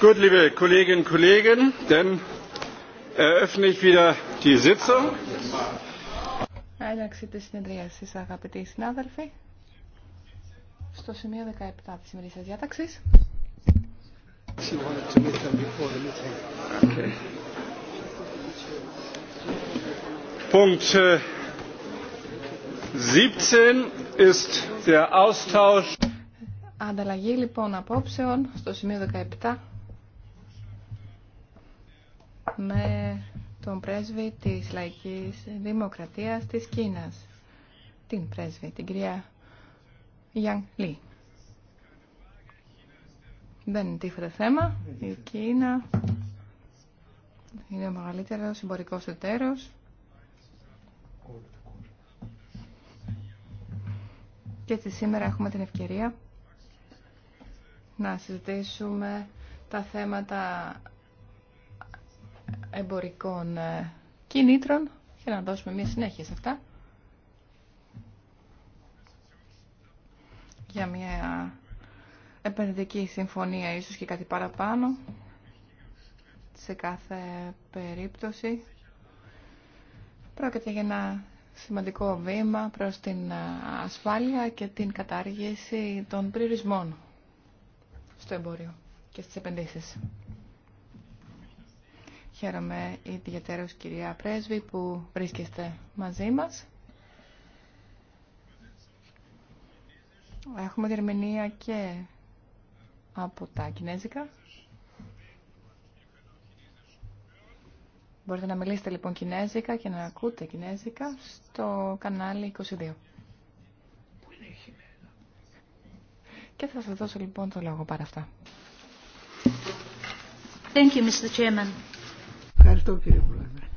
Gut, liebe Kolleginnen und Kollegen, dann eröffne ich wieder die Sitzung. τη συνεδρίαση, αγαπητοί συνάδελφοι, στο σημείο 17 Okay. Punkt äh, siebzehn ist der Austausch. Ανταλλαγή λοιπόν απόψεων στο σημείο 17 με τον πρέσβη της Λαϊκής Δημοκρατίας της Κίνας. Την πρέσβη, την κυρία Γιάνγκ Λί. Δεν τίποτα θέμα. Η Κίνα είναι ο μεγαλύτερος συμπορικός εταίρος και έτσι σήμερα έχουμε την ευκαιρία να συζητήσουμε τα θέματα εμπορικών ε, κινήτρων και να δώσουμε μια συνέχεια σε αυτά. Για μια επενδυτική συμφωνία ίσως και κάτι παραπάνω σε κάθε περίπτωση. Πρόκειται για ένα σημαντικό βήμα προς την ε, ασφάλεια και την κατάργηση των περιορισμών στο εμπόριο και στις επενδύσεις. Χαίρομαι ιδιαίτερως κυρία Πρέσβη που βρίσκεστε μαζί μας. Έχουμε διερμηνία και από τα Κινέζικα. Μπορείτε να μιλήσετε λοιπόν κινέζικα και να ακούτε κινέζικα στο κανάλι 22. Και θα σας δώσω λοιπόν το λόγο παρά αυτά. Thank you, Mr. Chairman. Ευχαριστώ κύριε Πρόεδρε.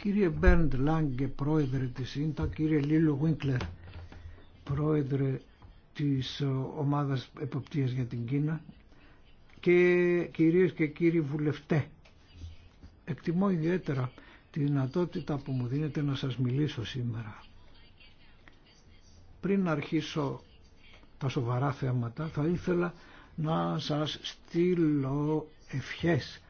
Κύριε Μπέρντ Λάγκε, πρόεδρε της ΣΥΝΤΑ, κύριε Λίλο Βίνκλερ, πρόεδρε της ε, ομάδας εποπτείας για την Κίνα και κυρίες και κύριοι βουλευτέ. Εκτιμώ ιδιαίτερα τη δυνατότητα που μου δίνετε να σας μιλήσω σήμερα. Πριν αρχίσω τα σοβαρά θέματα θα ήθελα να σας στείλω ευχές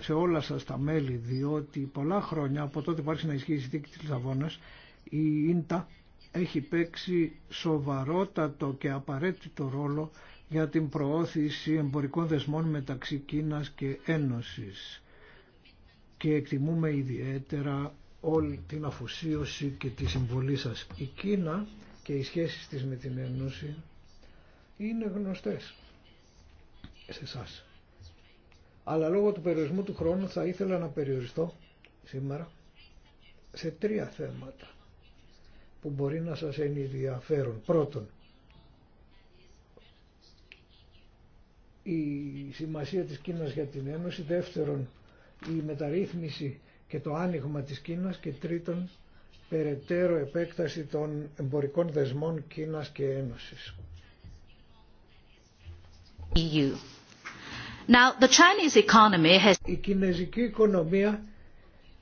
σε όλα σας τα μέλη διότι πολλά χρόνια από τότε που άρχισε να ισχύει η συνθήκη της Λισαβόνας η ΙΝΤΑ έχει παίξει σοβαρότατο και απαραίτητο ρόλο για την προώθηση εμπορικών δεσμών μεταξύ Κίνας και Ένωσης και εκτιμούμε ιδιαίτερα όλη την αφοσίωση και τη συμβολή σας. Η Κίνα και οι σχέσεις της με την Ένωση είναι γνωστές σε εσά. Αλλά λόγω του περιορισμού του χρόνου θα ήθελα να περιοριστώ σήμερα σε τρία θέματα που μπορεί να σας ενδιαφέρουν. Πρώτον, η σημασία της Κίνας για την Ένωση, δεύτερον η μεταρρύθμιση και το άνοιγμα της Κίνας και τρίτον περαιτέρω επέκταση των εμπορικών δεσμών Κίνας και Ένωσης. Η κινέζικη οικονομία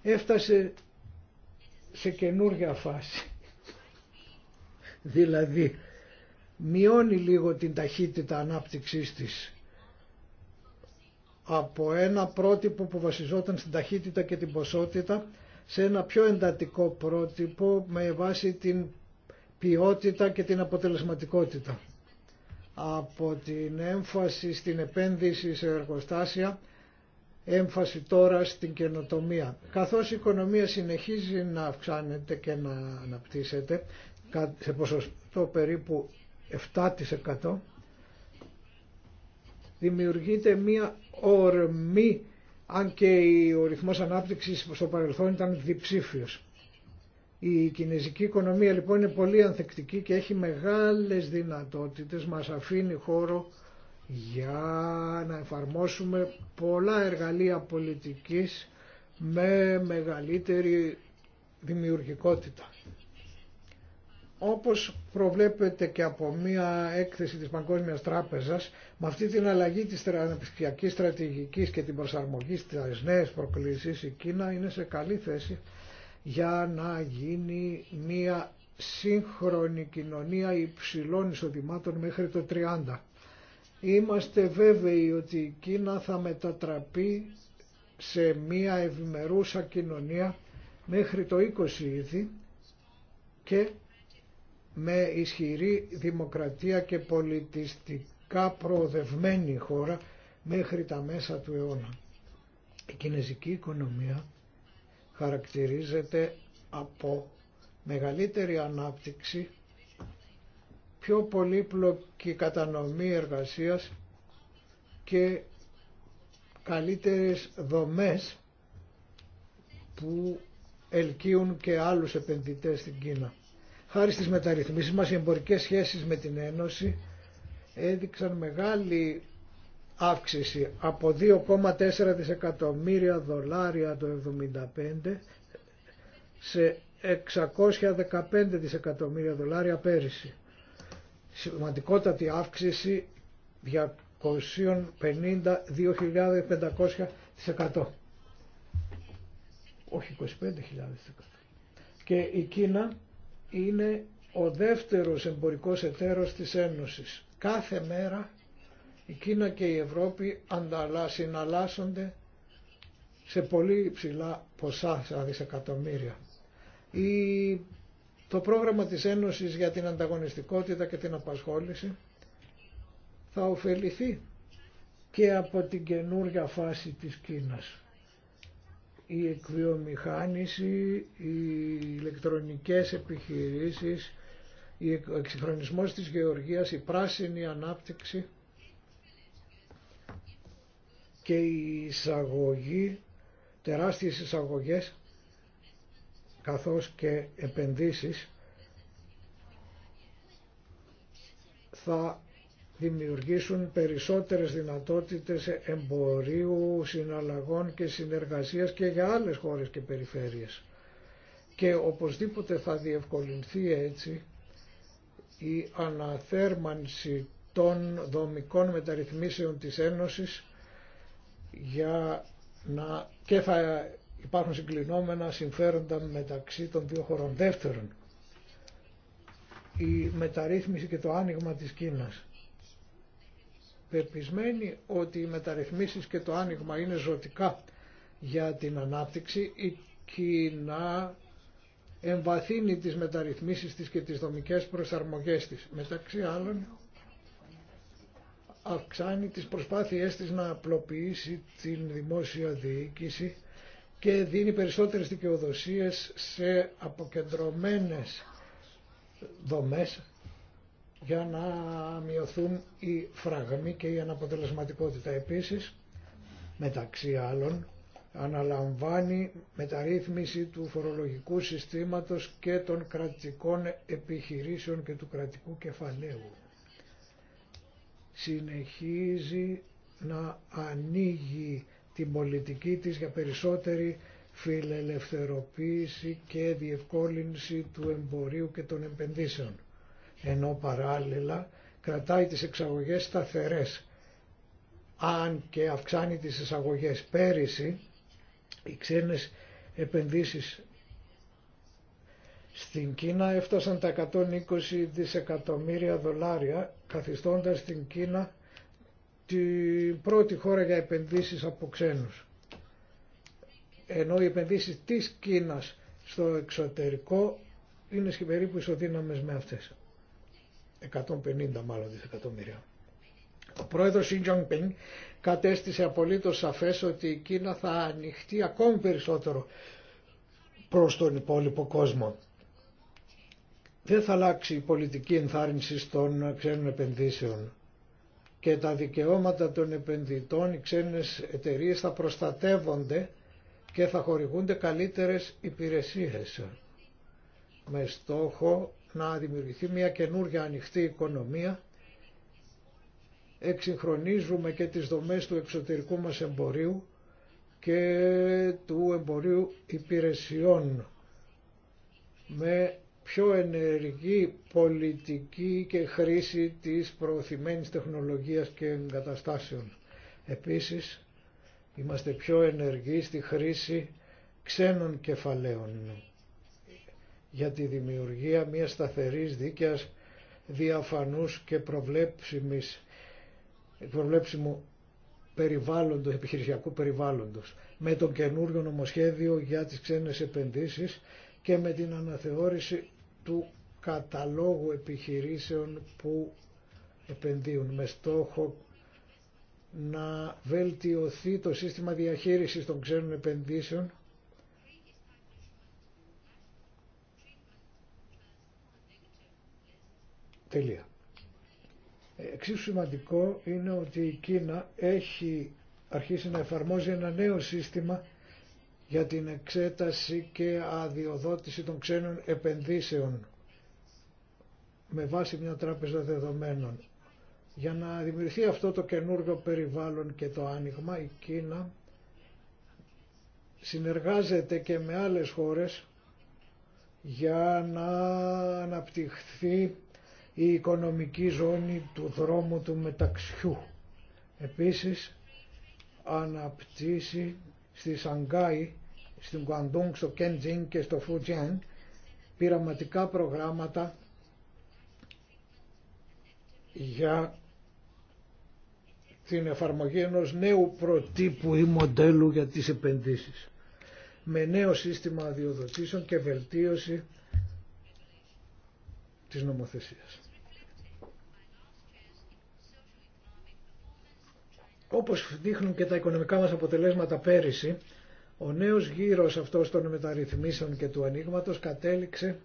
έφτασε σε καινούργια φάση. δηλαδή, μειώνει λίγο την ταχύτητα ανάπτυξής της από ένα πρότυπο που βασιζόταν στην ταχύτητα και την ποσότητα σε ένα πιο εντατικό πρότυπο με βάση την ποιότητα και την αποτελεσματικότητα. Από την έμφαση στην επένδυση σε εργοστάσια, έμφαση τώρα στην καινοτομία. Καθώς η οικονομία συνεχίζει να αυξάνεται και να αναπτύσσεται σε ποσοστό περίπου 7% δημιουργείται μία ορμή, αν και ο ρυθμός ανάπτυξης στο παρελθόν ήταν διψήφιος. Η κινέζικη οικονομία λοιπόν είναι πολύ ανθεκτική και έχει μεγάλες δυνατότητες, μας αφήνει χώρο για να εφαρμόσουμε πολλά εργαλεία πολιτικής με μεγαλύτερη δημιουργικότητα. Όπως προβλέπεται και από μία έκθεση της Παγκόσμιας Τράπεζας, με αυτή την αλλαγή της αναπτυξιακής στρατηγικής και την προσαρμογή στις νέες προκλήσεις, η Κίνα είναι σε καλή θέση για να γίνει μία σύγχρονη κοινωνία υψηλών εισοδημάτων μέχρι το 30. Είμαστε βέβαιοι ότι η Κίνα θα μετατραπεί σε μία ευημερούσα κοινωνία μέχρι το 20 ήδη και με ισχυρή δημοκρατία και πολιτιστικά προοδευμένη χώρα μέχρι τα μέσα του αιώνα. Η κινέζικη οικονομία χαρακτηρίζεται από μεγαλύτερη ανάπτυξη, πιο πολύπλοκη κατανομή εργασίας και καλύτερες δομές που ελκύουν και άλλους επενδυτές στην Κίνα. Χάρη στις μεταρρυθμίσεις μας οι εμπορικές σχέσεις με την Ένωση έδειξαν μεγάλη αύξηση από 2,4 δισεκατομμύρια δολάρια το 1975 σε 615 δισεκατομμύρια δολάρια πέρυσι. Σημαντικότατη αύξηση 250-2.500% όχι 25.000%. Και η Κίνα είναι ο δεύτερος εμπορικός εταίρος της Ένωσης. Κάθε μέρα η Κίνα και η Ευρώπη συναλλάσσονται σε πολύ υψηλά ποσά, σαν δισεκατομμύρια. Η... Το πρόγραμμα της Ένωσης για την ανταγωνιστικότητα και την απασχόληση θα ωφεληθεί και από την καινούργια φάση της Κίνας η εκβιομηχάνηση, οι ηλεκτρονικές επιχειρήσεις, ο εξυγχρονισμός της γεωργίας, η πράσινη ανάπτυξη και η εισαγωγή, τεράστιες εισαγωγές καθώς και επενδύσεις θα δημιουργήσουν περισσότερες δυνατότητες εμπορίου, συναλλαγών και συνεργασίας και για άλλες χώρες και περιφέρειες. Και οπωσδήποτε θα διευκολυνθεί έτσι η αναθέρμανση των δομικών μεταρρυθμίσεων της Ένωσης για να... και θα υπάρχουν συγκλινόμενα συμφέροντα μεταξύ των δύο χωρών. Δεύτερον, η μεταρρύθμιση και το άνοιγμα της Κίνας πεπισμένοι ότι οι μεταρρυθμίσεις και το άνοιγμα είναι ζωτικά για την ανάπτυξη, η Κίνα εμβαθύνει τις μεταρρυθμίσεις της και τις δομικές προσαρμογές της. Μεταξύ άλλων, αυξάνει τις προσπάθειές της να απλοποιήσει την δημόσια διοίκηση και δίνει περισσότερες δικαιοδοσίες σε αποκεντρωμένες δομές για να μειωθούν οι φραγμοί και η αναποτελεσματικότητα. Επίσης, μεταξύ άλλων, αναλαμβάνει μεταρρύθμιση του φορολογικού συστήματος και των κρατικών επιχειρήσεων και του κρατικού κεφαλαίου. Συνεχίζει να ανοίγει την πολιτική της για περισσότερη φιλελευθεροποίηση και διευκόλυνση του εμπορίου και των επενδύσεων ενώ παράλληλα κρατάει τις εξαγωγές σταθερές αν και αυξάνει τις εισαγωγές. Πέρυσι οι ξένες επενδύσεις στην Κίνα έφτασαν τα 120 δισεκατομμύρια δολάρια καθιστώντας την Κίνα την πρώτη χώρα για επενδύσεις από ξένους. Ενώ οι επενδύσεις της Κίνας στο εξωτερικό είναι περίπου ισοδύναμες με αυτές. 150 μάλλον δισεκατομμύρια. Ο πρόεδρος Σιν κατέστησε απολύτως σαφές ότι η Κίνα θα ανοιχτεί ακόμη περισσότερο προς τον υπόλοιπο κόσμο. Δεν θα αλλάξει η πολιτική ενθάρρυνση των ξένων επενδύσεων και τα δικαιώματα των επενδυτών, οι ξένες εταιρείες θα προστατεύονται και θα χορηγούνται καλύτερες υπηρεσίες με στόχο να δημιουργηθεί μια καινούργια ανοιχτή οικονομία. Εξυγχρονίζουμε και τις δομές του εξωτερικού μας εμπορίου και του εμπορίου υπηρεσιών με πιο ενεργή πολιτική και χρήση της προωθημένης τεχνολογίας και εγκαταστάσεων. Επίσης, είμαστε πιο ενεργοί στη χρήση ξένων κεφαλαίων για τη δημιουργία μιας σταθερής δίκαιας διαφανούς και προβλέψιμου περιβάλλοντος, επιχειρησιακού περιβάλλοντος με το καινούριο νομοσχέδιο για τις ξένες επενδύσεις και με την αναθεώρηση του καταλόγου επιχειρήσεων που επενδύουν με στόχο να βελτιωθεί το σύστημα διαχείρισης των ξένων επενδύσεων Τελεία. Ε, εξίσου σημαντικό είναι ότι η Κίνα έχει αρχίσει να εφαρμόζει ένα νέο σύστημα για την εξέταση και αδειοδότηση των ξένων επενδύσεων με βάση μια τράπεζα δεδομένων. Για να δημιουργηθεί αυτό το καινούργιο περιβάλλον και το άνοιγμα, η Κίνα συνεργάζεται και με άλλες χώρες για να αναπτυχθεί η οικονομική ζώνη του δρόμου του μεταξιού. Επίσης αναπτύσσει στη Σανγκάη, στην Κουαντούγκ, στο Κέντζιν και στο Φουτζιάν πειραματικά προγράμματα για την εφαρμογή ενός νέου προτύπου ή μοντέλου για τις επενδύσεις με νέο σύστημα αδειοδοτήσεων και βελτίωση της νομοθεσίας. Όπως δείχνουν και τα οικονομικά μας αποτελέσματα πέρυσι, ο νέος γύρος αυτός των μεταρρυθμίσεων και του ανοίγματο κατέληξε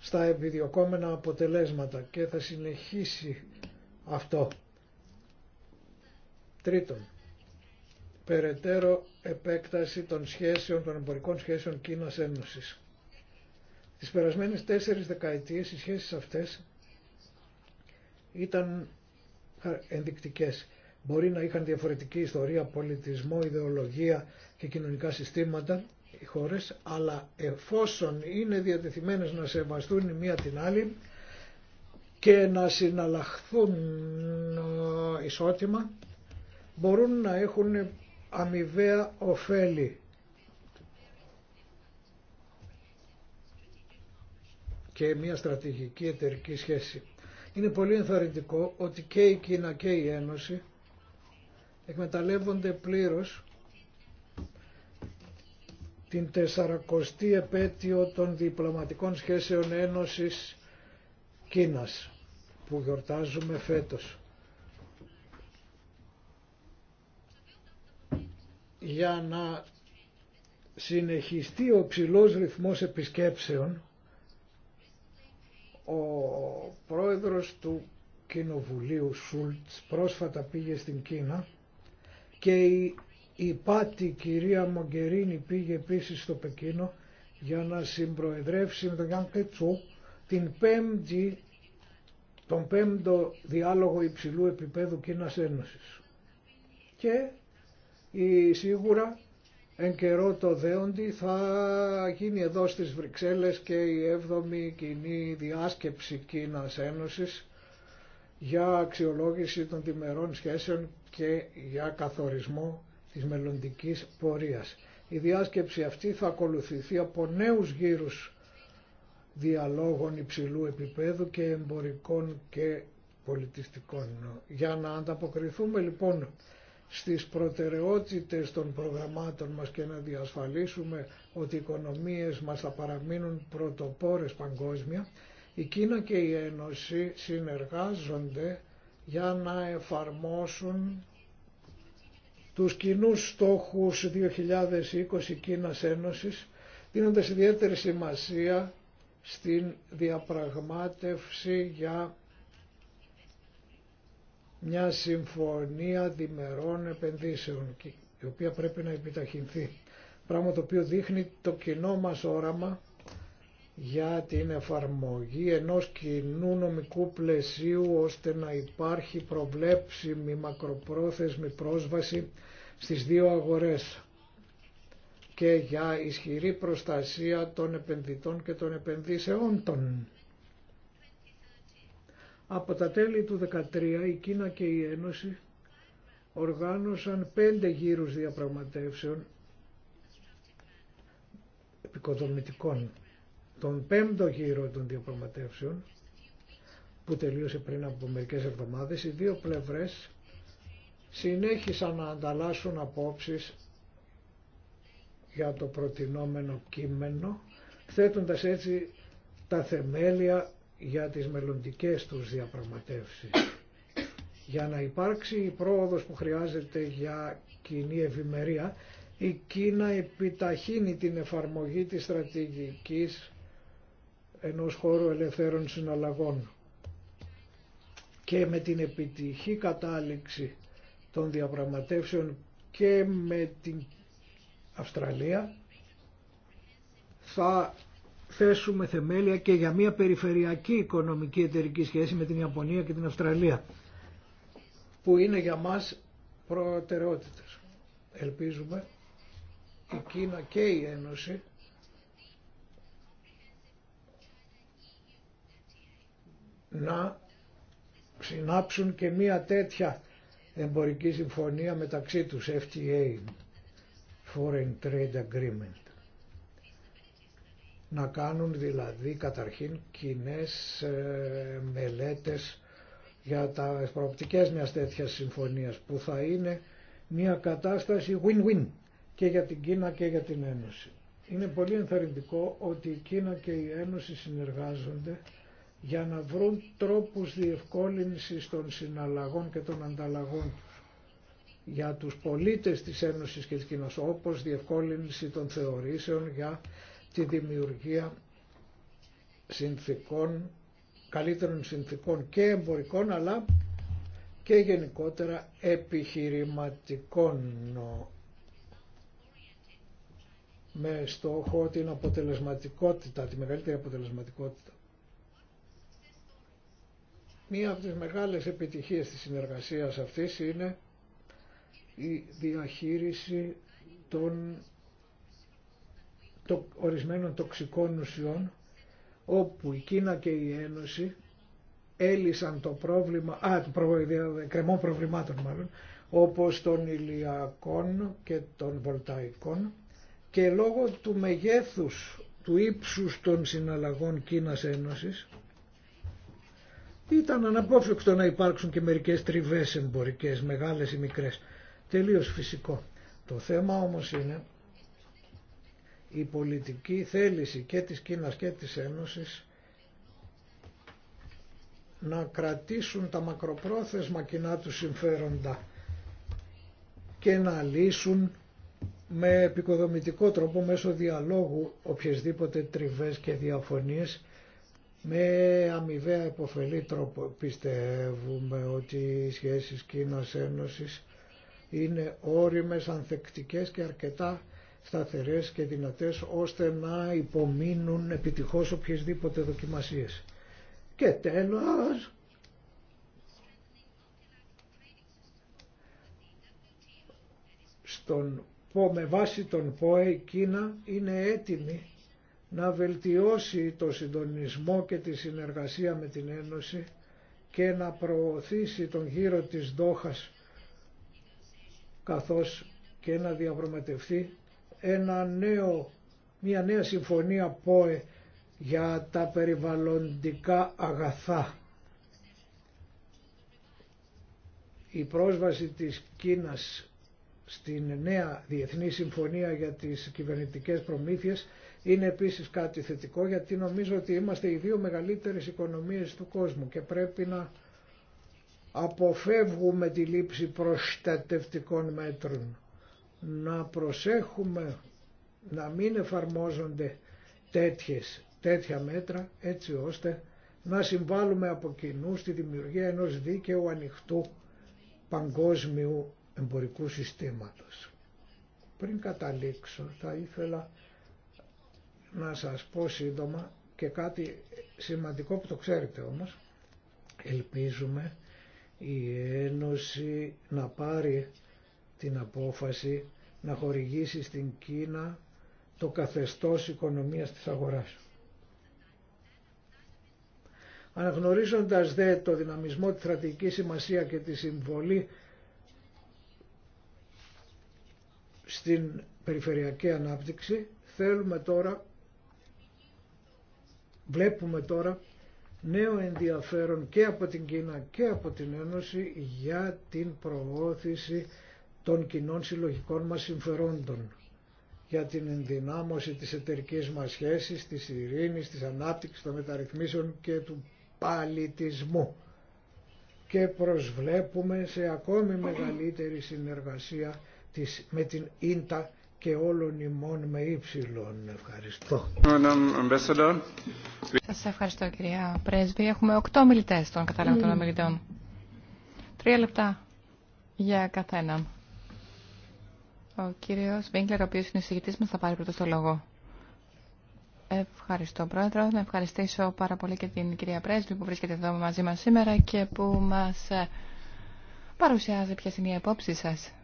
στα επιδιωκόμενα αποτελέσματα και θα συνεχίσει αυτό. Τρίτον, περαιτέρω επέκταση των σχέσεων, των εμπορικών σχέσεων Κίνας Ένωσης. Τις περασμένες τέσσερις δεκαετίες οι σχέσεις αυτές ήταν ενδεικτικές μπορεί να είχαν διαφορετική ιστορία, πολιτισμό, ιδεολογία και κοινωνικά συστήματα οι χώρες, αλλά εφόσον είναι διατεθειμένες να σεβαστούν η μία την άλλη και να συναλλαχθούν ε, ισότιμα, μπορούν να έχουν αμοιβαία ωφέλη. και μια στρατηγική εταιρική σχέση. Είναι πολύ ενθαρρυντικό ότι και η Κίνα και η Ένωση εκμεταλλεύονται πλήρως την 40η επέτειο των διπλωματικών σχέσεων Ένωσης Κίνας που γιορτάζουμε φέτος. Για να συνεχιστεί ο ψηλός ρυθμός επισκέψεων ο πρόεδρος του Κοινοβουλίου Σούλτς πρόσφατα πήγε στην Κίνα και η, πάτη κυρία Μογκερίνη πήγε επίση στο Πεκίνο για να συμπροεδρεύσει με τον Γιάνν Κετσού την τον πέμπτο διάλογο υψηλού επίπεδου Κίνας Ένωσης. Και η, σίγουρα εν καιρό το δέοντι θα γίνει εδώ στις Βρυξέλλες και η 7η κοινή διάσκεψη Κίνας Ένωσης για αξιολόγηση των τιμερών σχέσεων και για καθορισμό της μελλοντική πορείας. Η διάσκεψη αυτή θα ακολουθηθεί από νέους γύρους διαλόγων υψηλού επίπεδου και εμπορικών και πολιτιστικών. Για να ανταποκριθούμε λοιπόν στις προτεραιότητες των προγραμμάτων μας και να διασφαλίσουμε ότι οι οικονομίες μας θα παραμείνουν πρωτοπόρες παγκόσμια, η Κίνα και η Ένωση συνεργάζονται για να εφαρμόσουν τους κοινού στόχους 2020 Κίνας Ένωσης δίνοντας ιδιαίτερη σημασία στην διαπραγμάτευση για μια συμφωνία διμερών επενδύσεων η οποία πρέπει να επιταχυνθεί πράγμα το οποίο δείχνει το κοινό μας όραμα για την εφαρμογή ενός κοινού νομικού πλαισίου ώστε να υπάρχει προβλέψιμη μακροπρόθεσμη πρόσβαση στις δύο αγορές και για ισχυρή προστασία των επενδυτών και των επενδύσεών των. Από τα τέλη του 2013 η Κίνα και η Ένωση οργάνωσαν πέντε γύρους διαπραγματεύσεων επικοδομητικών τον πέμπτο γύρο των διαπραγματεύσεων που τελείωσε πριν από μερικές εβδομάδες οι δύο πλευρές συνέχισαν να ανταλλάσσουν απόψεις για το προτινόμενο κείμενο θέτοντας έτσι τα θεμέλια για τις μελλοντικές τους διαπραγματεύσεις. Για να υπάρξει η πρόοδος που χρειάζεται για κοινή ευημερία, η Κίνα επιταχύνει την εφαρμογή της στρατηγικής ενός χώρου ελευθέρων συναλλαγών και με την επιτυχή κατάληξη των διαπραγματεύσεων και με την Αυστραλία θα θέσουμε θεμέλια και για μια περιφερειακή οικονομική εταιρική σχέση με την Ιαπωνία και την Αυστραλία που είναι για μας προτεραιότητες. Ελπίζουμε η Κίνα και η Ένωση να συνάψουν και μία τέτοια εμπορική συμφωνία μεταξύ τους, FTA, Foreign Trade Agreement. Να κάνουν δηλαδή καταρχήν κοινέ ε, μελέτες για τα προοπτικές μιας τέτοιας συμφωνίας που θα είναι μια κατάσταση win-win και για την Κίνα και για την Ένωση. Είναι πολύ ενθαρρυντικό ότι η Κίνα και η Ένωση συνεργάζονται για να βρουν τρόπους διευκόλυνσης των συναλλαγών και των ανταλλαγών για τους πολίτες της Ένωσης και της Κοινός, όπως διευκόλυνση των θεωρήσεων για τη δημιουργία συνθήκων, καλύτερων συνθήκων και εμπορικών, αλλά και γενικότερα επιχειρηματικών με στόχο την αποτελεσματικότητα, τη μεγαλύτερη αποτελεσματικότητα. Μία από τις μεγάλες επιτυχίες της συνεργασίας αυτής είναι η διαχείριση των το, ορισμένων τοξικών ουσιών όπου η Κίνα και η Ένωση έλυσαν το πρόβλημα, α, κρεμών προβλημάτων μάλλον, όπως των ηλιακών και των βολταϊκών και λόγω του μεγέθους, του ύψους των συναλλαγών Κίνας Ένωσης ήταν αναπόφευκτο να υπάρξουν και μερικές τριβές εμπορικές, μεγάλες ή μικρές. Τελείως φυσικό. Το θέμα όμως είναι η πολιτική θέληση και της Κίνας και της Ένωσης να κρατήσουν τα μακροπρόθεσμα κοινά του συμφέροντα και να λύσουν με επικοδομητικό τρόπο μέσω διαλόγου οποιασδήποτε τριβές και διαφωνίες με αμοιβαία υποφελή τρόπο πιστεύουμε ότι οι σχέσεις Κίνας-Ένωσης είναι όριμες, ανθεκτικές και αρκετά σταθερές και δυνατές ώστε να υπομείνουν επιτυχώς οποιασδήποτε δοκιμασίες. Και τέλος, στον με βάση τον ΠΟΕ η Κίνα είναι έτοιμη να βελτιώσει το συντονισμό και τη συνεργασία με την Ένωση και να προωθήσει τον γύρο της Δόχας καθώς και να διαπραγματευτεί ένα νέο, μια νέα συμφωνία ΠΟΕ για τα περιβαλλοντικά αγαθά. Η πρόσβαση της Κίνας στην νέα Διεθνή Συμφωνία για τις Κυβερνητικές Προμήθειες είναι επίσης κάτι θετικό γιατί νομίζω ότι είμαστε οι δύο μεγαλύτερες οικονομίες του κόσμου και πρέπει να αποφεύγουμε τη λήψη προστατευτικών μέτρων. Να προσέχουμε να μην εφαρμόζονται τέτοιες, τέτοια μέτρα έτσι ώστε να συμβάλλουμε από κοινού στη δημιουργία ενός δίκαιου ανοιχτού παγκόσμιου εμπορικού συστήματος. Πριν καταλήξω θα ήθελα να σας πω σύντομα και κάτι σημαντικό που το ξέρετε όμως. Ελπίζουμε η Ένωση να πάρει την απόφαση να χορηγήσει στην Κίνα το καθεστώς οικονομίας της αγοράς. Αναγνωρίζοντας δε το δυναμισμό, τη στρατηγική σημασία και τη συμβολή στην περιφερειακή ανάπτυξη, θέλουμε τώρα βλέπουμε τώρα νέο ενδιαφέρον και από την Κίνα και από την Ένωση για την προώθηση των κοινών συλλογικών μας συμφερόντων για την ενδυνάμωση της εταιρική μας σχέσης, της ειρήνης, της ανάπτυξης των μεταρρυθμίσεων και του παλιτισμού. Και προσβλέπουμε σε ακόμη μεγαλύτερη συνεργασία με την ίντα και όλων ημών με ύψιλον. Ευχαριστώ. Σας ευχαριστώ κυρία Πρέσβη. Έχουμε οκτώ μιλητέ των κατάλαβων των mm. ομιλητών. Τρία λεπτά για καθέναν. Ο κύριο Βίγκλερ, ο οποίο είναι συγητής μα θα πάρει πρώτο το λόγο. Ευχαριστώ Πρόεδρο. Να ευχαριστήσω πάρα πολύ και την κυρία Πρέσβη που βρίσκεται εδώ μαζί μα σήμερα και που μα παρουσιάζει ποιες είναι οι απόψεις σα.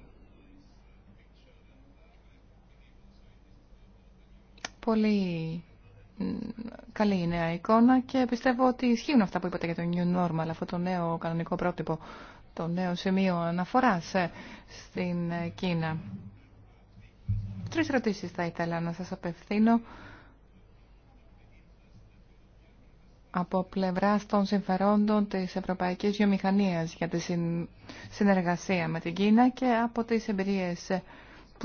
Πολύ καλή η νέα εικόνα και πιστεύω ότι ισχύουν αυτά που είπατε για το New Normal, αυτό το νέο κανονικό πρότυπο, το νέο σημείο αναφοράς ε, στην ε, Κίνα. Τρεις ερωτήσεις θα ήθελα να σας απευθύνω από πλευρά των συμφερόντων της Ευρωπαϊκής Βιομηχανίας για τη συνεργασία με την Κίνα και από τις εμπειρίες ε,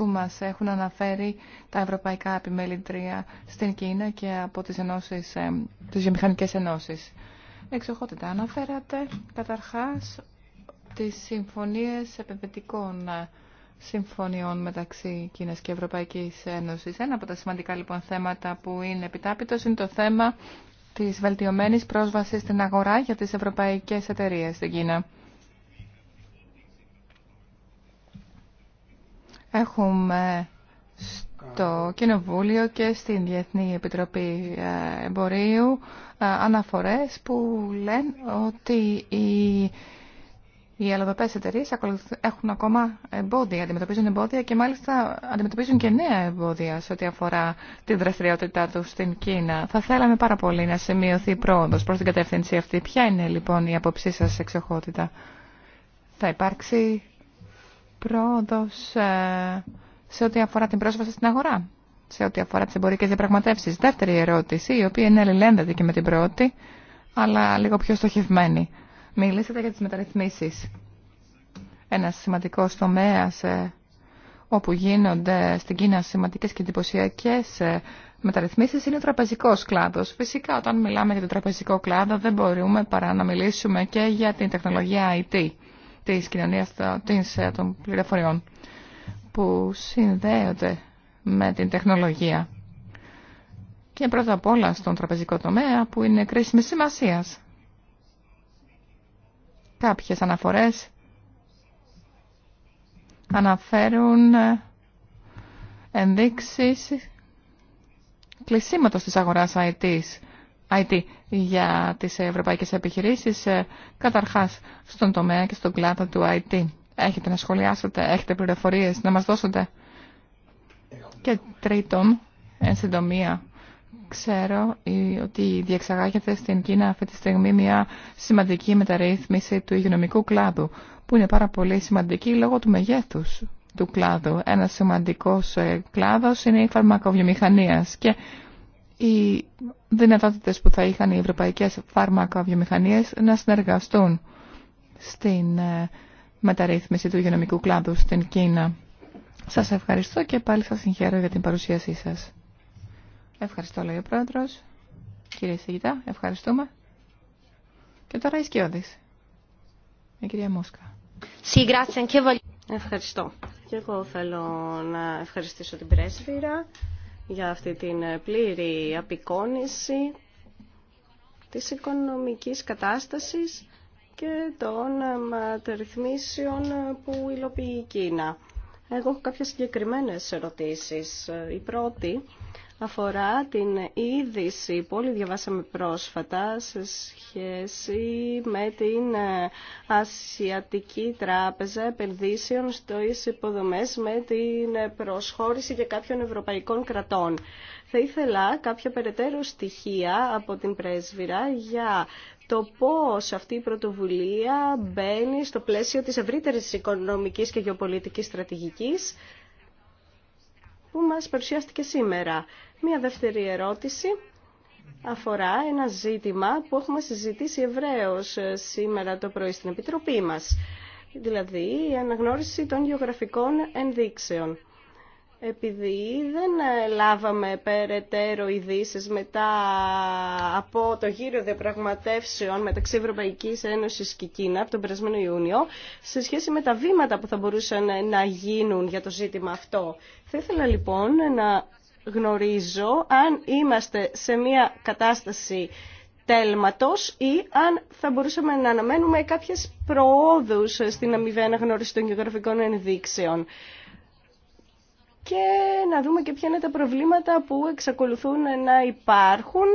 που μας έχουν αναφέρει τα ευρωπαϊκά επιμέλητρια στην Κίνα και από τις, ενώσεις, ε, τις βιομηχανικές ενώσεις. Εξοχότητα αναφέρατε καταρχάς τις συμφωνίες επενδυτικών ε, συμφωνιών μεταξύ Κίνας και Ευρωπαϊκής Ένωσης. Ένα από τα σημαντικά λοιπόν θέματα που είναι επιτάπητος είναι το θέμα της βελτιωμένης πρόσβασης στην αγορά για τις ευρωπαϊκές εταιρείες στην Κίνα. Έχουμε στο Κοινοβούλιο και στην Διεθνή Επιτροπή ε, Εμπορίου ε, αναφορές που λένε ότι οι, οι αλλοδοπές εταιρείε έχουν ακόμα εμπόδια, αντιμετωπίζουν εμπόδια και μάλιστα αντιμετωπίζουν και νέα εμπόδια σε ό,τι αφορά τη δραστηριότητά τους στην Κίνα. Θα θέλαμε πάρα πολύ να σημειωθεί πρόοδο προς την κατεύθυνση αυτή. Ποια είναι λοιπόν η απόψή σας εξοχότητα. Θα υπάρξει πρόοδος ε, σε ό,τι αφορά την πρόσβαση στην αγορά, σε ό,τι αφορά τις εμπορικές διαπραγματεύσεις. Δεύτερη ερώτηση, η οποία είναι αλληλένδετη και με την πρώτη, αλλά λίγο πιο στοχευμένη. Μιλήσατε για τις μεταρρυθμίσεις. Ένα σημαντικό τομέα ε, όπου γίνονται στην Κίνα σημαντικές και εντυπωσιακέ ε, μεταρρυθμίσεις είναι ο τραπεζικός κλάδος. Φυσικά όταν μιλάμε για τον τραπεζικό κλάδο δεν μπορούμε παρά να μιλήσουμε και για την τεχνολογία IT της κοινωνίας ε, των πληροφοριών που συνδέονται με την τεχνολογία. Και πρώτα απ' όλα στον τραπεζικό τομέα που είναι κρίσιμη σημασία. Κάποιες αναφορές αναφέρουν ε, ενδείξεις κλεισίματος της αγοράς IT IT για τις ευρωπαϊκές επιχειρήσεις, ε, καταρχάς στον τομέα και στον κλάδο του IT. Έχετε να σχολιάσετε, έχετε πληροφορίες να μας δώσετε. Και τρίτον, εν συντομία, ξέρω ότι διεξαγάγεται στην Κίνα αυτή τη στιγμή μια σημαντική μεταρρύθμιση του υγειονομικού κλάδου, που είναι πάρα πολύ σημαντική λόγω του μεγέθους του κλάδου. Ένα σημαντικός ε, κλάδος είναι η φαρμακοβιομηχανίας και οι δυνατότητες που θα είχαν οι ευρωπαϊκές φάρμακα βιομηχανίες να συνεργαστούν στην ε, μεταρρύθμιση του υγειονομικού κλάδου στην Κίνα. Σας ευχαριστώ και πάλι σας συγχαίρω για την παρουσίασή σας. Ευχαριστώ, λέει ο Πρόεδρος. Κύριε Σιγητά, ευχαριστούμε. Και τώρα η Σκιώδης. Η κυρία Μόσκα. Ευχαριστώ. Και εγώ θέλω να ευχαριστήσω την πρέσβυρα για αυτή την ε, πλήρη απεικόνηση της οικονομικής κατάστασης και των ε, μεταρρυθμίσεων ε, που υλοποιεί η Κίνα. Εγώ έχω κάποιες συγκεκριμένες ερωτήσεις. Η πρώτη αφορά την είδηση που όλοι διαβάσαμε πρόσφατα σε σχέση με την ε, Ασιατική Τράπεζα Επενδύσεων στο υποδομές με την προσχώρηση για κάποιων ευρωπαϊκών κρατών. Θα ήθελα κάποια περαιτέρω στοιχεία από την πρέσβυρα για το πώς αυτή η πρωτοβουλία μπαίνει στο πλαίσιο της ευρύτερης οικονομικής και γεωπολιτικής στρατηγικής που μας παρουσιάστηκε σήμερα. Μία δεύτερη ερώτηση αφορά ένα ζήτημα που έχουμε συζητήσει ευρέως ε, σήμερα το πρωί στην Επιτροπή μας, δηλαδή η αναγνώριση των γεωγραφικών ενδείξεων επειδή δεν ε, λάβαμε περαιτέρω ειδήσει μετά από το γύρο διαπραγματεύσεων μεταξύ Ευρωπαϊκή Ένωση και Κίνα από τον περασμένο Ιούνιο σε σχέση με τα βήματα που θα μπορούσαν ε, να γίνουν για το ζήτημα αυτό. Θα ήθελα λοιπόν να γνωρίζω αν είμαστε σε μια κατάσταση τέλματος ή αν θα μπορούσαμε να αναμένουμε κάποιες προόδους ε, στην αμοιβή αναγνώριση των γεωγραφικών ενδείξεων και να δούμε και ποια είναι τα προβλήματα που εξακολουθούν να υπάρχουν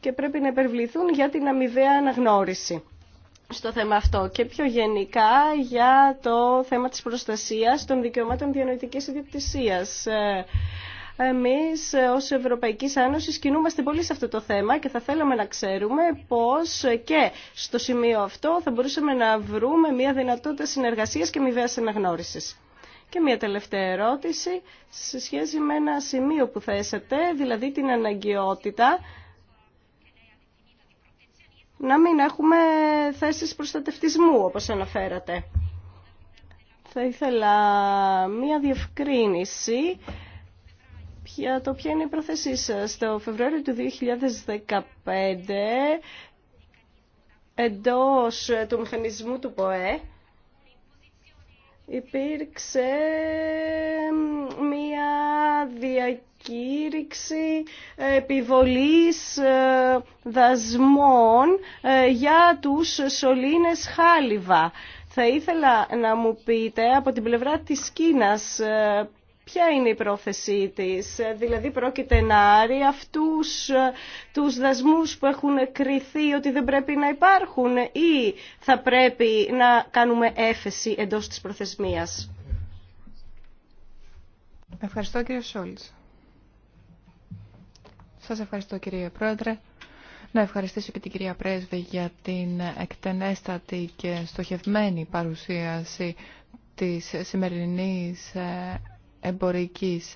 και πρέπει να υπερβληθούν για την αμοιβαία αναγνώριση στο θέμα αυτό και πιο γενικά για το θέμα της προστασίας των δικαιωμάτων διανοητικής ιδιοκτησίας. Εμείς ως ευρωπαϊκή Ένωση κινούμαστε πολύ σε αυτό το θέμα και θα θέλαμε να ξέρουμε πώς και στο σημείο αυτό θα μπορούσαμε να βρούμε μια δυνατότητα συνεργασίας και μηδέας αναγνώρισης. Και μια τελευταία ερώτηση σε σχέση με ένα σημείο που θέσατε, δηλαδή την αναγκαιότητα να μην έχουμε θέσεις προστατευτισμού, όπως αναφέρατε. Θα ήθελα μία διευκρίνηση για το ποια είναι η πρόθεσή σας. Το Φεβρουάριο του 2015 εντός του μηχανισμού του ΠΟΕ υπήρξε μία διακήρυξη επιβολής ε, δασμών ε, για τους σωλήνες χάλιβα. Θα ήθελα να μου πείτε από την πλευρά της Κίνας ε, Ποια είναι η πρόθεσή της, δηλαδή πρόκειται να άρει αυτούς ε, τους δασμούς που έχουν κριθεί ότι δεν πρέπει να υπάρχουν ή θα πρέπει να κάνουμε έφεση εντός της προθεσμίας. Ευχαριστώ κύριε Σόλτς. Σας ευχαριστώ κύριε Πρόεδρε. Να ευχαριστήσω και την κυρία Πρέσβη για την εκτενέστατη και στοχευμένη παρουσίαση της σημερινής ε, εμπορικής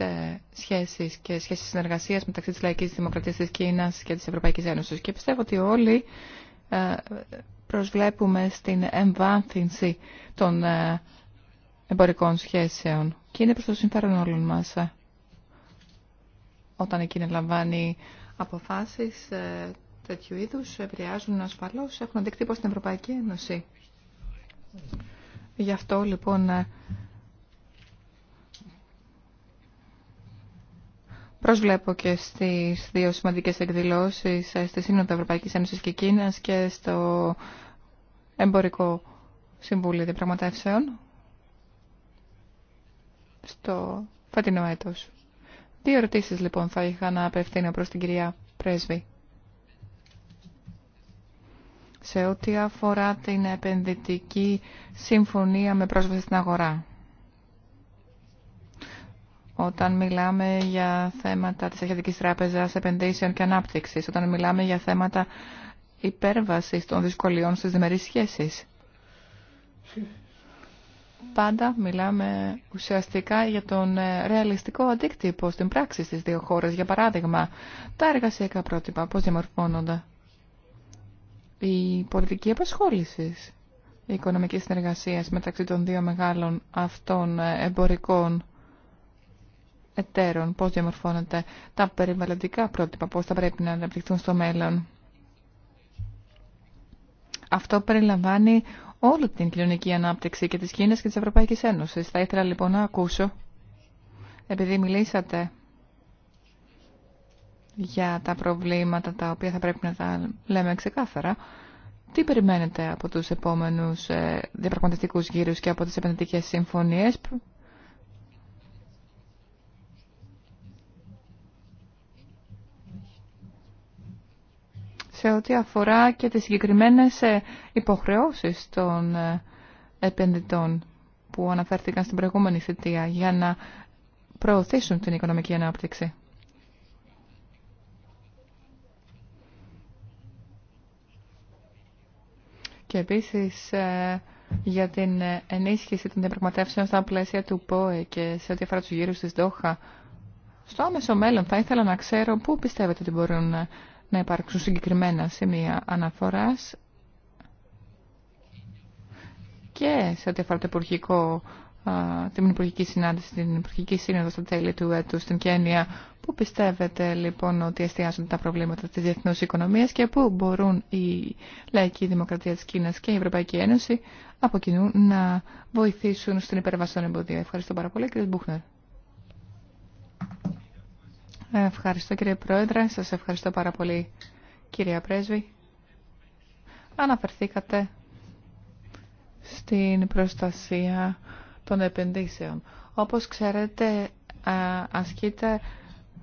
σχέσης και σχέσης συνεργασίας μεταξύ της Λαϊκής Δημοκρατίας της Κίνας και της Ευρωπαϊκής Ένωσης. Και πιστεύω ότι όλοι ε, προσβλέπουμε στην εμβάνθυνση των ε, εμπορικών σχέσεων και είναι προς το συμφέρον όλων μας ε, όταν εκείνη λαμβάνει αποφάσεις τέτοιου είδους επηρεάζουν ασφαλώς έχουν αντικτύπωση στην Ευρωπαϊκή Ένωση. Γι' αυτό λοιπόν Προσβλέπω και στις δύο σημαντικές εκδηλώσεις ε, στη Σύνοδο Ευρωπαϊκής Ένωσης και Κίνας και στο Εμπορικό Συμβούλιο Διαπραγματεύσεων στο φετινό έτος. Δύο ερωτήσεις λοιπόν θα είχα να απευθύνω προς την κυρία Πρέσβη. Σε ό,τι αφορά την επενδυτική συμφωνία με πρόσβαση στην αγορά όταν μιλάμε για θέματα της Αγιατικής Τράπεζας επενδύσεων και ανάπτυξης, όταν μιλάμε για θέματα υπέρβασης των δυσκολιών στις διμερείς σχέσεις. Πάντα μιλάμε ουσιαστικά για τον ε, ρεαλιστικό αντίκτυπο στην πράξη στις δύο χώρες. Για παράδειγμα, τα εργασιακά πρότυπα, πώς διαμορφώνονται. Η πολιτική απασχόληση, η οικονομική συνεργασία μεταξύ των δύο μεγάλων αυτών ε, εμπορικών εταίρων, πώς διαμορφώνονται τα περιβαλλοντικά πρότυπα, πώς θα πρέπει να αναπτυχθούν στο μέλλον. Αυτό περιλαμβάνει όλη την κοινωνική ανάπτυξη και της Κίνας και της Ευρωπαϊκής Ένωσης. Θα ήθελα λοιπόν να ακούσω, επειδή μιλήσατε για τα προβλήματα τα οποία θα πρέπει να τα λέμε ξεκάθαρα, τι περιμένετε από τους επόμενους ε, διαπραγματευτικούς γύρους και από τις επενδυτικές συμφωνίες σε ό,τι αφορά και τις συγκεκριμένες ε, υποχρεώσεις των ε, επενδυτών που αναφέρθηκαν στην προηγούμενη θητεία για να προωθήσουν την οικονομική ανάπτυξη. Και επίσης ε, για την ενίσχυση των διαπραγματεύσεων στα πλαίσια του ΠΟΕ και σε ό,τι αφορά τους γύρους της Δόχα. Στο άμεσο μέλλον θα ήθελα να ξέρω πού πιστεύετε ότι μπορούν να υπάρξουν συγκεκριμένα σημεία αναφοράς και σε ό,τι αφορά το υπουργικό, την υπουργική συνάντηση, την υπουργική σύνοδο στα τέλη του έτου στην Κένια. Πού πιστεύετε λοιπόν ότι εστιάζονται τα προβλήματα της διεθνούς οικονομίας και πού μπορούν η λαϊκή δημοκρατία της Κίνας και η Ευρωπαϊκή Ένωση από κοινού να βοηθήσουν στην υπερβασόν εμποδία. Ευχαριστώ πάρα πολύ κύριε Μπούχνερ. Ευχαριστώ κύριε Πρόεδρε, σας ευχαριστώ πάρα πολύ κυρία Πρέσβη. Αναφερθήκατε στην προστασία των επενδύσεων. Όπως ξέρετε ασκείται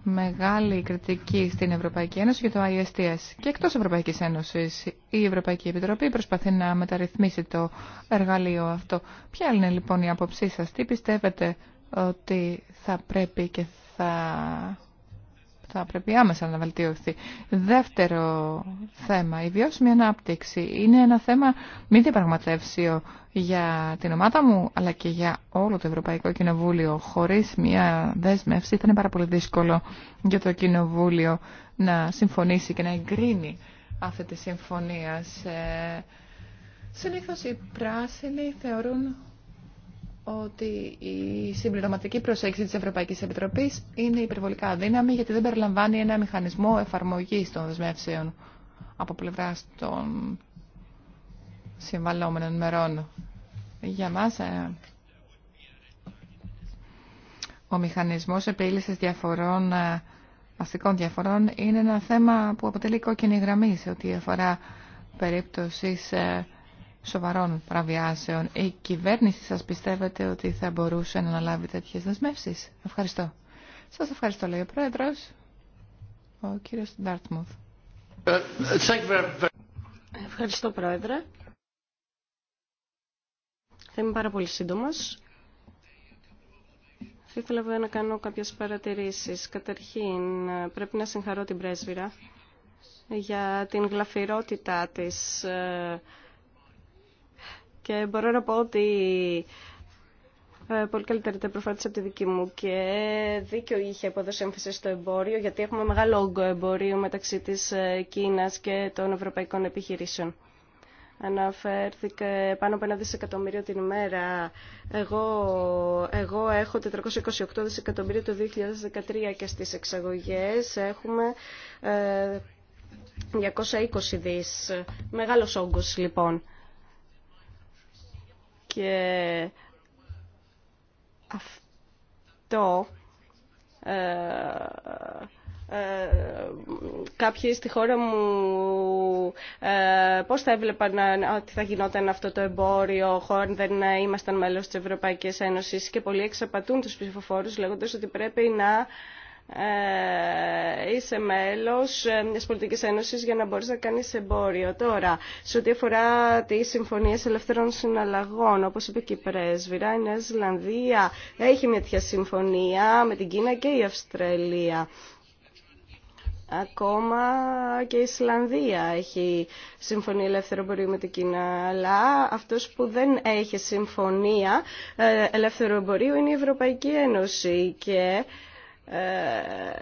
μεγάλη κριτική στην Ευρωπαϊκή Ένωση για το ISTS. Και εκτός Ευρωπαϊκής Ένωσης η Ευρωπαϊκή Επιτροπή προσπαθεί να μεταρρυθμίσει το εργαλείο αυτό. Ποια είναι λοιπόν η άποψή σας, τι πιστεύετε ότι θα πρέπει και θα θα πρέπει άμεσα να βελτιωθεί. Δεύτερο θέμα, η βιώσιμη ανάπτυξη είναι ένα θέμα μη διαπραγματεύσιο για την ομάδα μου αλλά και για όλο το Ευρωπαϊκό Κοινοβούλιο. Χωρίς μια δέσμευση θα είναι πάρα πολύ δύσκολο για το Κοινοβούλιο να συμφωνήσει και να εγκρίνει αυτή τη συμφωνία. Συνήθως οι πράσινοι θεωρούν ότι η συμπληρωματική προσέγγιση της Ευρωπαϊκής Επιτροπής είναι υπερβολικά αδύναμη γιατί δεν περιλαμβάνει ένα μηχανισμό εφαρμογής των δεσμεύσεων από πλευρά των συμβαλόμενων μερών. Για μας ε, ο μηχανισμός επίλυσης διαφορών, ε, αστικών διαφορών είναι ένα θέμα που αποτελεί κόκκινη γραμμή σε ό,τι αφορά περίπτωσης ε, σοβαρών παραβιάσεων, η κυβέρνηση σας πιστεύετε ότι θα μπορούσε να αναλάβει τέτοιες δεσμεύσεις. Ευχαριστώ. Σας ευχαριστώ, λέει ο Πρόεδρος, ο κύριος Ντάρτμουθ. Ε, ευχαριστώ, Πρόεδρε. Θα είμαι πάρα πολύ σύντομος. Θα ήθελα να κάνω κάποιες παρατηρήσεις. Καταρχήν, πρέπει να συγχαρώ την πρέσβυρα για την γλαφυρότητά της ε, και μπορώ να πω ότι ε, πολύ καλύτερη τα προφάτησα από τη δική μου και δίκιο είχε αποδώσει έμφαση στο εμπόριο γιατί έχουμε μεγάλο όγκο εμπορίου μεταξύ της ε, Κίνας και των ευρωπαϊκών επιχειρήσεων. Αναφέρθηκε πάνω από ένα δισεκατομμύριο την ημέρα. Εγώ, εγώ έχω 428 δισεκατομμύρια το 2013 και στις εξαγωγές έχουμε 220 ε, δις. Μεγάλος όγκος λοιπόν. Και αυτό ε, ε, κάποιοι στη χώρα μου ε, πώς θα έβλεπαν ε, ότι θα γινόταν αυτό το εμπόριο χωρίς δεν ήμασταν μέλος της Ευρωπαϊκής Ένωσης και πολλοί εξαπατούν τους ψηφοφόρους λέγοντας ότι πρέπει να ε, είσαι μέλος ε, μια πολιτικής Ένωση για να μπορείς να κάνεις εμπόριο. Τώρα, σε ό,τι αφορά τις συμφωνίες ελευθερών συναλλαγών, όπως είπε και η πρέσβυρα, η Νέα έχει μια τέτοια συμφωνία με την Κίνα και η Αυστραλία. Ακόμα και η Ισλανδία έχει συμφωνία ελεύθερο εμπορίου με την Κίνα, αλλά αυτός που δεν έχει συμφωνία ε, ελεύθερου εμπορίου είναι η Ευρωπαϊκή Ένωση και ε,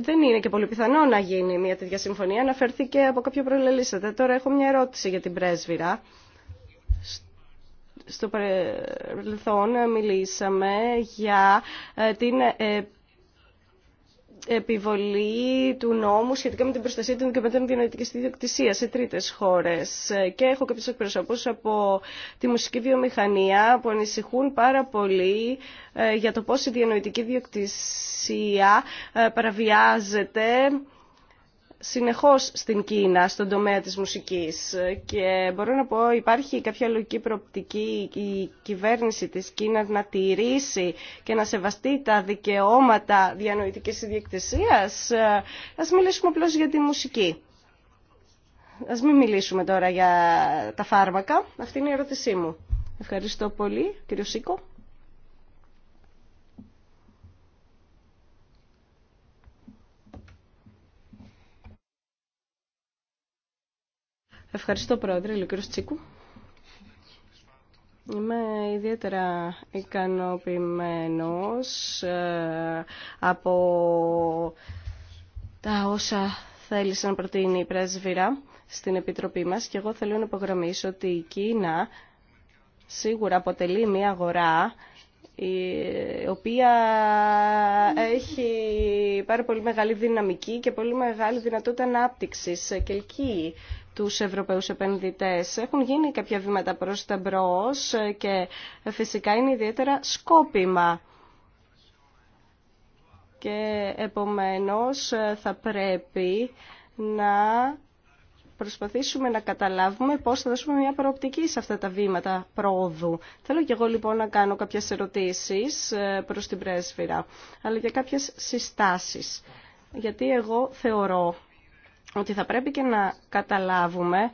δεν είναι και πολύ πιθανό να γίνει μια τέτοια συμφωνία. Αναφέρθηκε από κάποιο προλελήσατε. Τώρα έχω μια ερώτηση για την πρέσβυρα. Στο παρελθόν μιλήσαμε για ε, την ε, επιβολή του νόμου σχετικά με την προστασία των δικαιωμάτων διανοητική ιδιοκτησία σε τρίτε χώρε. Ε, και έχω κάποιου εκπροσωπού από τη μουσική βιομηχανία που ανησυχούν πάρα πολύ ε, για το πώ η διανοητική ιδιοκτησία ε, παραβιάζεται συνεχώς στην Κίνα, στον τομέα της μουσικής και μπορώ να πω υπάρχει κάποια λογική προοπτική η κυβέρνηση της Κίνας να τηρήσει και να σεβαστεί τα δικαιώματα διανοητικής ιδιοκτησίας. Ας μιλήσουμε απλώ για τη μουσική. Ας μην μιλήσουμε τώρα για τα φάρμακα. Αυτή είναι η ερώτησή μου. Ευχαριστώ πολύ, κύριο Σίκο. Ευχαριστώ, Πρόεδρε, Λεκρός Τσίκου. Είμαι ιδιαίτερα ικανοποιημένος ε, από τα όσα θέλησε να προτείνει η πρέσβυρα στην Επιτροπή μας και εγώ θέλω να υπογραμμίσω ότι η Κίνα σίγουρα αποτελεί μια αγορά η οποία έχει πάρα πολύ μεγάλη δυναμική και πολύ μεγάλη δυνατότητα ανάπτυξης και ελκύει τους Ευρωπαίους επενδυτές. Έχουν γίνει κάποια βήματα προς τα μπρος και φυσικά είναι ιδιαίτερα σκόπιμα. Και επομένως θα πρέπει να προσπαθήσουμε να καταλάβουμε πώς θα δώσουμε μια προοπτική σε αυτά τα βήματα πρόοδου. Θέλω και εγώ λοιπόν να κάνω κάποιες ερωτήσεις ε, προς την πρέσβυρα, αλλά και κάποιες συστάσεις. Γιατί εγώ θεωρώ ότι θα πρέπει και να καταλάβουμε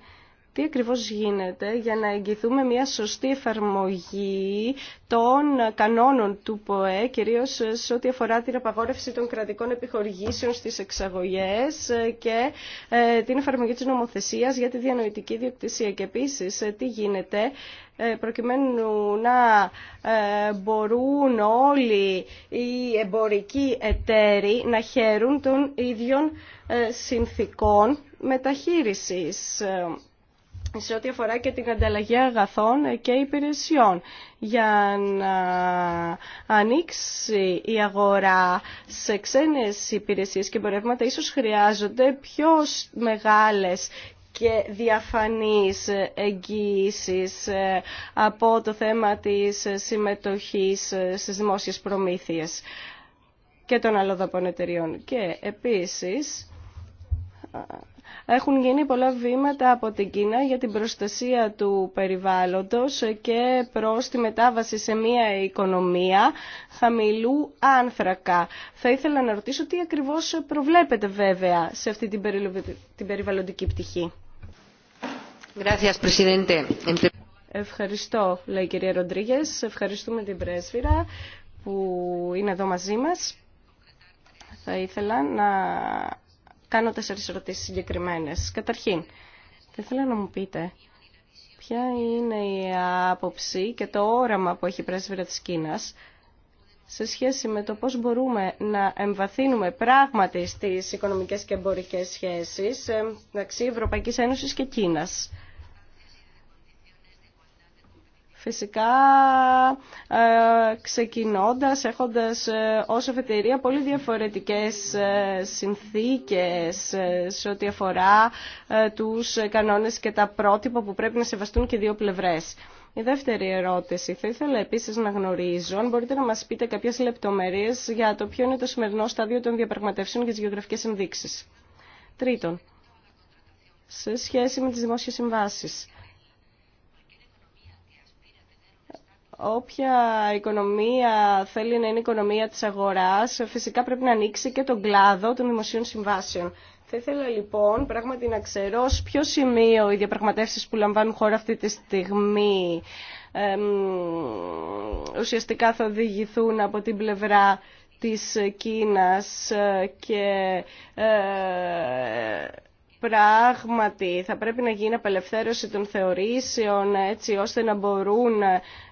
τι ακριβώς γίνεται για να εγγυθούμε μια σωστή εφαρμογή των κανόνων του ΠΟΕ, κυρίως σε ό,τι αφορά την απαγόρευση των κρατικών επιχορηγήσεων στις εξαγωγές και ε, την εφαρμογή της νομοθεσίας για τη διανοητική διοκτήσια Και επίσης, ε, τι γίνεται ε, προκειμένου να μπορούν όλοι οι εμπορικοί εταίροι να χαίρουν των ίδιων συνθήκων μεταχείρισης σε ό,τι αφορά και την ανταλλαγή αγαθών και υπηρεσιών. Για να ανοίξει η αγορά σε ξένες υπηρεσίες και εμπορεύματα ίσως χρειάζονται πιο μεγάλες και διαφανείς εγγύησεις ε, από το θέμα της συμμετοχής ε, στις δημόσιες προμήθειες και των αλλοδαπών εταιριών. Και επίσης έχουν γίνει πολλά βήματα από την Κίνα για την προστασία του περιβάλλοντος και προς τη μετάβαση σε μια οικονομία χαμηλού άνθρακα. Θα ήθελα να ρωτήσω τι ακριβώς προβλέπετε βέβαια σε αυτή την περιβαλλοντική πτυχή. Ευχαριστώ, λέει η κυρία Ροντρίγες. Ευχαριστούμε την πρέσβυρα που είναι εδώ μαζί μας. Θα ήθελα να Κάνω τέσσερις ερωτήσει συγκεκριμένε. Καταρχήν, θα ήθελα να μου πείτε ποια είναι η άποψη και το όραμα που έχει η πρέσβυρα της Κίνας σε σχέση με το πώς μπορούμε να εμβαθύνουμε πράγματι στις οικονομικές και εμπορικές σχέσεις ε, μεταξύ Ευρωπαϊκής Ένωσης και Κίνας. Φυσικά ε, ξεκινώντας έχοντας ε, ως εφετηρία πολύ διαφορετικές ε, συνθήκες σε ό,τι αφορά τους κανόνες και τα πρότυπα που πρέπει να σεβαστούν και δύο πλευρές. Η δεύτερη ερώτηση. Θα ήθελα επίσης να γνωρίζω αν μπορείτε να μας πείτε κάποιες λεπτομέρειες για το ποιο είναι το σημερινό στάδιο των διαπραγματεύσεων και τι γεωγραφικέ ενδείξει. Τρίτον, σε σχέση με τις δημόσιες συμβάσεις. Όποια οικονομία θέλει να είναι οικονομία της αγοράς, φυσικά πρέπει να ανοίξει και τον κλάδο των δημοσίων συμβάσεων. Θα ήθελα λοιπόν πράγματι να ξέρω σε ποιο σημείο οι διαπραγματεύσεις που λαμβάνουν χώρα αυτή τη στιγμή ουσιαστικά θα οδηγηθούν από την πλευρά της Κίνας ε, και ε, πράγματι θα πρέπει να γίνει απελευθέρωση των θεωρήσεων έτσι ώστε να μπορούν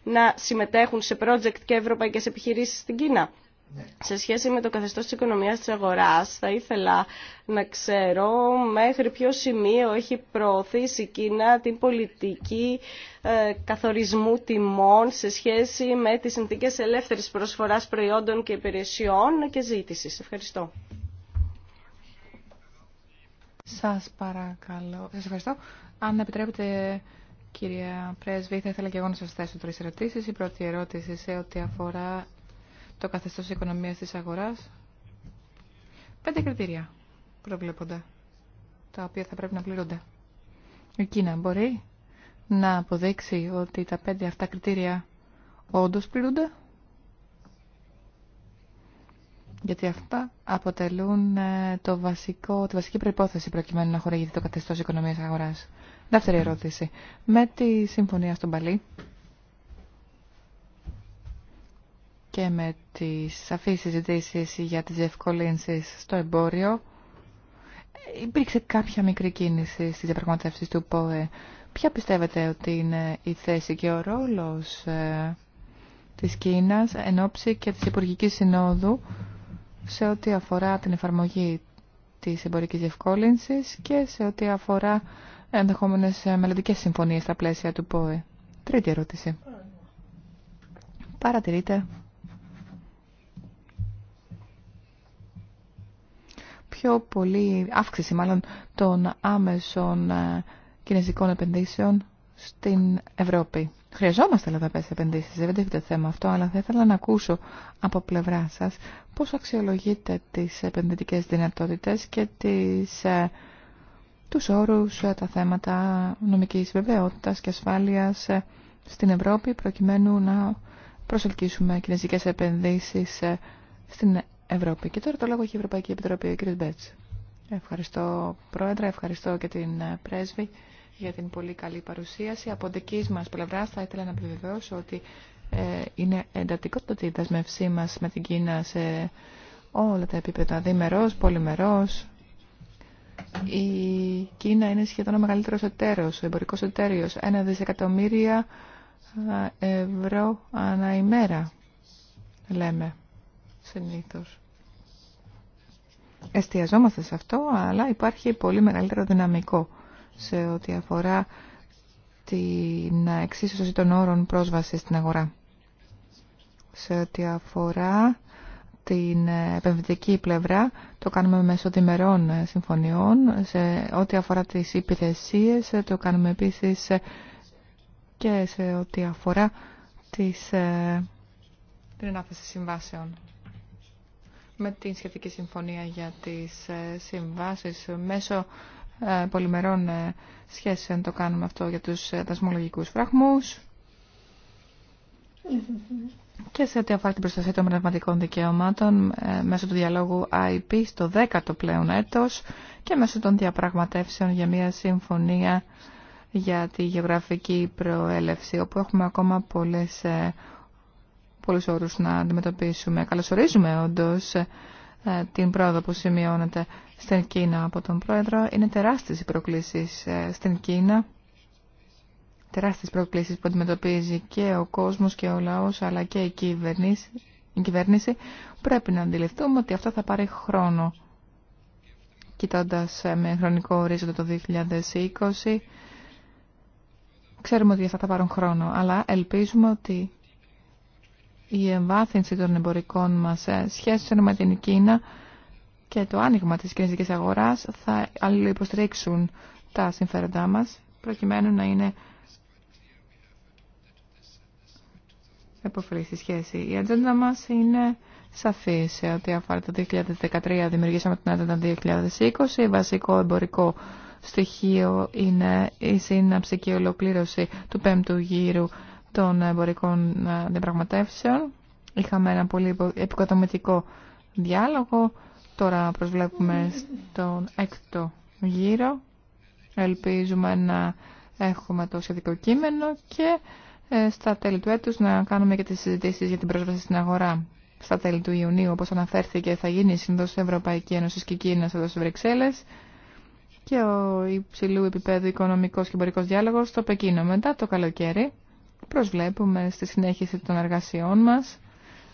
να συμμετέχουν σε project και ευρωπαϊκές επιχειρήσεις στην Κίνα. Ναι. Σε σχέση με το καθεστώς της οικονομίας της αγοράς, θα ήθελα να ξέρω μέχρι ποιο σημείο έχει προωθήσει η Κίνα την πολιτική ε, καθορισμού τιμών σε σχέση με τις συνθήκες ελεύθερης προσφοράς προϊόντων και υπηρεσιών και ζήτησης. Ευχαριστώ. Σας παρακαλώ. Σας ευχαριστώ. Αν επιτρέπετε, κυρία Πρέσβη, θα ήθελα και εγώ να σας θέσω τρεις ερωτήσεις. Η πρώτη ερώτηση σε ό,τι αφορά το καθεστώς οικονομίας της αγοράς. Πέντε κριτήρια προβλέπονται, τα οποία θα πρέπει να πληρούνται. Η Κίνα μπορεί να αποδείξει ότι τα πέντε αυτά κριτήρια όντως πληρούνται γιατί αυτά αποτελούν ε, το βασικό, τη βασική προϋπόθεση προκειμένου να χορηγηθεί το καθεστώς οικονομίας αγοράς. Δεύτερη ερώτηση. Με τη συμφωνία στον Παλή και με τις σαφείς συζητήσει για τις διευκολύνσεις στο εμπόριο, υπήρξε κάποια μικρή κίνηση στις διαπραγματεύσεις του ΠΟΕ. Ποια πιστεύετε ότι είναι η θέση και ο ρόλος ε, της Κίνας εν ώψη και της Υπουργικής Συνόδου σε ό,τι αφορά την εφαρμογή της εμπορικής διευκόλυνσης και σε ό,τι αφορά ενδεχόμενες ε, μελλοντικές συμφωνίες στα πλαίσια του ΠΟΕ. Τρίτη ερώτηση. Παρατηρείτε πιο πολύ αύξηση μάλλον των άμεσων ε, κινέζικων επενδύσεων στην Ευρώπη. Χρειαζόμαστε λοιπόν, επενδύσει δεν είναι το θέμα αυτό, αλλά θα ήθελα να ακούσω από πλευρά σας πώς αξιολογείτε τις επενδυτικέ δυνατότητες και τις, ε, τους όρους, ε, τα θέματα νομικής βεβαιότητας και ασφάλειας ε, στην Ευρώπη προκειμένου να προσελκύσουμε κινέζικες επενδύσεις ε, στην Ευρώπη. Και τώρα το λόγο έχει η Ευρωπαϊκή Επιτροπή, ο κ. Μπέτς. Ευχαριστώ, Πρόεδρε, ευχαριστώ και την Πρέσβη για την πολύ καλή παρουσίαση. Από δική μα πλευρά θα ήθελα να επιβεβαιώσω ότι ε, είναι εντατικό το ότι η δεσμευσή μα με την Κίνα σε όλα τα επίπεδα, διμερό, πολυμερό. Η Κίνα είναι σχεδόν ο μεγαλύτερο εταίρο, ο εμπορικό εταίριο. Ένα δισεκατομμύρια ε, ευρώ ανά ημέρα, λέμε συνήθω. Εστιαζόμαστε σε αυτό, αλλά υπάρχει πολύ μεγαλύτερο δυναμικό σε ό,τι αφορά την εξίσωση των όρων πρόσβασης στην αγορά. Σε ό,τι αφορά την επενδυτική πλευρά, το κάνουμε μέσω διμερών συμφωνιών. Σε ό,τι αφορά τις υπηρεσίε, το κάνουμε επίσης και σε ό,τι αφορά τις, ε, την ανάθεση συμβάσεων. Με την σχετική συμφωνία για τις ε, συμβάσεις μέσω ε, πολυμερών ε, σχέσεων το κάνουμε αυτό για τους ε, δασμολογικούς φραγμούς και σε ό,τι αφορά την προστασία των πνευματικών δικαιωμάτων μέσω του διαλόγου IP στο 10ο πλέον έτος και μέσω των διαπραγματεύσεων για μια συμφωνία για τη γεωγραφική προέλευση όπου έχουμε ακόμα πολλές, πολλούς όρους να αντιμετωπίσουμε. Καλωσορίζουμε όντως ε, την πρόοδο που σημειώνεται στην Κίνα από τον Πρόεδρο. Είναι τεράστιες οι προκλήσεις ε, στην Κίνα, τεράστιες προκλήσεις που αντιμετωπίζει και ο κόσμος και ο λαός, αλλά και η κυβέρνηση. Η κυβέρνηση πρέπει να αντιληφθούμε ότι αυτό θα πάρει χρόνο. Κοιτώντας ε, με χρονικό ορίζοντα το 2020, ξέρουμε ότι αυτά θα πάρουν χρόνο, αλλά ελπίζουμε ότι η εμβάθυνση των εμπορικών μας ε, σχέσεων με την Κίνα και το άνοιγμα της κινέζικης αγοράς θα αλληλοϊποστρίξουν τα συμφέροντά μας προκειμένου να είναι εποφελής στη σχέση. Η ατζέντα μας είναι σαφή σε ό,τι αφορά το 2013 δημιουργήσαμε την ατζέντα 2020. Βασικό εμπορικό στοιχείο είναι η σύναψη και η ολοκλήρωση του πέμπτου γύρου των εμπορικών ε, διαπραγματεύσεων. Είχαμε ένα πολύ επικοδομητικό διάλογο. Τώρα προσβλέπουμε στον έκτο γύρο. Ελπίζουμε να έχουμε το σχετικό κείμενο και ε, στα τέλη του έτους να κάνουμε και τις συζητήσεις για την πρόσβαση στην αγορά. Στα τέλη του Ιουνίου, όπως αναφέρθηκε, θα γίνει η Σύνδοση Ευρωπαϊκή Ένωση και Κίνα εδώ στις Βρυξέλλες και ο υψηλού επίπεδου οικονομικός και εμπορικός διάλογος στο Πεκίνο μετά το καλοκαίρι. Προσβλέπουμε στη συνέχιση των εργασιών μας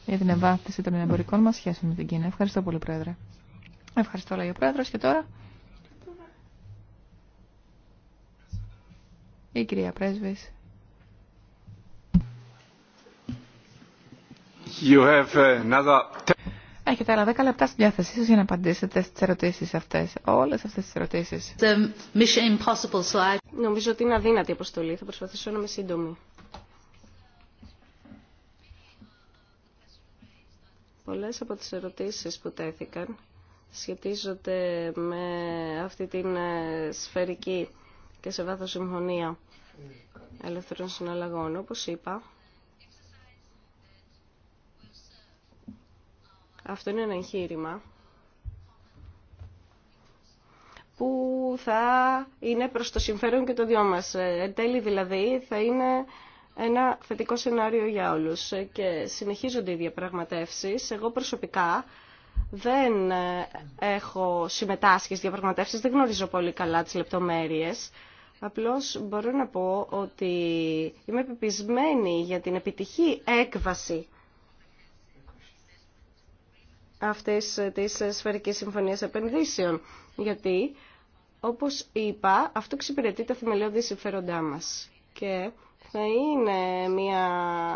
για την ευάθυνση των εμπορικών μας σχέσεων με την Κίνα. Ευχαριστώ πολύ, Πρόεδρε. Ευχαριστώ, λέει ο Πρόεδρος. Και τώρα... Η κυρία Πρέσβης. You have another... Έχετε άλλα 10 λεπτά στη διάθεσή σας για να απαντήσετε στις ερωτήσεις αυτές. Όλες αυτές τις ερωτήσεις. Νομίζω ότι είναι αδύνατη η αποστολή. Θα προσπαθήσω να είμαι σύντομη. Πολλές από τις ερωτήσεις που τέθηκαν σχετίζονται με αυτή την ε, σφαιρική και σε βάθος συμφωνία ελεύθερων συναλλαγών. Όπως είπα, αυτό είναι ένα εγχείρημα που θα είναι προς το συμφέρον και το δυο μας. Ε, εν τέλει δηλαδή θα είναι ένα θετικό σενάριο για όλους και συνεχίζονται οι διαπραγματεύσεις. Εγώ προσωπικά δεν ε, έχω συμμετάσχει στις διαπραγματεύσεις, δεν γνωρίζω πολύ καλά τις λεπτομέρειες. Απλώς μπορώ να πω ότι είμαι επιπισμένη για την επιτυχή έκβαση αυτής της Σφαιρικής Συμφωνίας Επενδύσεων. Γιατί, όπως είπα, αυτό εξυπηρετεί τα θεμελιώδη συμφέροντά μας. Και θα είναι μια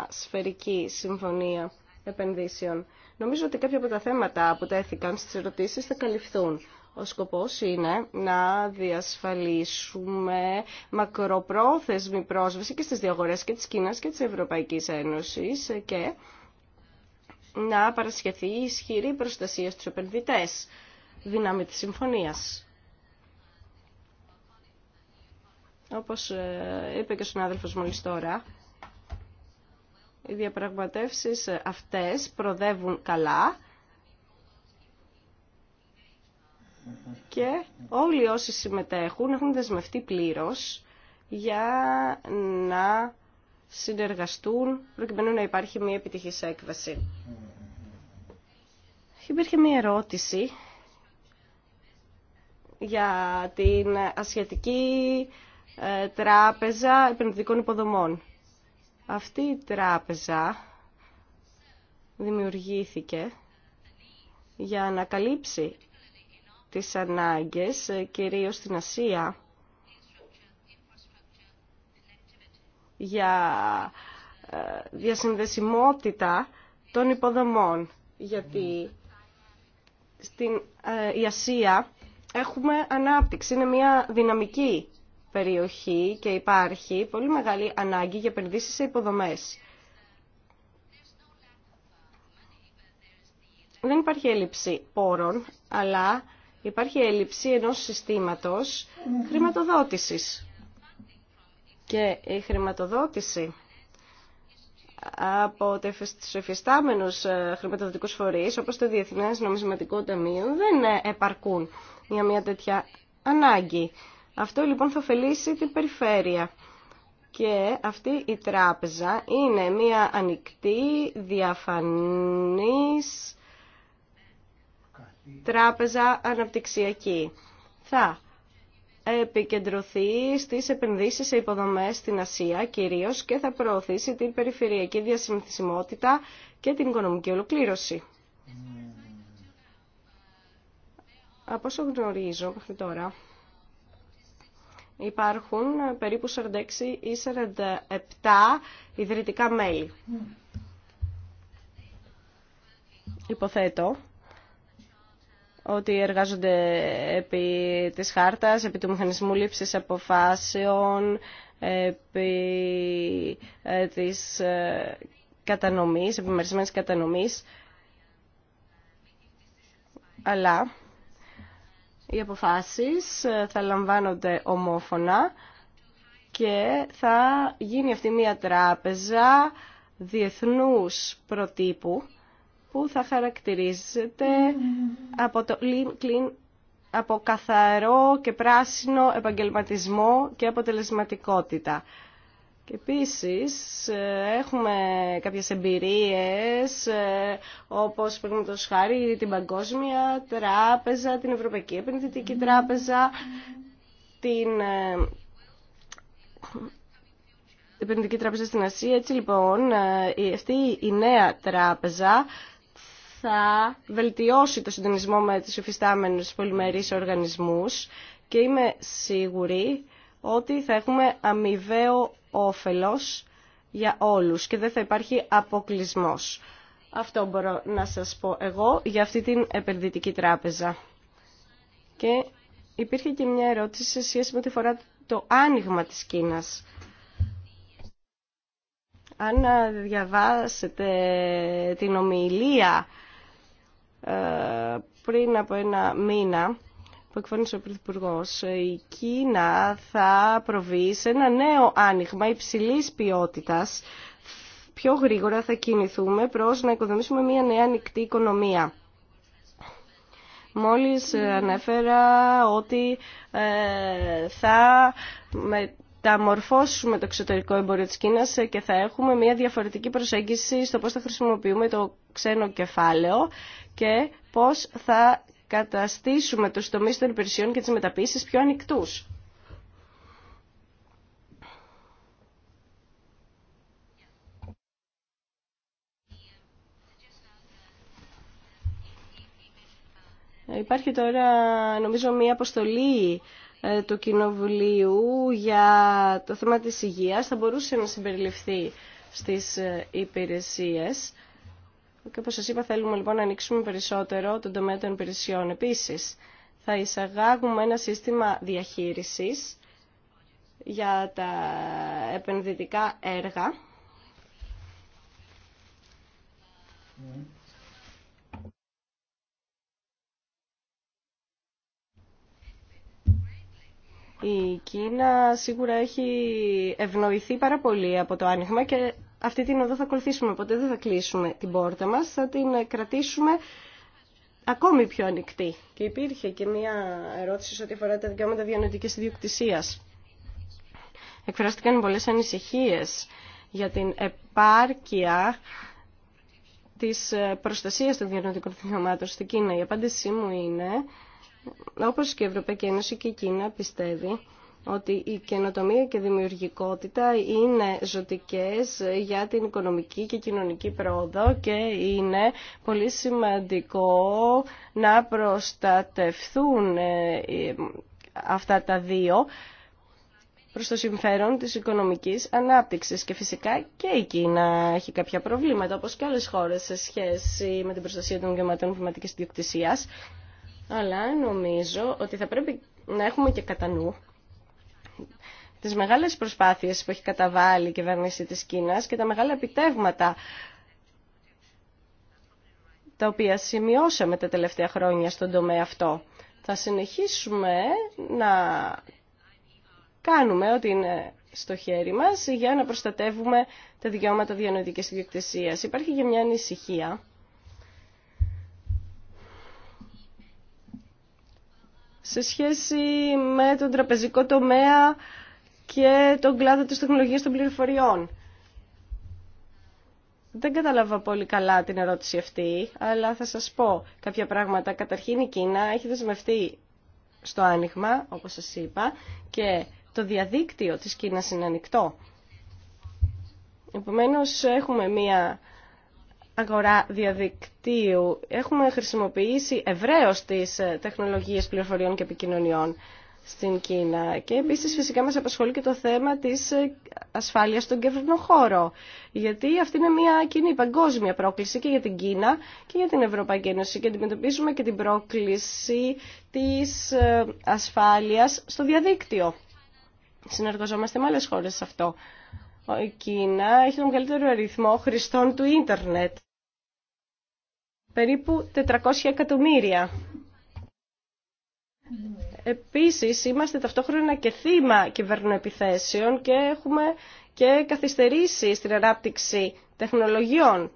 σφαιρική συμφωνία επενδύσεων. Νομίζω ότι κάποια από τα θέματα που τέθηκαν στις ερωτήσεις θα καλυφθούν. Ο σκοπός είναι να διασφαλίσουμε μακροπρόθεσμη πρόσβαση και στις διαγορές και της Κίνας και της Ευρωπαϊκής Ένωσης και να παρασχεθεί ισχυρή προστασία στους επενδυτές δυνάμει της συμφωνίας. Όπως ε, είπε και ο συνάδελφος μόλις τώρα, οι διαπραγματεύσεις αυτές προδεύουν καλά και όλοι όσοι συμμετέχουν έχουν δεσμευτεί πλήρως για να συνεργαστούν προκειμένου να υπάρχει μια επιτυχής έκβαση. Υπήρχε μια ερώτηση για την ασιατική ε, τράπεζα επενδυτικών υποδομών. Αυτή η τράπεζα δημιουργήθηκε για να καλύψει τις ανάγκες, ε, κυρίως στην Ασία, για ε, διασυνδεσιμότητα των υποδομών. Γιατί στην Ασία έχουμε ανάπτυξη, είναι μια δυναμική περιοχή και υπάρχει πολύ μεγάλη ανάγκη για επενδύσει σε υποδομέ. Δεν υπάρχει έλλειψη πόρων, αλλά υπάρχει έλλειψη ενός συστήματος χρηματοδότησης. Και η χρηματοδότηση από τους εφιστάμενους ε, χρηματοδοτικούς φορείς, όπως το Διεθνές Νομισματικό Ταμείο, δεν ε, επαρκούν για μια τέτοια ανάγκη. Αυτό λοιπόν θα ωφελήσει την περιφέρεια. Και αυτή η τράπεζα είναι μια ανοιχτή, διαφανής τράπεζα αναπτυξιακή. Θα επικεντρωθεί στις επενδύσεις σε υποδομές στην Ασία κυρίως και θα προωθήσει την περιφερειακή διασυνθησιμότητα και την οικονομική ολοκλήρωση. Mm. Από όσο γνωρίζω μέχρι τώρα, υπάρχουν περίπου 46 ή 47 ιδρυτικά μέλη. Υποθέτω ότι εργάζονται επί της χάρτας, επί του μηχανισμού λήψης αποφάσεων, επί ε, της ε, κατανομής, επιμερισμένης κατανομής. Αλλά οι αποφάσεις ε, θα λαμβάνονται ομόφωνα και θα γίνει αυτή μια τράπεζα διεθνούς προτύπου που θα χαρακτηρίζεται από το clean, από καθαρό και πράσινο επαγγελματισμό και αποτελεσματικότητα. Και επίσης ε, έχουμε κάποιες εμπειρίες ε, όπως το χάρη την Παγκόσμια Τράπεζα, την Ευρωπαϊκή Επενδυτική Τράπεζα, την ε, Επενδυτική Τράπεζα στην Ασία. Έτσι λοιπόν αυτή η νέα τράπεζα θα βελτιώσει το συντονισμό με του υφιστάμενους πολυμερείς οργανισμούς και είμαι σίγουρη ότι θα έχουμε αμοιβαίο όφελος για όλους και δεν θα υπάρχει αποκλεισμό. Αυτό μπορώ να σας πω εγώ για αυτή την επενδυτική τράπεζα. Και υπήρχε και μια ερώτηση σε σχέση με τη φορά το άνοιγμα της Κίνας. Αν διαβάσετε την ομιλία ε, πριν από ένα μήνα που εκφώνησε ο Πρωθυπουργό, η Κίνα θα προβεί σε ένα νέο άνοιγμα υψηλή ποιότητα. Πιο γρήγορα θα κινηθούμε προς να οικοδομήσουμε μια νέα ανοιχτή οικονομία. Μόλις ε, ανέφερα ότι ε, θα μεταμορφώσουμε το εξωτερικό εμπόριο της Κίνας ε, και θα έχουμε μια διαφορετική προσέγγιση στο πώς θα χρησιμοποιούμε το ξένο κεφάλαιο και πώς θα καταστήσουμε τους τομείς των υπηρεσιών και τις μεταποίησης πιο ανοιχτούς. Υπάρχει τώρα νομίζω μία αποστολή ε, του Κοινοβουλίου για το θέμα της υγείας. Θα μπορούσε να συμπεριληφθεί στις ε, υπηρεσίες. Και όπως σας είπα θέλουμε λοιπόν να ανοίξουμε περισσότερο τον τομέα των υπηρεσιών. Επίσης θα εισαγάγουμε ένα σύστημα διαχείρισης για τα επενδυτικά έργα. Η Κίνα σίγουρα έχει ευνοηθεί πάρα πολύ από το άνοιγμα και αυτή την οδό θα ακολουθήσουμε, οπότε δεν θα κλείσουμε την πόρτα μας, θα την κρατήσουμε ακόμη πιο ανοιχτή. Και υπήρχε και μια ερώτηση σε ό,τι αφορά τα δικαιώματα διανοητικής ιδιοκτησίας. Εκφράστηκαν πολλές ανησυχίες για την επάρκεια της προστασίας των διανοητικών δικαιωμάτων στην Κίνα. Η απάντησή μου είναι, όπως και η Ευρωπαϊκή Ένωση και η Κίνα πιστεύει, ότι η καινοτομία και η δημιουργικότητα είναι ζωτικές για την οικονομική και κοινωνική πρόοδο και είναι πολύ σημαντικό να προστατευθούν ε, ε, αυτά τα δύο προς το συμφέρον της οικονομικής ανάπτυξης. Και φυσικά και η Κίνα έχει κάποια προβλήματα, όπως και άλλες χώρες, σε σχέση με την προστασία των γεωματών βηματικής διοκτησίας. Αλλά νομίζω ότι θα πρέπει να έχουμε και κατά νου τις μεγάλες προσπάθειες που έχει καταβάλει η κυβέρνηση της Κίνας και τα μεγάλα επιτεύγματα τα οποία σημειώσαμε τα τελευταία χρόνια στον τομέα αυτό. Θα συνεχίσουμε να κάνουμε ό,τι είναι στο χέρι μας για να προστατεύουμε τα δικαιώματα διανοητικής ιδιοκτησίας. Υπάρχει και μια ανησυχία. Σε σχέση με τον τραπεζικό τομέα και τον κλάδο της τεχνολογίας των πληροφοριών. Δεν κατάλαβα πολύ καλά την ερώτηση αυτή, αλλά θα σας πω κάποια πράγματα. Καταρχήν η Κίνα έχει δεσμευτεί στο άνοιγμα, όπως σας είπα, και το διαδίκτυο της Κίνας είναι ανοιχτό. Επομένως έχουμε μία αγορά διαδικτύου. Έχουμε χρησιμοποιήσει ευρέως τις τεχνολογίες πληροφοριών και επικοινωνιών στην Κίνα. Και επίσης φυσικά μας απασχολεί και το θέμα της ασφάλειας στον χώρο. Γιατί αυτή είναι μια κοινή παγκόσμια πρόκληση και για την Κίνα και για την Ευρωπαϊκή Ένωση και αντιμετωπίζουμε και την πρόκληση της ε, ασφάλειας στο διαδίκτυο. Συνεργαζόμαστε με άλλες χώρες σε αυτό. Η Κίνα έχει τον μεγαλύτερο αριθμό χρηστών του ίντερνετ. Περίπου 400 εκατομμύρια. Επίσης, είμαστε ταυτόχρονα και θύμα κυβερνοεπιθέσεων και έχουμε και καθυστερήσει στην ανάπτυξη τεχνολογιών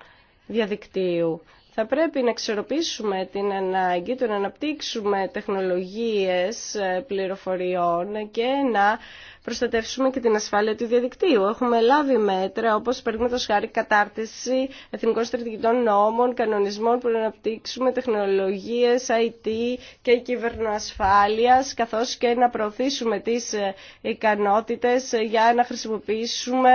διαδικτύου. Θα πρέπει να εξορροπήσουμε την ανάγκη του να αναπτύξουμε τεχνολογίες ε, πληροφοριών και να προστατεύσουμε και την ασφάλεια του διαδικτύου. Έχουμε λάβει μέτρα όπως παραδείγματο χάρη κατάρτιση εθνικών στρατηγικών νόμων, κανονισμών που να αναπτύξουμε τεχνολογίες, IT και κυβερνοασφάλειας καθώς και να προωθήσουμε τις ε, ικανότητες για να χρησιμοποιήσουμε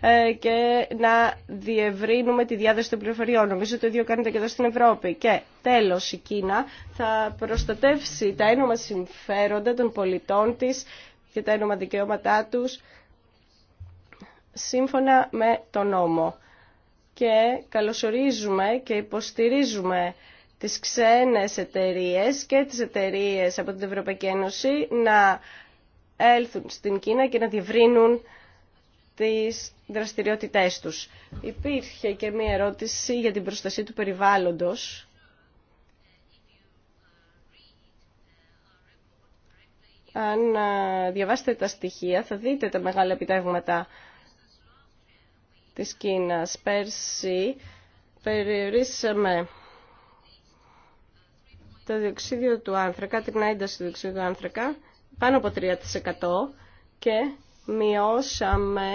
ε, και να διευρύνουμε τη διάδοση των πληροφοριών. Νομίζω το ίδιο κάνετε και εδώ στην Ευρώπη. Και τέλος η Κίνα θα προστατεύσει τα ένομα συμφέροντα των πολιτών τη και τα ενώμα δικαιώματά τους σύμφωνα με τον νόμο. Και καλωσορίζουμε και υποστηρίζουμε τις ξένες εταιρείες και τις εταιρείες από την Ευρωπαϊκή Ένωση να έλθουν στην Κίνα και να διευρύνουν τις δραστηριότητές τους. Υπήρχε και μία ερώτηση για την προστασία του περιβάλλοντος Αν διαβάσετε τα στοιχεία θα δείτε τα μεγάλα επιτεύγματα της Κίνας. Πέρσι περιορίσαμε το διοξίδιο του άνθρακα, την ένταση του διοξίδιου του άνθρακα, πάνω από 3% και μειώσαμε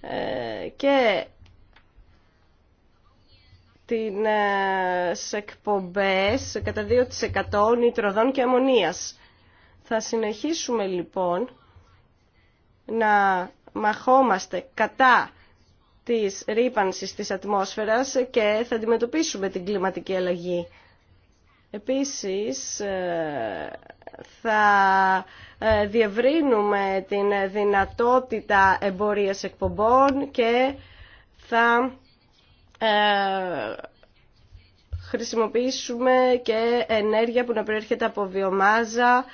ε, και τις ε, εκπομπές κατά 2% νητροδών και αμμονίας. Θα συνεχίσουμε λοιπόν να μαχόμαστε κατά της ρήπανσης της ατμόσφαιρας και θα αντιμετωπίσουμε την κλιματική αλλαγή. Επίσης, ε, θα ε, διευρύνουμε την δυνατότητα εμπορίας εκπομπών και θα ε, χρησιμοποιήσουμε και ενέργεια που να προέρχεται από βιομάζα,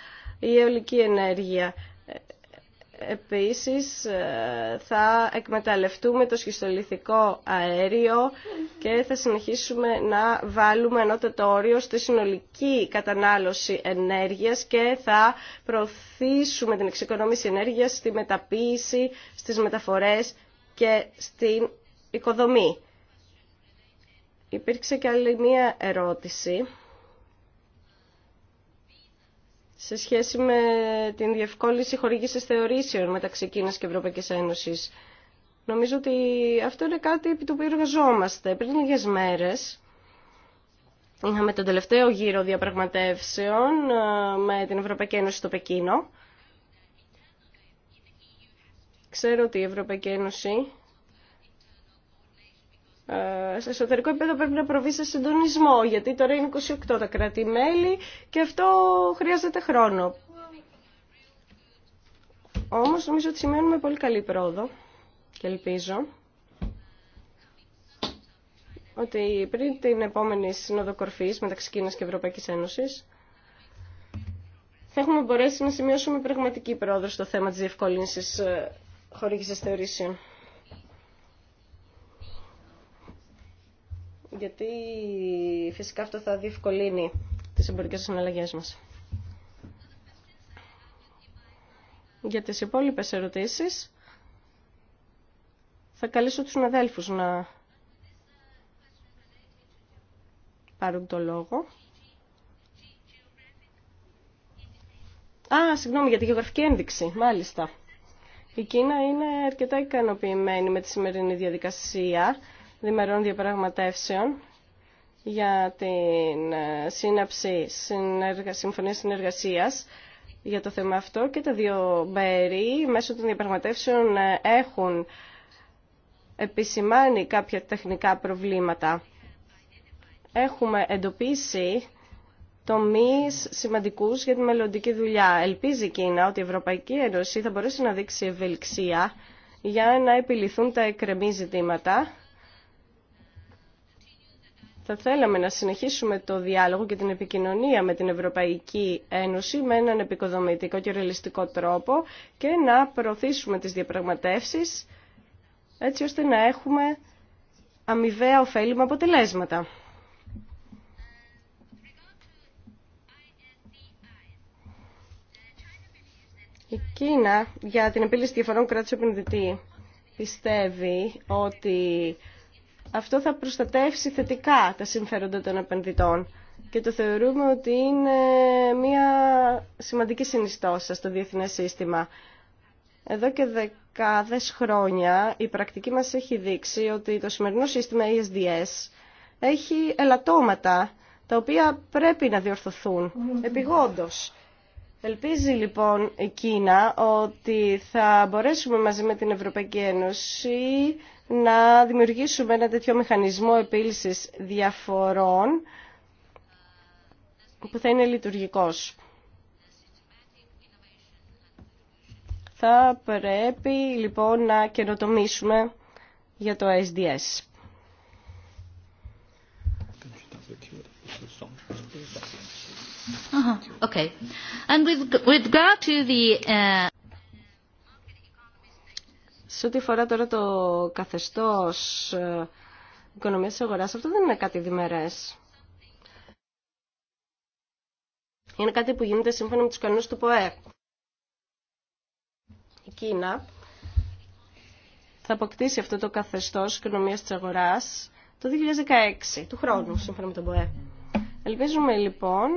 η αιωλική ενέργεια. Επίσης θα εκμεταλλευτούμε το σχιστολιθικό αέριο και θα συνεχίσουμε να βάλουμε το όριο στη συνολική κατανάλωση ενέργειας και θα προωθήσουμε την εξοικονόμηση ενέργειας στη μεταποίηση, στις μεταφορές και στην οικοδομή. Υπήρξε και άλλη μία ερώτηση σε σχέση με την διευκόλυνση χορήγησης θεωρήσεων μεταξύ Κίνας και Ευρωπαϊκής Ένωσης. Νομίζω ότι αυτό είναι κάτι επί του οποίου εργαζόμαστε. Πριν λίγες μέρες είχαμε τον τελευταίο γύρο διαπραγματεύσεων ε, με την Ευρωπαϊκή Ένωση στο Πεκίνο. Ξέρω ότι η Ευρωπαϊκή Ένωση ε, σε εσωτερικό επίπεδο πρέπει να προβεί σε συντονισμό, γιατί τώρα είναι 28 τα κράτη-μέλη και αυτό χρειάζεται χρόνο. Όμως νομίζω ότι σημαίνουμε πολύ καλή πρόοδο και ελπίζω ότι πριν την επόμενη Σύνοδο μεταξύ Κίνας και Ευρωπαϊκής Ένωσης θα έχουμε μπορέσει να σημειώσουμε πραγματική πρόοδο στο θέμα της διευκόλυνσης ε, χορήγησης θεωρήσεων. γιατί φυσικά αυτό θα διευκολύνει τις εμπορικές συναλλαγές μας. Για τις υπόλοιπες ερωτήσεις θα καλέσω τους αδέλφους να πάρουν το λόγο. Α, συγγνώμη, για τη γεωγραφική ένδειξη, μάλιστα. Η Κίνα είναι αρκετά ικανοποιημένη με τη σημερινή διαδικασία διμερών διαπραγματεύσεων για την ε, σύναψη συμφωνία συνεργασία για το θέμα αυτό και τα δύο μέρη μέσω των διαπραγματεύσεων ε, έχουν επισημάνει κάποια τεχνικά προβλήματα. Έχουμε εντοπίσει τομεί σημαντικού για τη μελλοντική δουλειά. Ελπίζει η Κίνα ότι η Ευρωπαϊκή Ένωση θα μπορέσει να δείξει ευελιξία για να επιληθούν τα εκκρεμή ζητήματα θα θέλαμε να συνεχίσουμε το διάλογο και την επικοινωνία με την Ευρωπαϊκή Ένωση με έναν επικοδομητικό και ρεαλιστικό τρόπο και να προωθήσουμε τις διαπραγματεύσεις έτσι ώστε να έχουμε αμοιβαία ωφέλιμα αποτελέσματα. Η Κίνα για την επίλυση διαφορών κράτους επενδυτή πιστεύει ότι αυτό θα προστατεύσει θετικά τα συμφέροντα των επενδυτών και το θεωρούμε ότι είναι μια σημαντική συνιστόσα στο διεθνές σύστημα. Εδώ και δεκάδες χρόνια η πρακτική μας έχει δείξει ότι το σημερινό σύστημα ESDS έχει ελαττώματα τα οποία πρέπει να διορθωθούν επιγόντως. Ελπίζει λοιπόν η Κίνα ότι θα μπορέσουμε μαζί με την Ευρωπαϊκή Ένωση να δημιουργήσουμε ένα τέτοιο μηχανισμό επίλυσης διαφορών που θα είναι λειτουργικός. Θα πρέπει λοιπόν να καινοτομήσουμε για το SDS. Okay. And with regard to the uh, σε ό,τι αφορά τώρα το καθεστώς ε, οικονομίας αγοράς, αυτό δεν είναι κάτι διμερές. Είναι κάτι που γίνεται σύμφωνα με τους κανόνες του ΠΟΕ. Η Κίνα θα αποκτήσει αυτό το καθεστώς οικονομίας της αγοράς το 2016, του χρόνου, σύμφωνα με τον ΠΟΕ. Ελπίζουμε λοιπόν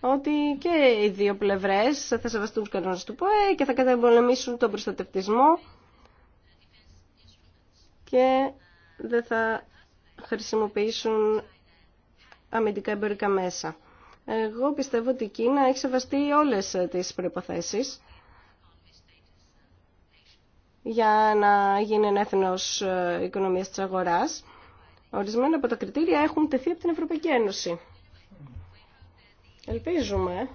ότι και οι δύο πλευρές θα σεβαστούν τους κανόνες του ΠΟΕ και θα καταπολεμήσουν τον προστατευτισμό και δεν θα χρησιμοποιήσουν αμυντικά εμπορικά μέσα. Εγώ πιστεύω ότι η Κίνα έχει σεβαστεί όλες τις προϋποθέσεις για να γίνει ένα έθνος ε, οικονομίας της αγοράς. Ορισμένα από τα κριτήρια έχουν τεθεί από την Ευρωπαϊκή Ένωση. Ελπίζουμε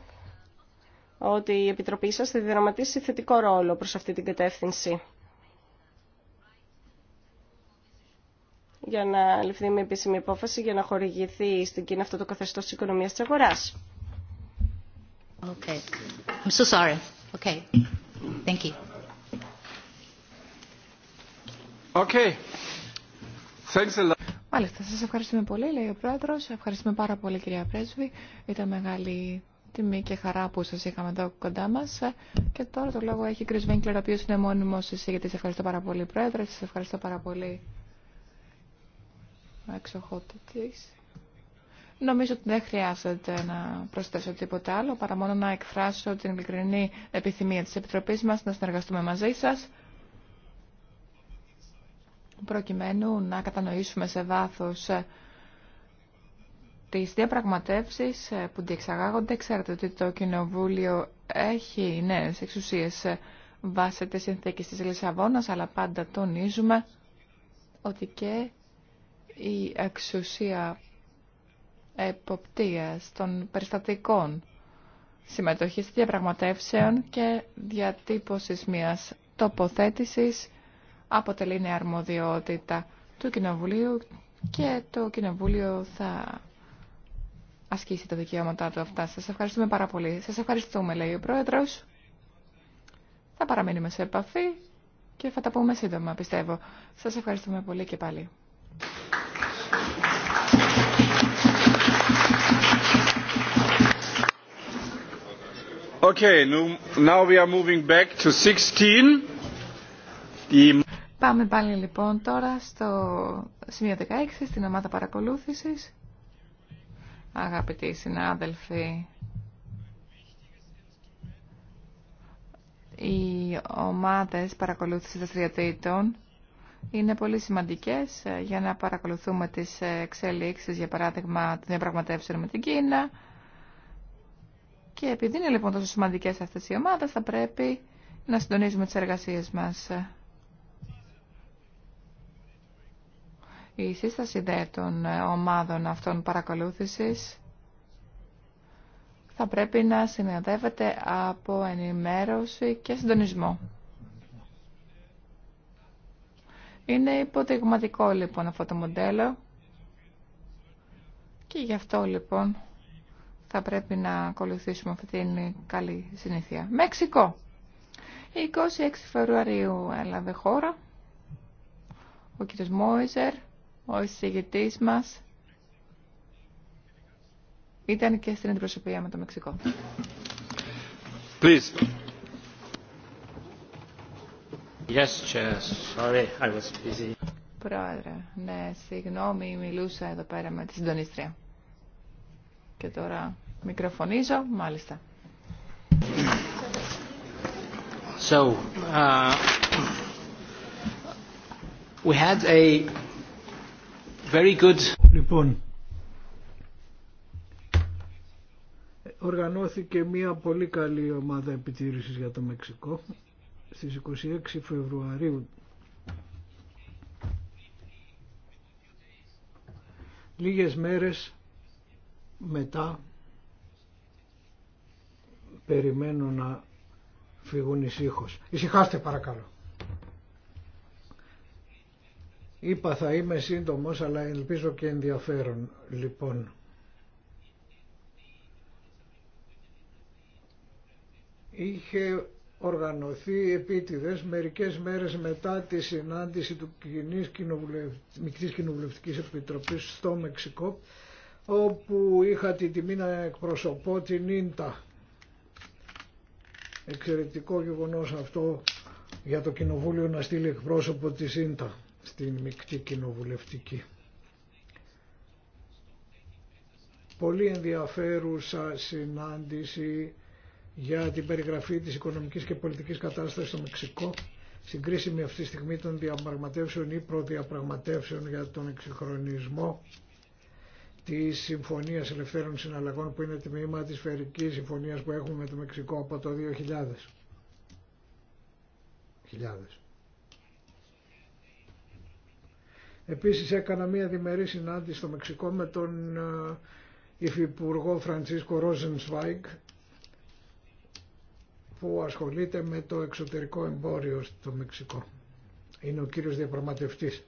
ότι η Επιτροπή σας θα διδραματίσει θετικό ρόλο προς αυτή την κατεύθυνση. για να ληφθεί μια επίσημη υπόφαση για να χορηγηθεί στην Κίνα αυτό το καθεστώς της οικονομίας της αγοράς. Okay. Μάλιστα, σας ευχαριστούμε πολύ, λέει ο Πρόεδρος. Ευχαριστούμε πάρα πολύ, κυρία Πρέσβη. Ήταν μεγάλη τιμή και χαρά που σας είχαμε εδώ κοντά μας. Και τώρα το λόγο έχει ο κ. Βέγκλερ, ο οποίος είναι μόνιμος σε Ευχαριστώ πάρα πολύ, Πρόεδρε. Σας ευχαριστώ πάρα πολύ εξοχότητη. Νομίζω ότι δεν χρειάζεται να προσθέσω τίποτα άλλο, παρά μόνο να εκφράσω την ειλικρινή επιθυμία της Επιτροπής μας να συνεργαστούμε μαζί σας, προκειμένου να κατανοήσουμε σε βάθος ε, τις διαπραγματεύσεις ε, που διεξαγάγονται. Ξέρετε ότι το Κοινοβούλιο έχει νέες εξουσίες ε, βάσει της συνθήκης της Λισαβόνας, αλλά πάντα τονίζουμε ότι και η εξουσία εποπτείας των περιστατικών συμμετοχής διαπραγματεύσεων και διατύπωσης μιας τοποθέτησης αποτελεί νέα αρμοδιότητα του Κοινοβουλίου και το Κοινοβούλιο θα ασκήσει τα δικαιώματά του αυτά. Σας ευχαριστούμε πάρα πολύ. Σας ευχαριστούμε, λέει ο Πρόεδρος. Θα παραμείνουμε σε επαφή και θα τα πούμε σύντομα, πιστεύω. Σας ευχαριστούμε πολύ και πάλι. Okay, now we are moving back to 16. Πάμε πάλι λοιπόν τώρα στο σημείο 16, στην ομάδα παρακολούθησης. Αγαπητοί συνάδελφοι, οι ομάδες παρακολούθησης δραστηριοτήτων είναι πολύ σημαντικές ε, για να παρακολουθούμε τις ε, εξελίξεις, για παράδειγμα, την διαπραγματεύσεων με την Κίνα, και επειδή είναι λοιπόν τόσο σημαντικές αυτές οι ομάδες, θα πρέπει να συντονίζουμε τις εργασίες μας. Η σύσταση δε των ομάδων αυτών παρακολούθησης θα πρέπει να συνοδεύεται από ενημέρωση και συντονισμό. Είναι υποδειγματικό λοιπόν αυτό το μοντέλο και γι' αυτό λοιπόν θα πρέπει να ακολουθήσουμε αυτή την καλή συνήθεια. Μεξικό. 26 Φεβρουαρίου έλαβε χώρα. Ο κ. Μόιζερ, ο εισηγητής μας, ήταν και στην αντιπροσωπεία με το Μεξικό. Please. Yes, Sorry, I was busy. Πρόεδρε, ναι, συγγνώμη, μιλούσα εδώ πέρα με τη συντονίστρια. Και τώρα μικροφωνίζω, μάλιστα. So, uh, we had a very good... Λοιπόν, οργανώθηκε μια πολύ καλή ομάδα επιτήρησης για το Μεξικό στις 26 Φεβρουαρίου λίγες μέρες μετά περιμένω να φύγουν ησύχως. Ησυχάστε παρακαλώ. Είπα θα είμαι σύντομος αλλά ελπίζω και ενδιαφέρον. Λοιπόν, είχε οργανωθεί επίτηδες μερικές μέρες μετά τη συνάντηση του Κοινής κοινοβουλευτική Επιτροπή Επιτροπής στο Μεξικό όπου είχα τη τιμή να εκπροσωπώ την Ίντα. Εξαιρετικό γεγονός αυτό για το Κοινοβούλιο να στείλει εκπρόσωπο της Ίντα στην μεικτή κοινοβουλευτική. Πολύ ενδιαφέρουσα συνάντηση για την περιγραφή της οικονομικής και πολιτικής κατάστασης στο Μεξικό συγκρίσιμη αυτή τη στιγμή των διαπραγματεύσεων ή προδιαπραγματεύσεων για τον εξυγχρονισμό τη Συμφωνία Ελευθέρων Συναλλαγών που είναι τμήμα της φερική συμφωνία που έχουμε με το Μεξικό από το 2000. Επίση Επίσης έκανα μία διμερή συνάντηση στο Μεξικό με τον ε, Υφυπουργό Φραντσίσκο Ρόζενσβάικ που ασχολείται με το εξωτερικό εμπόριο στο Μεξικό. Είναι ο κύριος διαπραγματευτής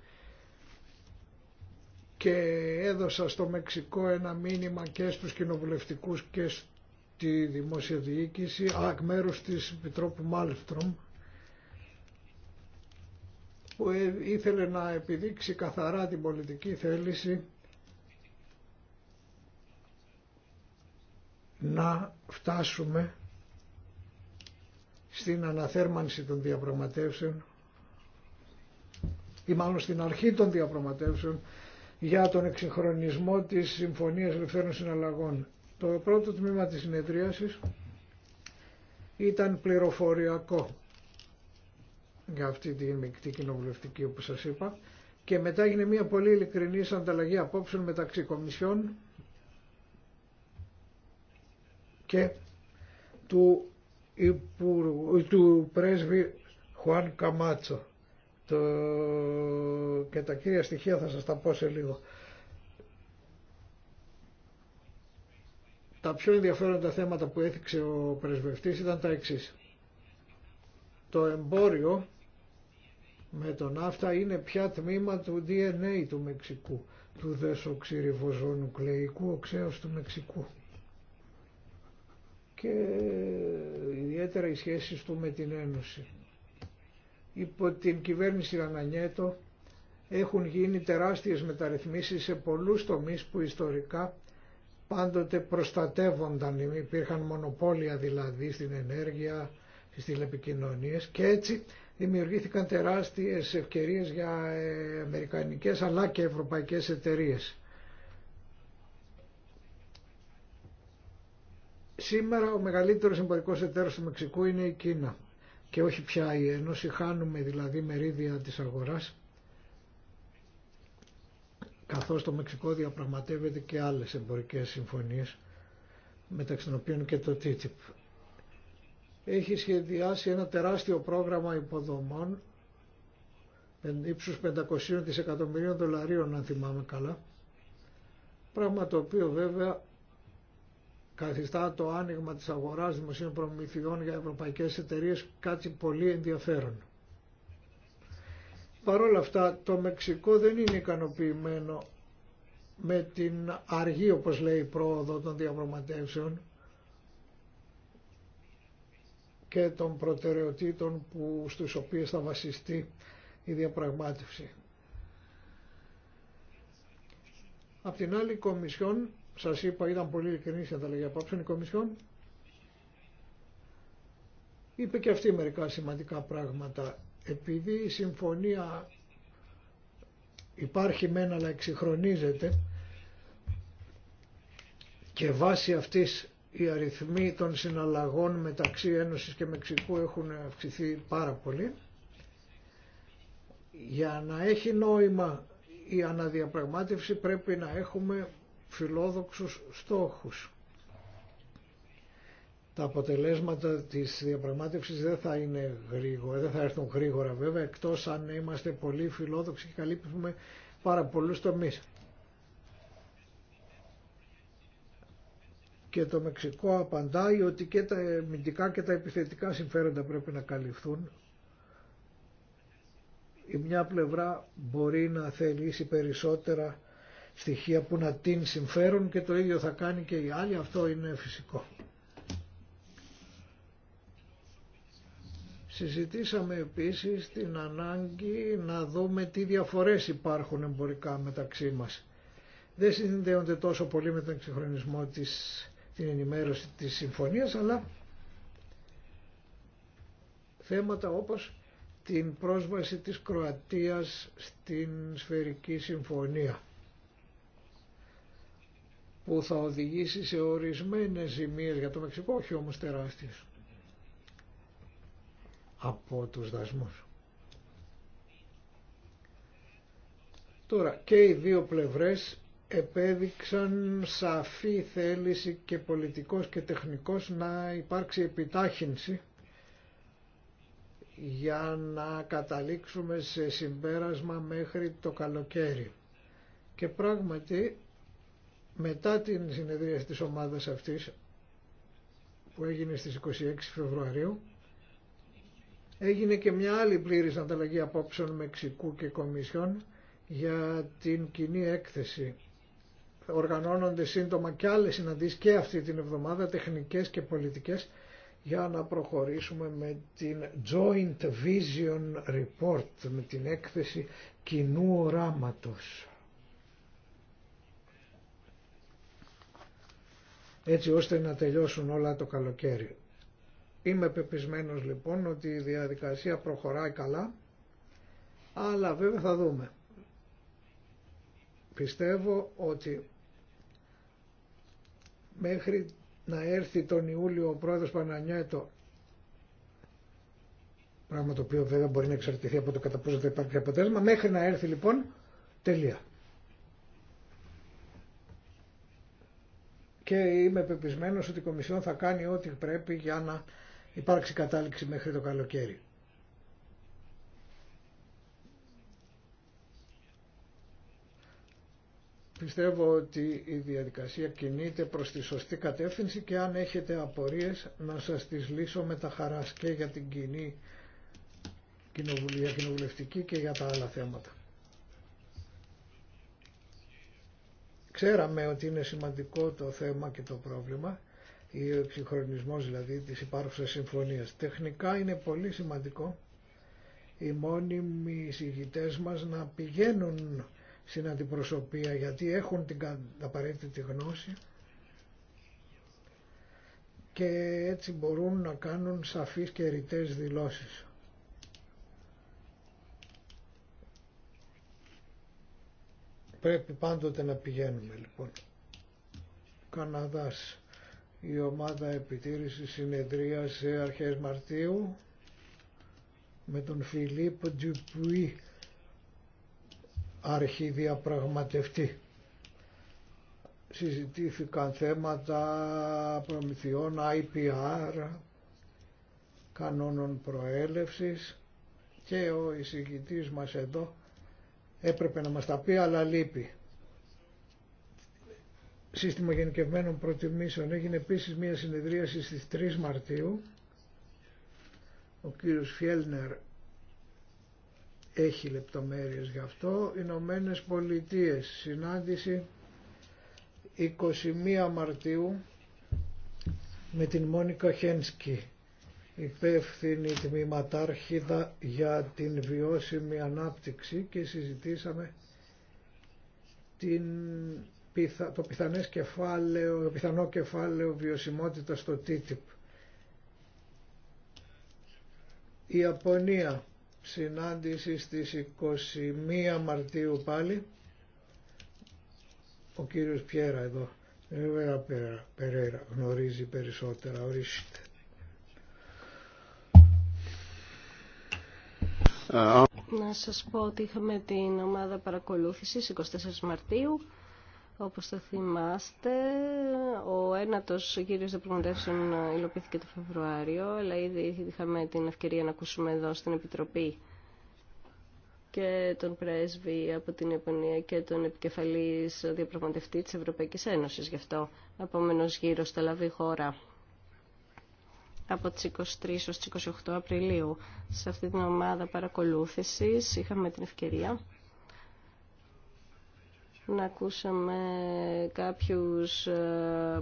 και έδωσα στο Μεξικό ένα μήνυμα και στους κοινοβουλευτικούς και στη δημόσια διοίκηση εκ μέρους της Επιτρόπου Μάλφτρομ που ε, ήθελε να επιδείξει καθαρά την πολιτική θέληση να φτάσουμε στην αναθέρμανση των διαπραγματεύσεων ή μάλλον στην αρχή των διαπραγματεύσεων για τον εξυγχρονισμό της Συμφωνίας Ελευθέρων Συναλλαγών. Το πρώτο τμήμα της συνεδρίασης ήταν πληροφοριακό για αυτή τη μεικτή κοινοβουλευτική όπως σας είπα και μετά έγινε μια πολύ ειλικρινή ανταλλαγή απόψεων μεταξύ Κομισιών και του, υπουργού, του πρέσβη Χουάν Καμάτσο το... και τα κύρια στοιχεία θα σας τα πω σε λίγο. Τα πιο ενδιαφέροντα θέματα που έθιξε ο πρεσβευτής ήταν τα εξής. Το εμπόριο με τον ναύτα είναι πια τμήμα του DNA του Μεξικού, του δεσοξυριβοζωνουκλεϊκού οξέως του Μεξικού. Και ιδιαίτερα οι σχέσεις του με την Ένωση υπό την κυβέρνηση Ανανιέτο έχουν γίνει τεράστιες μεταρρυθμίσεις σε πολλούς τομείς που ιστορικά πάντοτε προστατεύονταν, υπήρχαν μονοπόλια δηλαδή στην ενέργεια, στις τηλεπικοινωνίες και έτσι δημιουργήθηκαν τεράστιες ευκαιρίες για ε, αμερικανικές αλλά και ευρωπαϊκές εταιρείες. Σήμερα ο μεγαλύτερος εμπορικός εταίρος του Μεξικού είναι η Κίνα και όχι πια η Ένωση, χάνουμε δηλαδή μερίδια της αγοράς καθώς το Μεξικό διαπραγματεύεται και άλλες εμπορικές συμφωνίες μεταξύ των οποίων και το TTIP. Έχει σχεδιάσει ένα τεράστιο πρόγραμμα υποδομών ύψους 500 δισεκατομμυρίων δολαρίων αν θυμάμαι καλά πράγμα το οποίο βέβαια καθιστά το άνοιγμα της αγοράς δημοσίων προμηθειών για ευρωπαϊκές εταιρείες κάτι πολύ ενδιαφέρον. Παρ' όλα αυτά το Μεξικό δεν είναι ικανοποιημένο με την αργή όπως λέει πρόοδο των διαπραγματεύσεων και των προτεραιοτήτων που, στους οποίες θα βασιστεί η διαπραγμάτευση. Απ' την άλλη η Κομισιόν σας είπα, ήταν πολύ ειλικρινής η ανταλλαγή απόψεων η Κομισιόν. Είπε και αυτή μερικά σημαντικά πράγματα. Επειδή η συμφωνία υπάρχει μεν αλλά εξυγχρονίζεται και βάσει αυτής οι αριθμοί των συναλλαγών μεταξύ Ένωσης και Μεξικού έχουν αυξηθεί πάρα πολύ. Για να έχει νόημα η αναδιαπραγμάτευση πρέπει να έχουμε φιλόδοξους στόχους. Τα αποτελέσματα της διαπραγμάτευσης δεν θα είναι γρήγορα, δεν θα έρθουν γρήγορα βέβαια, εκτός αν είμαστε πολύ φιλόδοξοι και καλύπτουμε πάρα πολλούς τομείς. Και το Μεξικό απαντάει ότι και τα μυντικά και τα επιθετικά συμφέροντα πρέπει να καλυφθούν. Η μια πλευρά μπορεί να θελήσει περισσότερα στοιχεία που να την συμφέρουν και το ίδιο θα κάνει και η άλλη. Αυτό είναι φυσικό. Συζητήσαμε επίσης την ανάγκη να δούμε τι διαφορές υπάρχουν εμπορικά μεταξύ μας. Δεν συνδέονται τόσο πολύ με τον εξυγχρονισμό της, την ενημέρωση της συμφωνίας, αλλά θέματα όπως την πρόσβαση της Κροατίας στην Σφαιρική Συμφωνία που θα οδηγήσει σε ορισμένες ζημίες για το Μεξικό, όχι όμως τεράστιες, από τους δασμούς. Τώρα και οι δύο πλευρές επέδειξαν σαφή θέληση και πολιτικός και τεχνικός να υπάρξει επιτάχυνση για να καταλήξουμε σε συμπέρασμα μέχρι το καλοκαίρι. Και πράγματι μετά την συνεδρία της ομάδας αυτής που έγινε στις 26 Φεβρουαρίου έγινε και μια άλλη πλήρης ανταλλαγή απόψεων Μεξικού και Κομισιόν για την κοινή έκθεση. Οργανώνονται σύντομα και άλλες συναντήσεις και αυτή την εβδομάδα τεχνικές και πολιτικές για να προχωρήσουμε με την Joint Vision Report, με την έκθεση κοινού οράματος. έτσι ώστε να τελειώσουν όλα το καλοκαίρι. Είμαι πεπισμένος λοιπόν ότι η διαδικασία προχωράει καλά, αλλά βέβαια θα δούμε. Πιστεύω ότι μέχρι να έρθει τον Ιούλιο ο πρόεδρος Πανανιέτο πράγμα το οποίο βέβαια μπορεί να εξαρτηθεί από το κατά πόσο θα υπάρχει αποτέλεσμα μέχρι να έρθει λοιπόν τελεία. και είμαι πεπισμένο ότι η Κομισιόν θα κάνει ό,τι πρέπει για να υπάρξει κατάληξη μέχρι το καλοκαίρι. Πιστεύω ότι η διαδικασία κινείται προς τη σωστή κατεύθυνση και αν έχετε απορίες να σας τις λύσω με τα χαράς και για την κοινή κοινοβουλευτική και για τα άλλα θέματα. Ξέραμε ότι είναι σημαντικό το θέμα και το πρόβλημα, ή ο εξυγχρονισμός δηλαδή τη υπάρχουσας συμφωνίας. Τεχνικά είναι πολύ σημαντικό οι μόνιμοι εισηγητές μας να πηγαίνουν στην αντιπροσωπεία γιατί έχουν την απαραίτητη γνώση και έτσι μπορούν να κάνουν σαφείς και ρητές δηλώσεις. Πρέπει πάντοτε να πηγαίνουμε λοιπόν. Καναδάς. Η ομάδα επιτήρησης συνεδρίασε αρχές Μαρτίου με τον Φιλίπ Τζουπουή αρχιδιαπραγματευτή. Συζητήθηκαν θέματα προμηθειών IPR, κανόνων προέλευσης και ο εισηγητής μας εδώ Έπρεπε να μας τα πει αλλά λείπει. Σύστημα γενικευμένων προτιμήσεων έγινε επίσης μια συνεδρίαση στις 3 Μαρτίου. Ο κύριος Φιέλνερ έχει λεπτομέρειες γι' αυτό. Ηνωμένε Πολιτείε συνάντηση 21 Μαρτίου με την Μόνικα Χένσκι υπεύθυνη τμήματάρχηδα για την βιώσιμη ανάπτυξη και συζητήσαμε την, το, πιθανές κεφάλαιο, το πιθανό κεφάλαιο βιωσιμότητα στο TTIP. Η Ιαπωνία συνάντηση στις 21 Μαρτίου πάλι ο κύριος Πιέρα εδώ ε, Βέβαια Περέρα γνωρίζει περισσότερα, ορίστε. Να σας πω ότι είχαμε την ομάδα παρακολούθησης 24 Μαρτίου. Όπως το θυμάστε, ο ένατος γύριος διαπραγματεύσεων υλοποιήθηκε το Φεβρουάριο, αλλά ήδη είχαμε την ευκαιρία να ακούσουμε εδώ στην Επιτροπή και τον πρέσβη από την Ιαπωνία και τον επικεφαλής διαπραγματευτή της Ευρωπαϊκής Ένωσης. Γι' αυτό, επόμενος γύρος θα λάβει χώρα από τις 23 ως τις 28 Απριλίου. Σε αυτή την ομάδα παρακολούθησης είχαμε την ευκαιρία να ακούσαμε κάποιους, ε,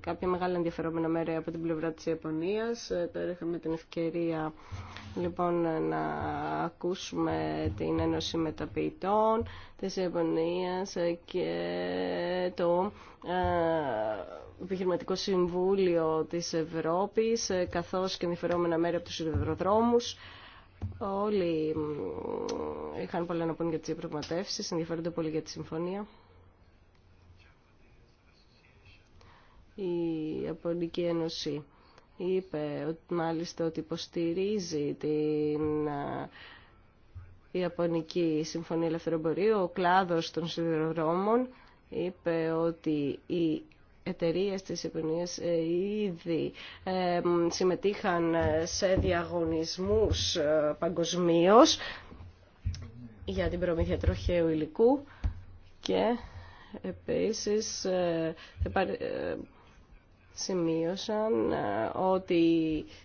κάποια μεγάλα ενδιαφερόμενα μέρη από την πλευρά της Ιαπωνίας. Ε, τώρα είχαμε την ευκαιρία λοιπόν να ακούσουμε την Ένωση Μεταποιητών της Ιαπωνίας και το ε, Επιχειρηματικό Συμβούλιο της Ευρώπης, ε, καθώς και ενδιαφερόμενα μέρη από τους σιδηροδρόμους. Όλοι είχαν πολλά να πούν για τις διαπραγματεύσεις, ενδιαφέρονται πολύ για τη συμφωνία. Η Ιαπωνική Ένωση είπε ότι, μάλιστα ότι υποστηρίζει την ε, Ιαπωνική Συμφωνία Ελευθεροπορίου, ο κλάδος των σιδηροδρόμων είπε ότι η εταιρείε της Επινίας ε, ήδη ε, συμμετείχαν σε διαγωνισμούς ε, παγκοσμίω για την προμήθεια τροχαίου υλικού και επίσης σημείωσαν ότι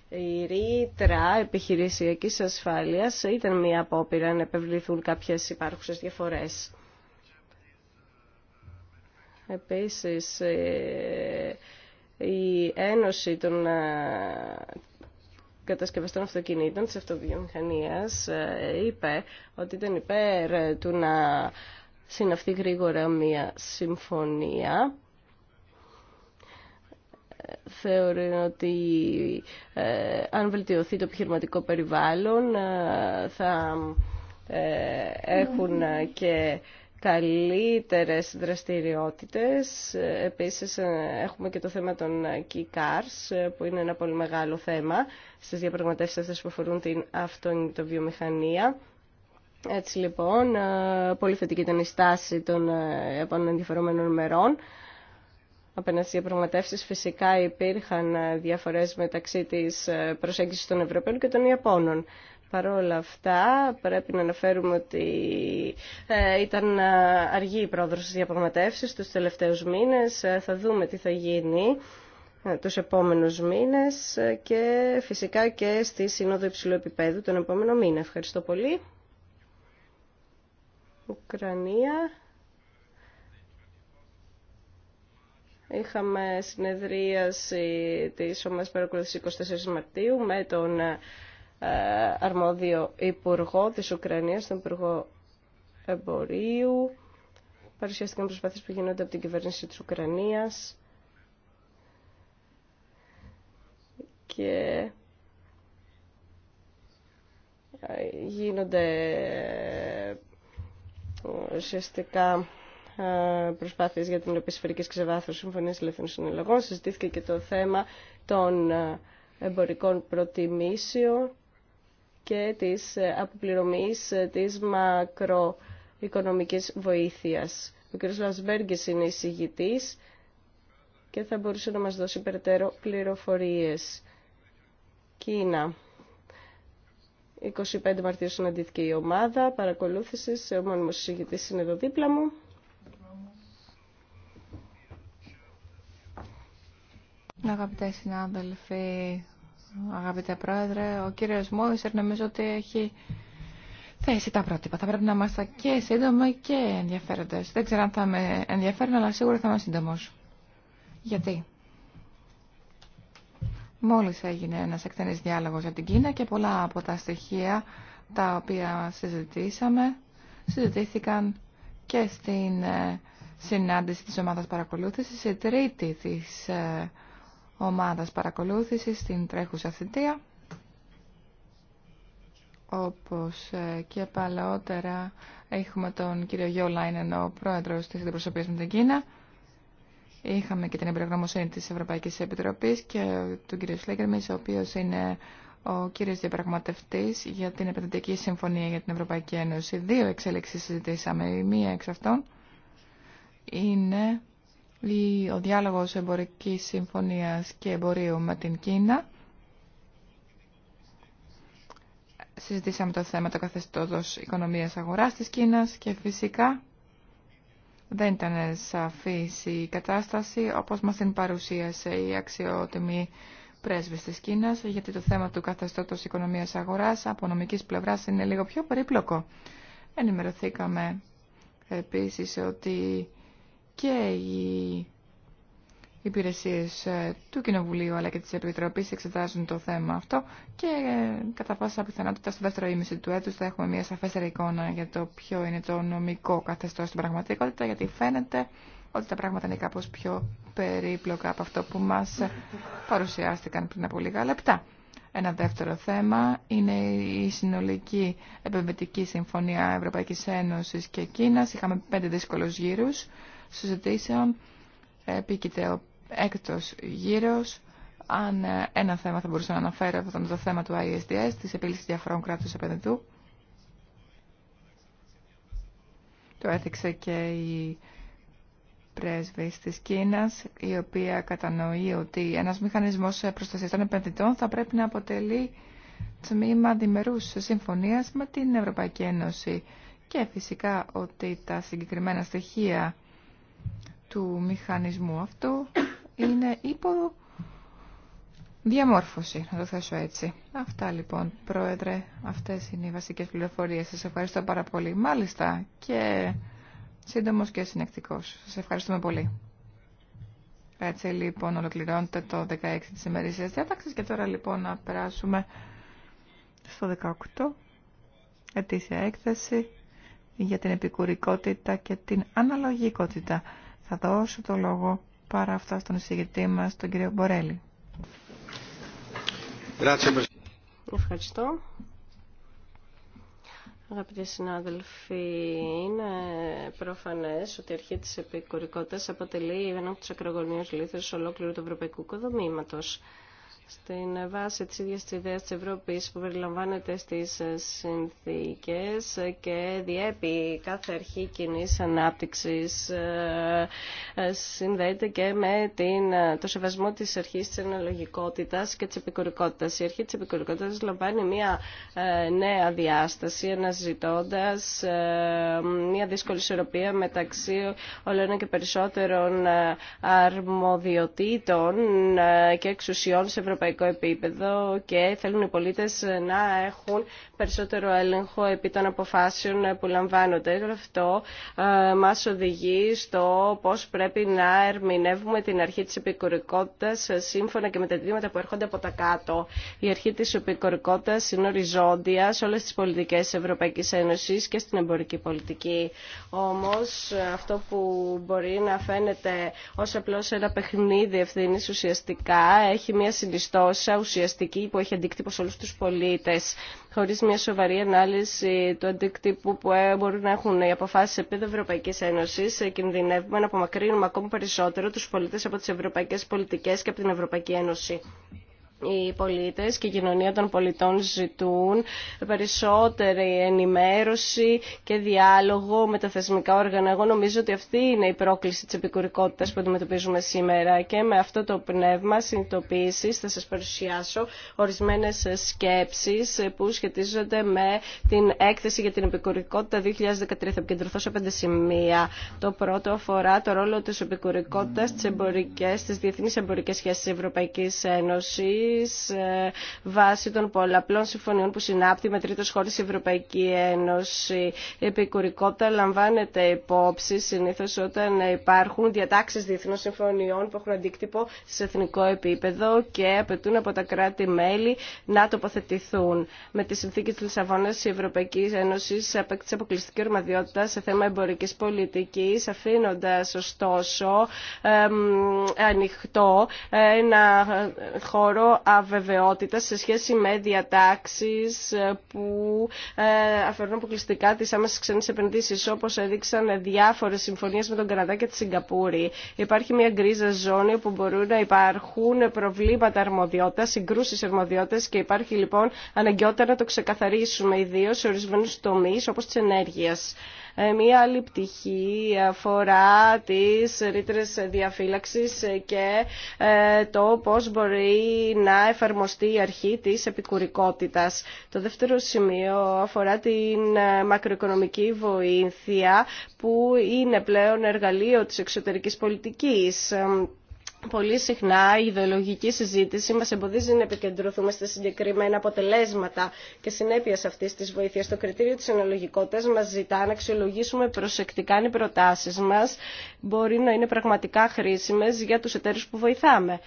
η ρήτρα επιχειρησιακής ασφάλειας ήταν μια απόπειρα να επευληθούν κάποιες υπάρχουσες διαφορές. Επίσης, ε, η Ένωση των ε, κατασκευαστών αυτοκινήτων της αυτοβιομηχανίας ε, είπε ότι ήταν υπέρ του να συναυθεί γρήγορα μια συμφωνία Θεωρεί ότι αν βελτιωθεί το επιχειρηματικό περιβάλλον θα έχουν και καλύτερες δραστηριότητες. Επίσης έχουμε και το θέμα των key cars που είναι ένα πολύ μεγάλο θέμα στις διαπραγματεύσεις αυτές που αφορούν την αυτοβιομηχανία. Έτσι λοιπόν, πολύ θετική ήταν η στάση των επάνω μερών. Απέναντι στις διαπραγματεύσεις φυσικά υπήρχαν διαφορές μεταξύ της προσέγγισης των Ευρωπαίων και των Ιαπώνων. Παρ' όλα αυτά, πρέπει να αναφέρουμε ότι ε, ήταν ε, αργή η πρόδραση της διαπραγματεύσης τους τελευταίους μήνες. Ε, θα δούμε τι θα γίνει τους επόμενους μήνες και φυσικά και στη Σύνοδο Υψηλού Επιπέδου τον επόμενο μήνα. Ευχαριστώ πολύ. Ουκρανία. Είχαμε συνεδρίαση της Ομάδας Παρακολουθήσης 24 Μαρτίου με τον ε, αρμόδιο υπουργό της Ουκρανίας, τον υπουργό εμπορίου. Παρουσιάστηκαν προσπάθειες που γίνονται από την κυβέρνηση της Ουκρανίας. Και γίνονται ε, ουσιαστικά ε, προσπάθειες για την επισφαιρική ξεβάθρωση συμφωνίας ελεύθερων Συνελλαγών. Συζητήθηκε και το θέμα των εμπορικών προτιμήσεων και της αποπληρωμής της μακροοικονομικής βοήθειας. Ο κ. Λασβέργκης είναι εισηγητής και θα μπορούσε να μας δώσει περαιτέρω πληροφορίες. Κίνα. 25 Μαρτίου συναντήθηκε η ομάδα παρακολούθησης. Ο μόνιμος εισηγητής είναι εδώ δίπλα μου. Αγαπητέ συνάδελφοι, αγαπητέ Πρόεδρε. Ο κύριος Μόησερ νομίζω ότι έχει θέσει τα πρότυπα. Θα πρέπει να είμαστε και σύντομοι και ενδιαφέροντες. Δεν ξέρω αν θα με ενδιαφέρον, αλλά σίγουρα θα είμαι σύντομος. Γιατί. Μόλις έγινε ένας εκτενής διάλογος για την Κίνα και πολλά από τα στοιχεία τα οποία συζητήσαμε, συζητήθηκαν και στην ε, συνάντηση της ομάδας παρακολούθησης, η τρίτη της ε, ομάδας παρακολούθησης στην τρέχουσα θητεία. Όπως ε, και παλαιότερα έχουμε τον κύριο Γιώ Λάινεν, ο πρόεδρος της αντιπροσωπείας με την Κίνα. Είχαμε και την εμπειρογνωμοσύνη της Ευρωπαϊκής Επιτροπής και τον κύριο Σλέγκερμις, ο οποίος είναι ο κύριος διαπραγματευτής για την επενδυτική συμφωνία για την Ευρωπαϊκή Ένωση. Δύο εξέλιξεις συζητήσαμε. Η μία εξ αυτών είναι ο διάλογος εμπορικής συμφωνίας και εμπορίου με την Κίνα. Συζητήσαμε το θέμα του καθεστώτος οικονομίας αγοράς της Κίνας και φυσικά δεν ήταν σαφής η κατάσταση όπως μας την παρουσίασε η αξιότιμη πρέσβης της Κίνας γιατί το θέμα του καθεστώτος οικονομίας αγοράς από νομικής πλευράς είναι λίγο πιο περίπλοκο. Ενημερωθήκαμε επίσης ότι και οι υπηρεσίες ε, του Κοινοβουλίου αλλά και της Επιτροπής εξετάζουν το θέμα αυτό και ε, κατά πάσα πιθανότητα στο δεύτερο ήμιση του έτους θα έχουμε μια σαφέστερη εικόνα για το ποιο είναι το νομικό καθεστώς στην πραγματικότητα γιατί φαίνεται ότι τα πράγματα είναι κάπως πιο περίπλοκα από αυτό που μας παρουσιάστηκαν πριν από λίγα λεπτά. Ένα δεύτερο θέμα είναι η συνολική επενδυτική συμφωνία Ευρωπαϊκής Ένωσης και Κίνας. Είχαμε πέντε δύσκολους γύρους συζητήσεων. Επίκειται ο έκτος γύρος. Αν ε, ένα θέμα θα μπορούσα να αναφέρω, αυτό ήταν το θέμα του ISDS, της επίλυση διαφορών κράτους επενδυτού. Το έθιξε και η πρέσβης της Κίνας, η οποία κατανοεί ότι ένας μηχανισμός ε, προστασίας των επενδυτών θα πρέπει να αποτελεί τμήμα διμερούς συμφωνίας με την Ευρωπαϊκή Ένωση και φυσικά ότι τα συγκεκριμένα στοιχεία του μηχανισμού αυτού είναι υπό διαμόρφωση, να το θέσω έτσι. Αυτά λοιπόν, Πρόεδρε, αυτές είναι οι βασικές πληροφορίες. Σας ευχαριστώ πάρα πολύ. Μάλιστα και σύντομος και συνεκτικός. Σας ευχαριστούμε πολύ. Έτσι λοιπόν ολοκληρώνεται το 16 της ημερήσιας διάταξης και τώρα λοιπόν να περάσουμε στο 18 ετήσια έκθεση για την επικουρικότητα και την αναλογικότητα. Θα δώσω το λόγο παρά αυτά στον εισηγητή μας, τον κύριο Μπορέλη. Ευχαριστώ. Αγαπητοί συνάδελφοι, είναι προφανές ότι η αρχή της επικορικότητας αποτελεί ένα από τους ακρογωνίους λίθους ολόκληρου του ευρωπαϊκού οικοδομήματος στην βάση της ίδιας της ιδέας της Ευρώπης που περιλαμβάνεται στις συνθήκες και διέπει κάθε αρχή κοινή ανάπτυξης ε, συνδέεται και με την, το σεβασμό της αρχής της αναλογικότητας και της επικουρικότητας. Η αρχή της επικουρικότητας λαμβάνει μια ε, νέα διάσταση αναζητώντας ε, μια δύσκολη ισορροπία μεταξύ όλων και περισσότερων αρμοδιοτήτων και εξουσιών σε Ευρωπαϊκή ευρωπαϊκό επίπεδο και θέλουν οι πολίτε να έχουν περισσότερο έλεγχο επί των αποφάσεων που λαμβάνονται. Αυτό ε, μας οδηγεί στο πώς πρέπει να ερμηνεύουμε την αρχή της επικουρικότητας σύμφωνα και με τα διδύματα που έρχονται από τα κάτω. Η αρχή της επικουρικότητας είναι οριζόντια σε όλες τις πολιτικές της Ευρωπαϊκής Ένωσης και στην εμπορική πολιτική. Όμως αυτό που μπορεί να φαίνεται ως απλώς ένα παιχνίδι ευθύνης ουσιαστικά έχει μια συνιστότητα Ωστόσο, ουσιαστική που έχει αντίκτυπο σε όλου του πολίτες χωρίς μια σοβαρή ανάλυση του αντίκτυπου που ε, μπορούν να έχουν οι αποφάσει σε επίπεδο Ευρωπαϊκής Ένωσης ε, κινδυνεύουμε να απομακρύνουμε ακόμη περισσότερο τους πολίτες από τις ευρωπαϊκές πολιτικές και από την Ευρωπαϊκή Ένωση οι πολίτες και η κοινωνία των πολιτών ζητούν περισσότερη ενημέρωση και διάλογο με τα θεσμικά όργανα. Εγώ νομίζω ότι αυτή είναι η πρόκληση της επικουρικότητας που αντιμετωπίζουμε σήμερα και με αυτό το πνεύμα συνειδητοποίηση θα σας παρουσιάσω ορισμένες σκέψεις που σχετίζονται με την έκθεση για την επικουρικότητα 2013. Θα επικεντρωθώ σε πέντε σημεία. Το πρώτο αφορά το ρόλο της επικουρικότητας στις, εμπορικές, στις διεθνείς εμπορικές σχέσεις της Ευρωπαϊκής Ένωσης ε, βάσει των πολλαπλών συμφωνιών που συνάπτει με τρίτες χώρες η Ευρωπαϊκή Ένωση. Η επικουρικότητα λαμβάνεται υπόψη συνήθως όταν υπάρχουν διατάξεις διεθνών συμφωνιών που έχουν αντίκτυπο σε εθνικό επίπεδο και απαιτούν από τα κράτη-μέλη να τοποθετηθούν. Με τη συνθήκη της Λισαβόνας η Ευρωπαϊκή Ένωση απέκτησε αποκλειστική ορμαδιότητα σε θέμα εμπορικής πολιτικής αφήνοντας ωστόσο ανοιχτό ένα χώρο Αβεβαιότητα σε σχέση με διατάξεις που ε, αφαιρούν αποκλειστικά τι άμεσες ξένες επενδύσει, όπως έδειξαν διάφορες συμφωνίες με τον Καναδά και τη Σιγκαπούρη. Υπάρχει μια γκρίζα ζώνη όπου μπορούν να υπάρχουν προβλήματα αρμοδιότητα, συγκρούσει αρμοδιότητας και υπάρχει λοιπόν αναγκαιότητα να το ξεκαθαρίσουμε ιδίω σε ορισμένου τομεί όπω τη ενέργεια. Ε, μία άλλη πτυχή αφορά τις ρήτρες διαφύλαξης και ε, το πώς μπορεί να εφαρμοστεί η αρχή της επικουρικότητας. Το δεύτερο σημείο αφορά την ε, μακροοικονομική βοήθεια που είναι πλέον εργαλείο της εξωτερικής πολιτικής Πολύ συχνά η ιδεολογική συζήτηση μας εμποδίζει να επικεντρωθούμε στα συγκεκριμένα αποτελέσματα και συνέπειες αυτής της βοήθειας. Το κριτήριο της αναλογικότητας μας ζητά να αξιολογήσουμε προσεκτικά αν οι προτάσεις μας μπορεί να είναι πραγματικά χρήσιμες για τους εταίρους που βοηθάμε.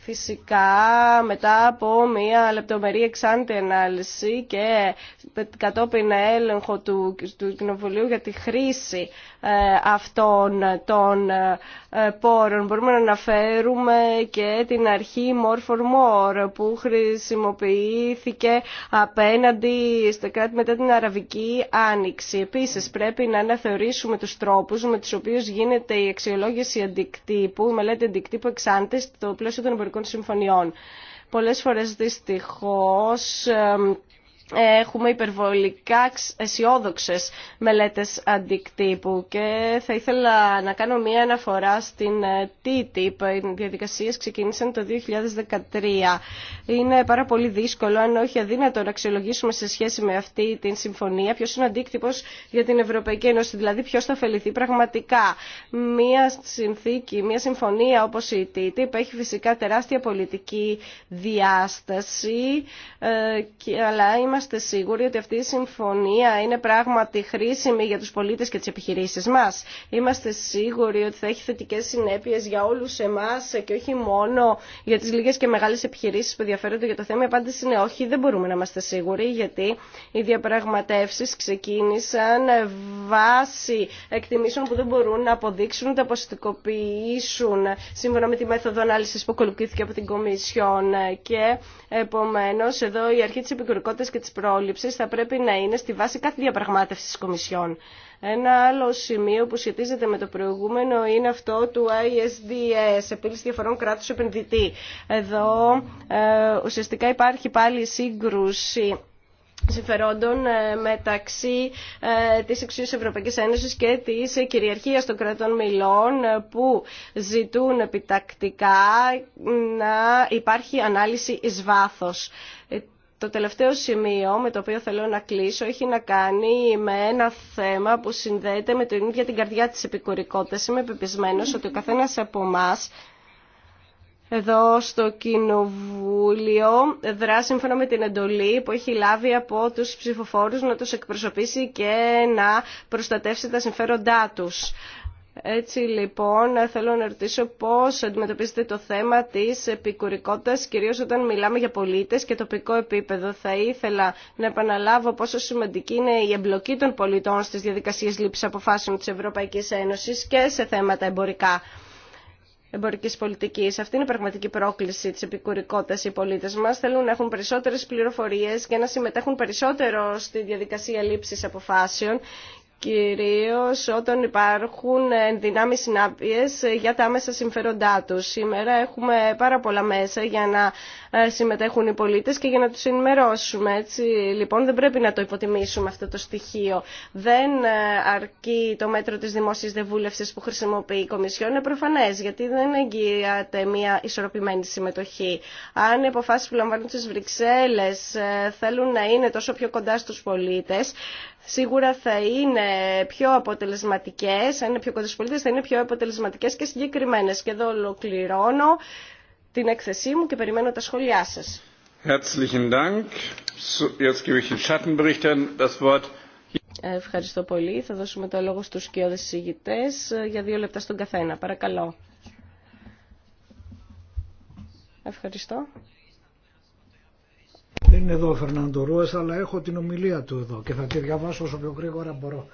Φυσικά μετά από μια λεπτομερή εξάντη ανάλυση και κατόπιν έλεγχο του, του Κοινοβουλίου για τη χρήση ε, αυτών των ε, ε, πόρων. Μπορούμε να αναφέρουμε και την αρχή more for more που χρησιμοποιήθηκε απέναντι στο κράτη μετά την Αραβική Άνοιξη. Επίσης πρέπει να αναθεωρήσουμε τους τρόπους με τους οποίους γίνεται η αξιολόγηση αντικτύπου, η μελέτη αντικτύπου εξάντε στο πλαίσιο των εμπορικών συμφωνιών. Πολλές φορές δυστυχώς έχουμε υπερβολικά αισιόδοξε μελέτες αντικτύπου και θα ήθελα να κάνω μία αναφορά στην ε, TTIP. Οι διαδικασίες ξεκίνησαν το 2013. Είναι πάρα πολύ δύσκολο, αν όχι αδύνατο, να αξιολογήσουμε σε σχέση με αυτή την συμφωνία ποιος είναι ο αντίκτυπος για την Ευρωπαϊκή Ένωση, δηλαδή ποιος θα ωφεληθεί πραγματικά. Μία συνθήκη, μία συμφωνία όπως η TTIP έχει φυσικά τεράστια πολιτική διάσταση, ε, αλλά είμαστε είμαστε σίγουροι ότι αυτή η συμφωνία είναι πράγματι χρήσιμη για τους πολίτες και τις επιχειρήσεις μας. Είμαστε σίγουροι ότι θα έχει θετικές συνέπειες για όλους εμάς και όχι μόνο για τις λίγες και μεγάλες επιχειρήσεις που ενδιαφέρονται για το θέμα. Η απάντηση είναι όχι, δεν μπορούμε να είμαστε σίγουροι γιατί οι διαπραγματεύσεις ξεκίνησαν βάσει εκτιμήσεων που δεν μπορούν να αποδείξουν ούτε αποστικοποιήσουν σύμφωνα με τη μέθοδο ανάλυσης που ακολουθήθηκε από την Κομισιόν και επομένως εδώ η αρχή της επικουρικότητας της θα πρέπει να είναι στη βάση κάθε διαπραγμάτευση της Κομισιόν. Ένα άλλο σημείο που σχετίζεται με το προηγούμενο είναι αυτό του ISDS, επίλυση διαφορών κράτους επενδυτή. Εδώ ε, ουσιαστικά υπάρχει πάλι σύγκρουση συμφερόντων ε, μεταξύ ε, της εξουσίας Ευρωπαϊκής Ένωσης και της κυριαρχίας των κρατών μιλών που ζητούν επιτακτικά να υπάρχει ανάλυση εις βάθος. Το τελευταίο σημείο με το οποίο θέλω να κλείσω έχει να κάνει με ένα θέμα που συνδέεται με την ίδια την καρδιά της επικουρικότητας. Είμαι πεπισμένο ότι ο καθένας από εμά εδώ στο Κοινοβούλιο δρά σύμφωνα με την εντολή που έχει λάβει από τους ψηφοφόρους να τους εκπροσωπήσει και να προστατεύσει τα συμφέροντά τους. Έτσι λοιπόν θέλω να ρωτήσω πώς αντιμετωπίζετε το θέμα της επικουρικότητας κυρίως όταν μιλάμε για πολίτες και τοπικό επίπεδο. Θα ήθελα να επαναλάβω πόσο σημαντική είναι η εμπλοκή των πολιτών στις διαδικασίες λήψης αποφάσεων της Ευρωπαϊκής Ένωσης και σε θέματα εμπορικά εμπορική πολιτική. Αυτή είναι η πραγματική πρόκληση τη επικουρικότητα. Οι πολίτε μα θέλουν να έχουν περισσότερε πληροφορίε και να συμμετέχουν περισσότερο στη διαδικασία λήψη αποφάσεων κυρίως όταν υπάρχουν ε, ενδυνάμει συνάπειες ε, για τα άμεσα συμφέροντά τους. Σήμερα έχουμε πάρα πολλά μέσα για να ε, συμμετέχουν οι πολίτες και για να του ενημερώσουμε. Έτσι, λοιπόν, δεν πρέπει να το υποτιμήσουμε αυτό το στοιχείο. Δεν αρκεί το μέτρο της δημόσιας δεβούλευσης που χρησιμοποιεί η Κομισιόν. Είναι προφανές, γιατί δεν εγγυάται μια ισορροπημένη συμμετοχή. Αν οι αποφάσεις που λαμβάνουν τι Βρυξέλλες θέλουν να είναι τόσο πιο κοντά στους πολίτε σίγουρα θα είναι πιο αποτελεσματικές, αν είναι πιο κοντά θα είναι πιο αποτελεσματικές και συγκεκριμένες. Και εδώ ολοκληρώνω την έκθεσή μου και περιμένω τα σχόλιά σας. Ευχαριστώ πολύ. Θα δώσουμε το λόγο στους σκιώδες συζητητές ε, για δύο λεπτά στον καθένα. Παρακαλώ. Ευχαριστώ. Δεν είναι εδώ ο Φερνάντο Ρούας, αλλά έχω την ομιλία του εδώ και θα τη διαβάσω όσο πιο γρήγορα μπορώ.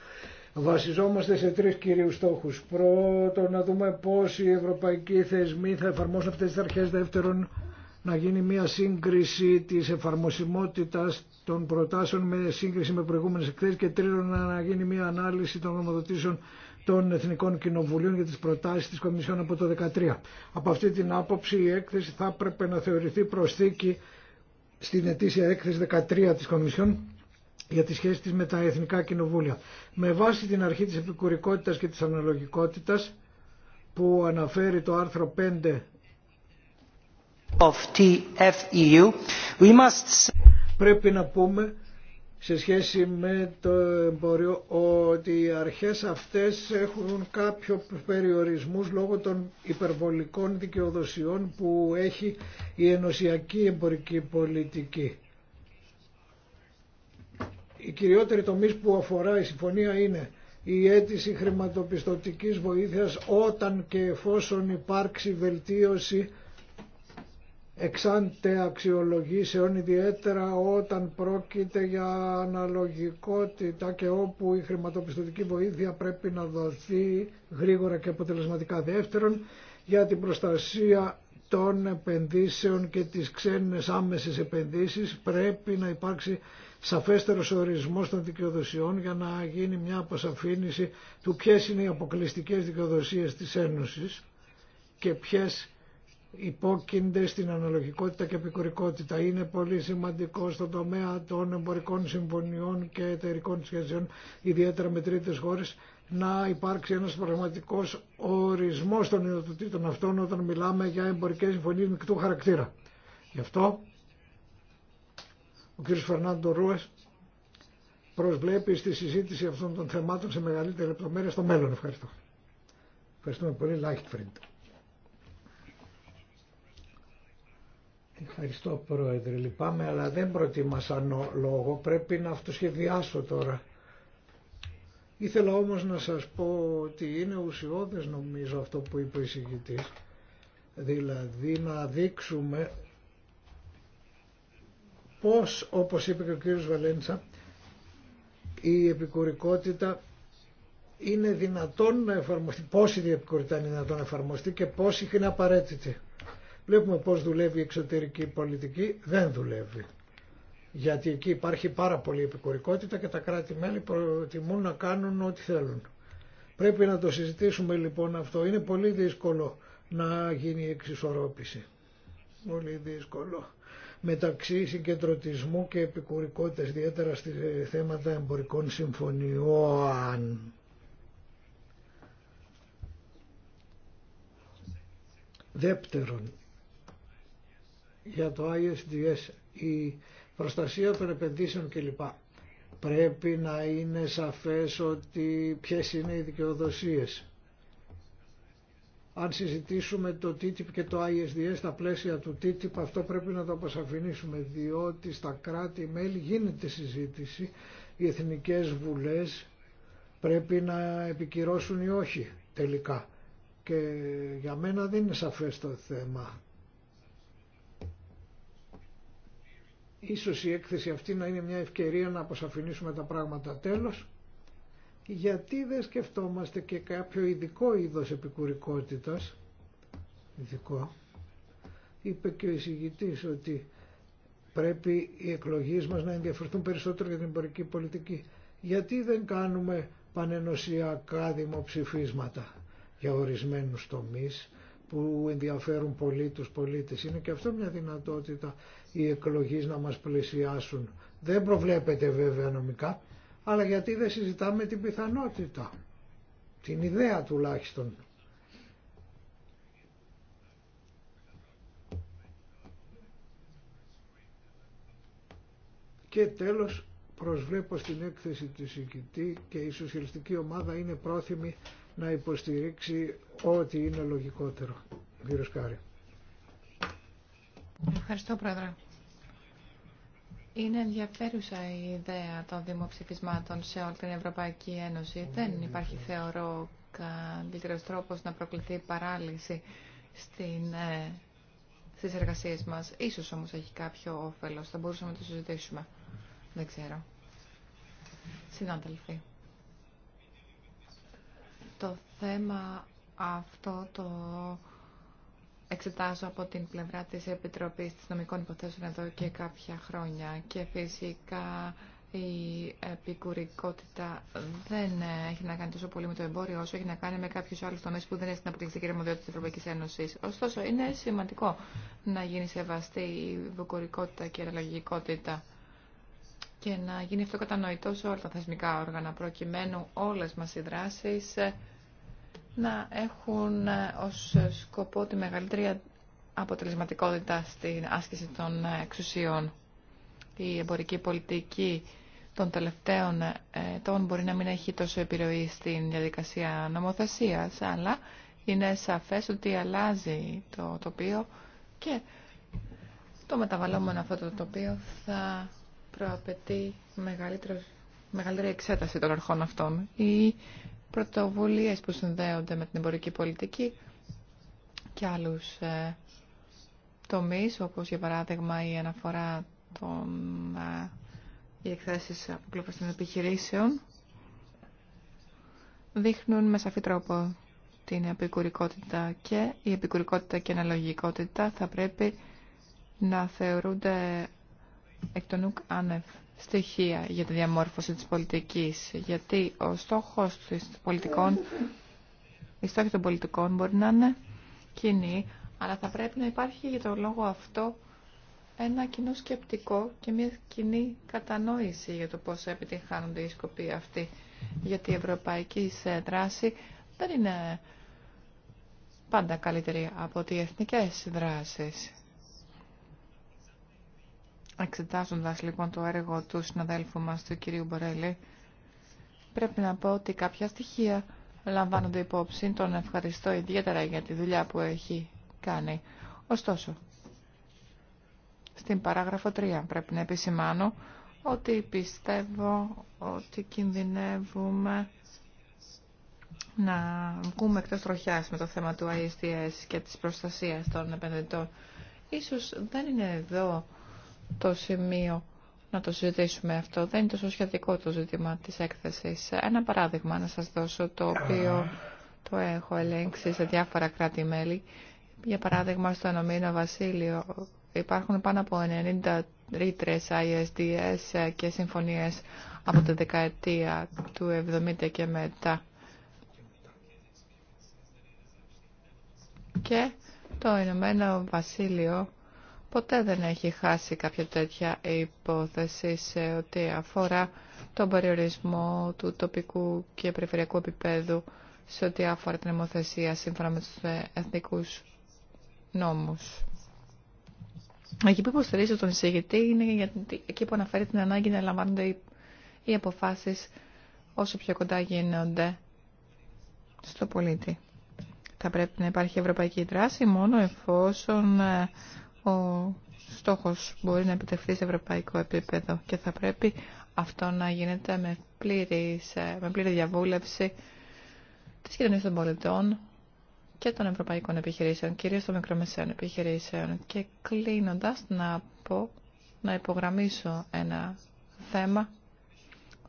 Βασιζόμαστε σε τρει κύριου στόχου. Πρώτον, να δούμε πώ οι ευρωπαϊκοί θεσμοί θα εφαρμόσουν αυτέ τι αρχέ Δεύτερον, να γίνει μια σύγκριση τη εφαρμοσιμότητα των προτάσεων με σύγκριση με προηγούμενε εκθέσει και τρίτον να γίνει μια ανάλυση των νομοδοτήσεων των Εθνικών Κοινοβουλίων για τις προτάσει της Κομισιόν από το 2013. Από αυτή την άποψη η έκθεση θα έπρεπε να θεωρηθεί προσθήκη στην ετήσια έκθεση 13 της Κομισιόν για τη σχέση της με τα εθνικά κοινοβούλια. Με βάση την αρχή της επικουρικότητας και της αναλογικότητας που αναφέρει το άρθρο 5 of TFEU, we must... πρέπει να πούμε σε σχέση με το εμπόριο ότι οι αρχές αυτές έχουν κάποιο περιορισμούς λόγω των υπερβολικών δικαιοδοσιών που έχει η ενωσιακή εμπορική πολιτική. Η κυριότερη τομής που αφορά η συμφωνία είναι η αίτηση χρηματοπιστωτικής βοήθειας όταν και εφόσον υπάρξει βελτίωση εξάντε αξιολογήσεων ιδιαίτερα όταν πρόκειται για αναλογικότητα και όπου η χρηματοπιστωτική βοήθεια πρέπει να δοθεί γρήγορα και αποτελεσματικά δεύτερον για την προστασία των επενδύσεων και τις ξένες άμεσες επενδύσεις πρέπει να υπάρξει σαφέστερος ορισμός των δικαιοδοσιών για να γίνει μια αποσαφήνιση του ποιες είναι οι αποκλειστικές δικαιοδοσίες της Ένωσης και ποιες υπόκεινται στην αναλογικότητα και επικουρικότητα. Είναι πολύ σημαντικό στον τομέα των εμπορικών συμφωνιών και εταιρικών σχέσεων, ιδιαίτερα με τρίτες χώρες, να υπάρξει ένας πραγματικός ορισμός των ιδιωτικών αυτών όταν μιλάμε για εμπορικές συμφωνίες μεικτού χαρακτήρα. Γι' αυτό ο κ. Φερνάντο Ρούες προσβλέπει στη συζήτηση αυτών των θεμάτων σε μεγαλύτερη λεπτομέρεια στο μέλλον. Ευχαριστώ. Ευχαριστούμε πολύ. Ευχαριστώ πρόεδρε, λυπάμαι, αλλά δεν προτιμά σαν λόγο, πρέπει να αυτοσχεδιάσω τώρα. Ήθελα όμως να σας πω ότι είναι ουσιώδες νομίζω αυτό που είπε ο εισηγητής, δηλαδή να δείξουμε πώς, όπως είπε και ο κύριος Βαλέντσα, η επικουρικότητα είναι δυνατόν να εφαρμοστεί, πώς η επικουρικότητα είναι δυνατόν να εφαρμοστεί και πώς είναι απαραίτητη. Βλέπουμε πώς δουλεύει η εξωτερική πολιτική, δεν δουλεύει. Γιατί εκεί υπάρχει πάρα πολλή επικουρικότητα και τα κράτη-μέλη προτιμούν να κάνουν ό,τι θέλουν. Πρέπει να το συζητήσουμε λοιπόν αυτό. Είναι πολύ δύσκολο να γίνει η εξισορρόπηση. Πολύ δύσκολο. Μεταξύ συγκεντρωτισμού και επικουρικότητας, ιδιαίτερα στη θέματα εμπορικών συμφωνιών. Δεύτερον, για το ISDS, η προστασία των επενδύσεων κλπ. Πρέπει να είναι σαφές ότι ποιες είναι οι δικαιοδοσίες. Αν συζητήσουμε το TTIP και το ISDS στα πλαίσια του TTIP, αυτό πρέπει να το αποσαφηνίσουμε, διότι στα κράτη-μέλη γίνεται συζήτηση, οι εθνικές βουλές πρέπει να επικυρώσουν ή όχι τελικά. Και για μένα δεν είναι σαφές το θέμα. ίσως η έκθεση αυτή να είναι μια ευκαιρία να αποσαφηνίσουμε τα πράγματα τέλος γιατί δεν σκεφτόμαστε και κάποιο ειδικό είδος επικουρικότητας ειδικό είπε και ο εισηγητής ότι πρέπει οι εκλογές μας να ενδιαφερθούν περισσότερο για την εμπορική πολιτική γιατί δεν κάνουμε πανενοσιακά δημοψηφίσματα για ορισμένους τομείς που ενδιαφέρουν πολύ τους πολίτες. Είναι και αυτό μια δυνατότητα οι εκλογείς να μας πλησιάσουν. Δεν προβλέπεται βέβαια νομικά, αλλά γιατί δεν συζητάμε την πιθανότητα, την ιδέα τουλάχιστον. Και τέλος προσβλέπω στην έκθεση του συγκητή και η σοσιαλιστική ομάδα είναι πρόθυμη να υποστηρίξει ό,τι είναι λογικότερο. Κύριε Σκάρη. Ευχαριστώ, Πρόεδρε. Είναι ενδιαφέρουσα η ιδέα των δημοψηφισμάτων σε όλη την Ευρωπαϊκή Ένωση. Δεν υπάρχει, θεωρώ, καλύτερος τρόπος να προκληθεί παράλυση στην, ε, στις εργασίες μας. Ίσως όμως έχει κάποιο όφελος. Θα μπορούσαμε να το συζητήσουμε. Δεν ξέρω. Συνάδελφοι. Το θέμα αυτό το εξετάζω από την πλευρά της Επιτροπής της Νομικών Υποθέσεων εδώ και κάποια χρόνια και φυσικά η επικουρικότητα δεν έχει να κάνει τόσο πολύ με το εμπόριο όσο έχει να κάνει με κάποιου άλλου τομεί που δεν είναι στην αποκλειστική ρεμοδιότητα της Ευρωπαϊκή Ένωσης. Ωστόσο, είναι σημαντικό να γίνει σεβαστή η επικουρικότητα και η αλλαγικότητα και να γίνει αυτό κατανοητό σε όλα τα θεσμικά όργανα, προκειμένου όλες μας οι δράσεις ε, να έχουν ε, ως σκοπό τη μεγαλύτερη αποτελεσματικότητα στην άσκηση των ε, εξουσιών. Η εμπορική πολιτική των τελευταίων ετών μπορεί να μην έχει τόσο επιρροή στην διαδικασία νομοθεσίας, αλλά είναι σαφές ότι αλλάζει το τοπίο και το μεταβαλλόμενο αυτό το τοπίο θα προαπαιτεί μεγαλύτερη εξέταση των αρχών αυτών. Οι πρωτοβουλίες που συνδέονται με την εμπορική πολιτική και άλλους ε, τομείς, όπως για παράδειγμα η αναφορά των ε, οι εκθέσεις αποκλήφωσης των επιχειρήσεων, δείχνουν με σαφή τρόπο την επικουρικότητα και η επικουρικότητα και η αναλογικότητα θα πρέπει να θεωρούνται εκ των στοιχεία για τη διαμόρφωση της πολιτικής, γιατί ο στόχος της πολιτικών, η στόχη των πολιτικών μπορεί να είναι κοινή, αλλά θα πρέπει να υπάρχει για τον λόγο αυτό ένα κοινό σκεπτικό και μια κοινή κατανόηση για το πώς επιτυγχάνονται οι σκοποί αυτοί. Γιατί η ευρωπαϊκή δράση δεν είναι πάντα καλύτερη από ότι οι εθνικές δράσεις. Εξετάζοντας λοιπόν το έργο του συναδέλφου μας, του κυρίου Μπορέλη, πρέπει να πω ότι κάποια στοιχεία λαμβάνονται υπόψη. Τον ευχαριστώ ιδιαίτερα για τη δουλειά που έχει κάνει. Ωστόσο, στην παράγραφο 3 πρέπει να επισημάνω ότι πιστεύω ότι κινδυνεύουμε να βγούμε εκτός τροχιάς με το θέμα του ISDS και της προστασίας των επενδυτών. Ίσως δεν είναι εδώ το σημείο να το συζητήσουμε αυτό. Δεν είναι τόσο σχετικό το ζήτημα της έκθεσης. Ένα παράδειγμα να σας δώσω, το οποίο το έχω ελέγξει σε διάφορα κράτη-μέλη. Για παράδειγμα, στο Ενωμένο Βασίλειο υπάρχουν πάνω από 90 ρήτρε ISDS και συμφωνίες από τη δεκαετία του 70 και μετά. Και το Ηνωμένο Βασίλειο ποτέ δεν έχει χάσει κάποια τέτοια υπόθεση σε ό,τι αφορά τον περιορισμό του τοπικού και περιφερειακού επίπεδου σε ό,τι αφορά την νομοθεσία σύμφωνα με τους εθνικούς νόμους. Εκεί που υποστηρίζω τον εισηγητή είναι εκεί που αναφέρει την ανάγκη να λαμβάνονται οι αποφάσεις όσο πιο κοντά γίνονται στο πολίτη. Θα πρέπει να υπάρχει ευρωπαϊκή δράση μόνο εφόσον ε, ο στόχος μπορεί να επιτευχθεί σε ευρωπαϊκό επίπεδο και θα πρέπει αυτό να γίνεται με, ε, με πλήρη διαβούλευση της κοινωνίας των πολιτών και των ευρωπαϊκών επιχειρήσεων, κυρίως των μικρομεσαίων επιχειρήσεων. Και κλείνοντας να πω, να υπογραμμίσω ένα θέμα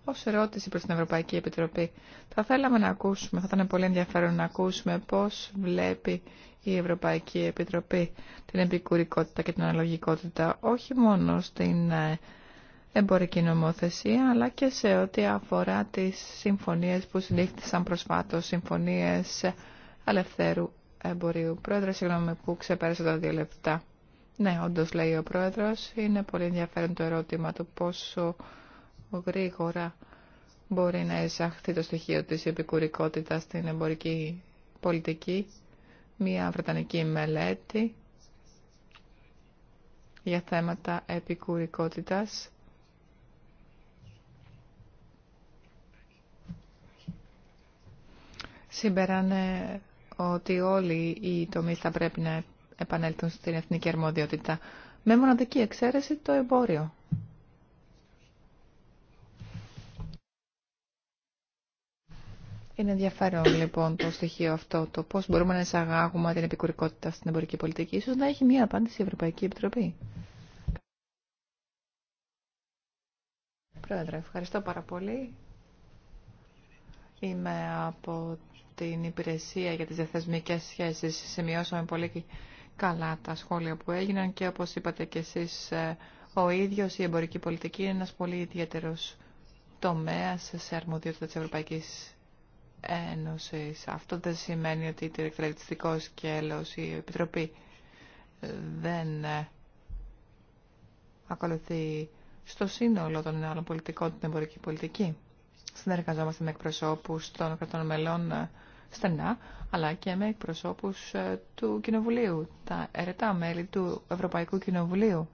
ως ερώτηση προς την Ευρωπαϊκή Επιτροπή. Θα θέλαμε να ακούσουμε, θα ήταν πολύ ενδιαφέρον να ακούσουμε πώς βλέπει η Ευρωπαϊκή Επιτροπή την επικουρικότητα και την αναλογικότητα όχι μόνο στην ε, εμπορική νομοθεσία αλλά και σε ό,τι αφορά τις συμφωνίες που συνήθισαν προσφάτως, συμφωνίες αλευθέρου εμπορίου. Πρόεδρε, συγγνώμη που ξεπέρασα τα δύο λεπτά. Ναι, όντω λέει ο Πρόεδρος, είναι πολύ ενδιαφέρον το ερώτημα του πόσο γρήγορα μπορεί να εισαχθεί το στοιχείο της επικουρικότητας στην εμπορική πολιτική μία βρετανική μελέτη για θέματα επικουρικότητας. Συμπεράνε ότι όλοι οι τομείς θα πρέπει να επανέλθουν στην εθνική αρμοδιότητα, με μοναδική εξαίρεση το εμπόριο. Είναι ενδιαφέρον λοιπόν το στοιχείο αυτό, το πώς μπορούμε να εισαγάγουμε την επικουρικότητα στην εμπορική πολιτική. Ίσως να έχει μία απάντηση η Ευρωπαϊκή Επιτροπή. Πρόεδρε, ευχαριστώ πάρα πολύ. Είμαι από την υπηρεσία για τις διαθεσμικές σχέσεις. Σημειώσαμε πολύ καλά τα σχόλια που έγιναν και όπως είπατε και εσείς ε, ο ίδιος η εμπορική πολιτική είναι ένας πολύ ιδιαίτερος τομέας σε αρμοδιότητα της Ευρωπαϊκής Ένωσης. Αυτό δεν σημαίνει ότι το εκτελεστικό σκέλος η Επιτροπή ε, δεν ε, ακολουθεί στο σύνολο των άλλων πολιτικών την εμπορική πολιτική. Συνεργαζόμαστε με εκπροσώπους των κρατών μελών ε, στενά, αλλά και με εκπροσώπους του Κοινοβουλίου, τα ερετά μέλη του Ευρωπαϊκού Κοινοβουλίου.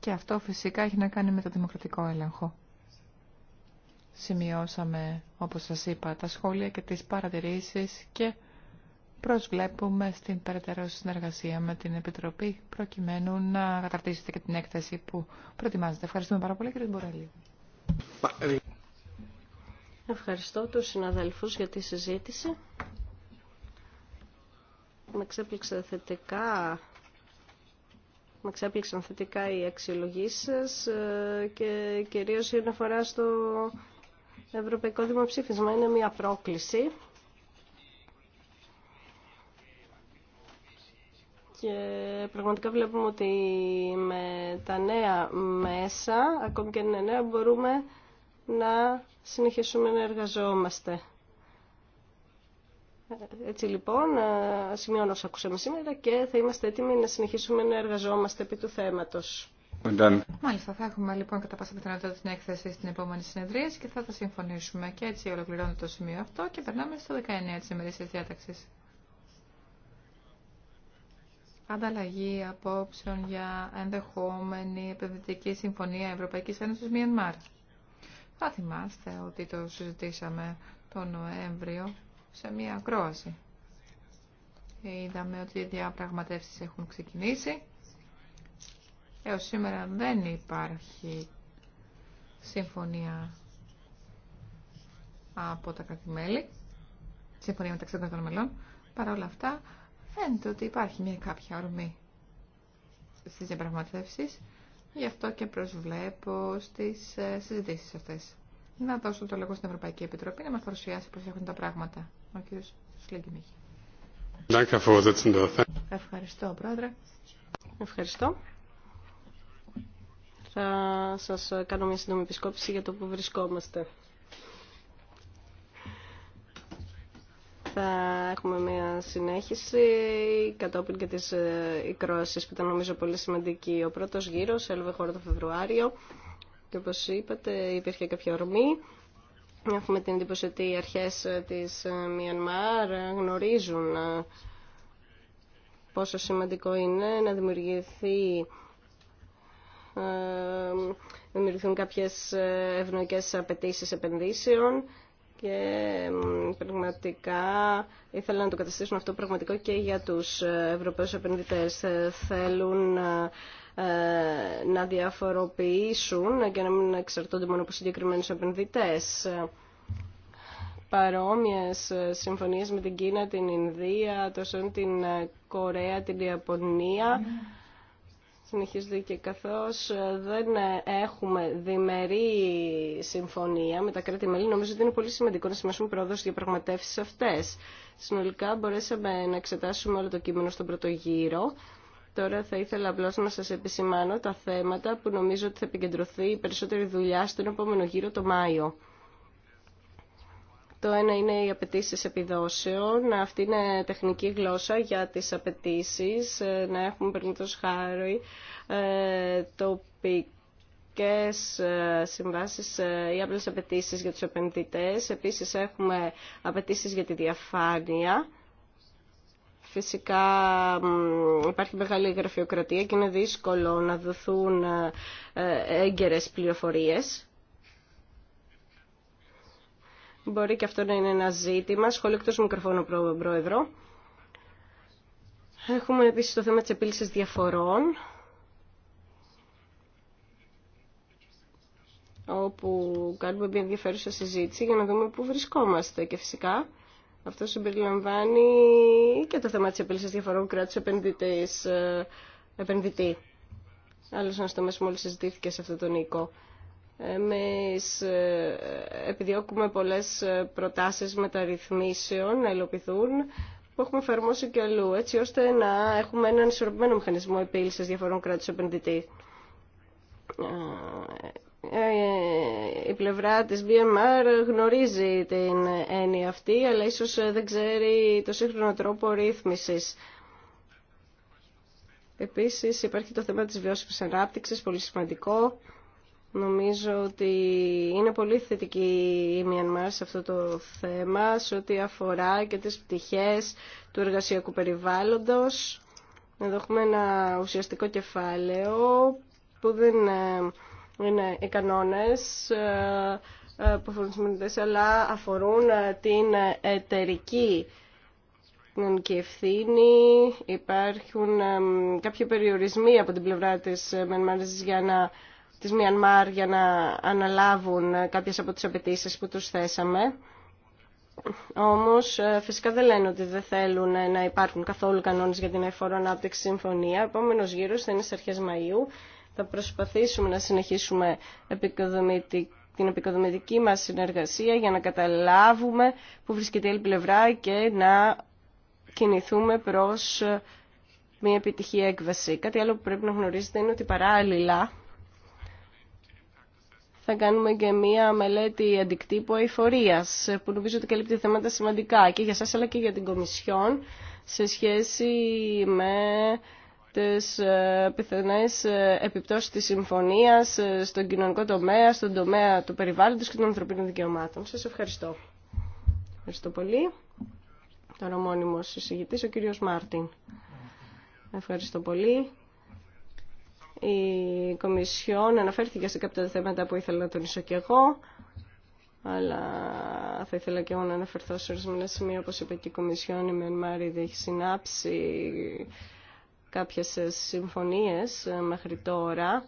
Και αυτό φυσικά έχει να κάνει με το δημοκρατικό έλεγχο. Σημειώσαμε, όπως σας είπα, τα σχόλια και τις παρατηρήσεις και προσβλέπουμε στην περαιτέρω συνεργασία με την Επιτροπή προκειμένου να καταρτήσετε και την έκθεση που προετοιμάζετε. Ευχαριστούμε πάρα πολύ κύριε Μπορέλη. Ευχαριστώ τους συναδέλφους για τη συζήτηση. Με ξέπληξε θετικά με ξέπληξαν θετικά οι αξιολογήσεις ε, και κυρίως η αναφορά στο ευρωπαϊκό δημοψήφισμα. Είναι μια πρόκληση και πραγματικά βλέπουμε ότι με τα νέα μέσα, ακόμη και είναι νέα, μπορούμε να συνεχίσουμε να εργαζόμαστε. Έτσι λοιπόν, σημειώνω όσα ακούσαμε σήμερα και θα είμαστε έτοιμοι να συνεχίσουμε να εργαζόμαστε επί του θέματος. Μάλιστα, θα έχουμε λοιπόν κατά πάσα πιθανότητα την έκθεση στην επόμενη συνεδρία και θα τα συμφωνήσουμε. Και έτσι ολοκληρώνω το σημείο αυτό και περνάμε στο 19 τη ημερήσια διάταξη. Ανταλλαγή απόψεων για ενδεχόμενη επενδυτική συμφωνία Ευρωπαϊκής Ένωσης Μιανμάρ. Θα θυμάστε ότι το συζητήσαμε τον Νοέμβριο σε μία ακρόαση. Είδαμε ότι οι διαπραγματεύσεις έχουν ξεκινήσει. Έως σήμερα δεν υπάρχει συμφωνία από τα κρατημέλη, συμφωνία μεταξύ των κρατών μελών. Παρ' όλα αυτά, φαίνεται ότι υπάρχει μια κάποια ορμή στις διαπραγματεύσεις, γι' αυτό και προσβλέπω στις ε, συζητήσεις αυτές. Να δώσω το λόγο στην Ευρωπαϊκή Επιτροπή να μας παρουσιάσει πώς έχουν τα πράγματα. Ο κύριος Ευχαριστώ, Πρόεδρε. Ευχαριστώ. Θα σας κάνω μια σύντομη επισκόπηση για το που βρισκόμαστε. Θα έχουμε μια συνέχιση κατόπιν και τις ε, οικρόσεις που ήταν νομίζω πολύ σημαντική. Ο πρώτος γύρος έλαβε χώρα το Φεβρουάριο και όπως είπατε υπήρχε κάποια ορμή. Έχουμε την εντύπωση ότι οι αρχές ε, της ε, Μιανμάρ γνωρίζουν πόσο σημαντικό είναι να δημιουργηθεί ε, δημιουργηθούν κάποιες ε, ευνοϊκές απαιτήσει επενδύσεων και ε, πραγματικά ήθελα να το καταστήσουν αυτό πραγματικό και για τους Ευρωπαίους επενδυτές. Θέλουν να διαφοροποιήσουν και να μην εξαρτώνται μόνο από συγκεκριμένου επενδυτές. Παρόμοιες συμφωνίες με την Κίνα, την Ινδία, τόσο την Κορέα, την Ιαπωνία... Συνεχίζεται, και καθώς ε, δεν έχουμε διμερή συμφωνία με τα κράτη-μέλη, νομίζω ότι είναι πολύ σημαντικό να σημασούμε πρόοδο για πραγματεύσεις αυτές. Συνολικά μπορέσαμε να εξετάσουμε όλο το κείμενο στον πρώτο γύρο. Τώρα θα ήθελα απλώ να σας επισημάνω τα θέματα που νομίζω ότι θα επικεντρωθεί η περισσότερη δουλειά στον επόμενο γύρο το Μάιο. Το ένα είναι οι απαιτήσει επιδόσεων. Αυτή είναι τεχνική γλώσσα για τις απαιτήσει. Ε, να έχουμε περίπτωση χάρη ε, τοπικές ε, συμβάσεις ή απλές απαιτήσει για τους επενδυτές. Επίσης έχουμε απαιτήσει για τη διαφάνεια. Φυσικά υπάρχει μεγάλη γραφειοκρατία και είναι δύσκολο να δοθούν έγκαιρες πληροφορίες Μπορεί και αυτό να είναι ένα ζήτημα. Σχόλιο εκτό μικροφώνου, Πρόεδρο. Έχουμε επίση το θέμα τη επίλυση διαφορών, όπου κάνουμε μια ενδιαφέρουσα συζήτηση για να δούμε πού βρισκόμαστε. Και φυσικά αυτό συμπεριλαμβάνει και το θέμα τη επίλυση διαφορών κράτους επενδυτής, ε, επενδυτή. Άλλος ένας τομέας που μόλις συζητήθηκε σε αυτό τον οίκο. Εμείς ε, επιδιώκουμε πολλές ε, προτάσεις μεταρρυθμίσεων να υλοποιηθούν που έχουμε εφαρμόσει και αλλού, έτσι ώστε να έχουμε έναν ισορροπημένο μηχανισμό επίλυσης διαφορών κράτους επενδυτή. Ε, η πλευρά της BMR γνωρίζει την έννοια αυτή, αλλά ίσως δεν ξέρει το σύγχρονο τρόπο ρύθμισης. Επίσης υπάρχει το θέμα της βιώσιμης ανάπτυξης, πολύ σημαντικό. Νομίζω ότι είναι πολύ θετική η Μιανμάρ σε αυτό το θέμα, σε ό,τι αφορά και τις πτυχές του εργασιακού περιβάλλοντος. Εδώ έχουμε ένα ουσιαστικό κεφάλαιο που δεν ε, είναι οι κανόνες ε, ε, που αφορούν αλλά αφορούν την εταιρική κοινωνική ευθύνη. Υπάρχουν κάποιοι περιορισμοί από την πλευρά της Μιανμάρ για να της Μιανμάρ για να αναλάβουν κάποιες από τις απαιτήσει που τους θέσαμε. Όμως ε, φυσικά δεν λένε ότι δεν θέλουν ε, να υπάρχουν καθόλου κανόνες για την εφόρο ανάπτυξη συμφωνία. Επόμενος γύρος θα είναι στις αρχές Μαΐου. Θα προσπαθήσουμε να συνεχίσουμε την επικοδομητική μας συνεργασία για να καταλάβουμε που βρίσκεται η άλλη πλευρά και να κινηθούμε προς ε, μια επιτυχία έκβαση. Κάτι άλλο που πρέπει να γνωρίζετε είναι ότι παράλληλα θα κάνουμε και μία μελέτη αντικτύπου αηφορίας, που νομίζω ότι καλύπτει θέματα σημαντικά και για σας αλλά και για την Κομισιόν σε σχέση με τις ε, πιθανές ε, επιπτώσεις της συμφωνίας ε, στον κοινωνικό τομέα, στον τομέα του περιβάλλοντος και των ανθρωπίνων δικαιωμάτων. Σας ευχαριστώ. Ευχαριστώ πολύ. Τώρα μόνιμος συζητητής, ο κύριος Μάρτιν. Ευχαριστώ πολύ. Η Κομισιόν αναφέρθηκε σε κάποια θέματα που ήθελα να τονίσω και εγώ, αλλά θα ήθελα και εγώ να αναφερθώ σε ορισμένα σημεία, όπως είπε και η Κομισιόν, η Μενμάρη έχει συνάψει κάποιες συμφωνίες μέχρι τώρα.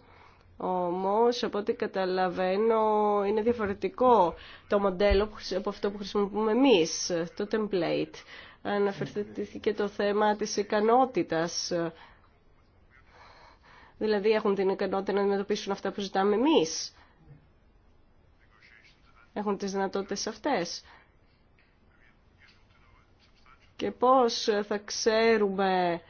Όμως, από ό,τι καταλαβαίνω, είναι διαφορετικό το μοντέλο από αυτό που χρησιμοποιούμε εμείς, το template. Αναφερθήκε το θέμα της ικανότητας Δηλαδή έχουν την ικανότητα να αντιμετωπίσουν αυτά που ζητάμε εμείς. Έχουν τις δυνατότητες αυτές. Και πώς θα ξέρουμε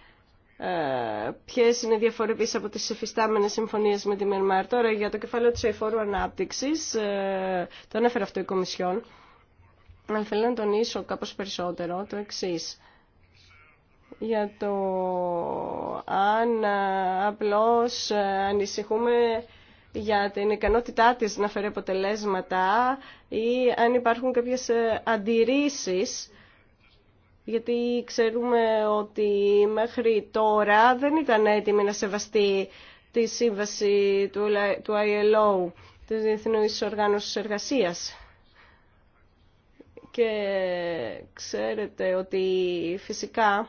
ε, ποιες είναι οι διαφορετικές από τις εφιστάμενες συμφωνίες με τη Μερμάρ. Τώρα για το κεφάλαιο της αηφόρου ανάπτυξης, ε, το έφερε αυτό η Κομισιόν. Αλλά θέλω να τονίσω κάπως περισσότερο το εξής για το αν απλώς ανησυχούμε για την ικανότητά της να φέρει αποτελέσματα ή αν υπάρχουν κάποιες ε, αντιρρήσεις γιατί ξέρουμε ότι μέχρι τώρα δεν ήταν έτοιμη να σεβαστεί τη σύμβαση του ILO, της Διεθνούς Οργάνωσης Εργασίας. Και ξέρετε ότι φυσικά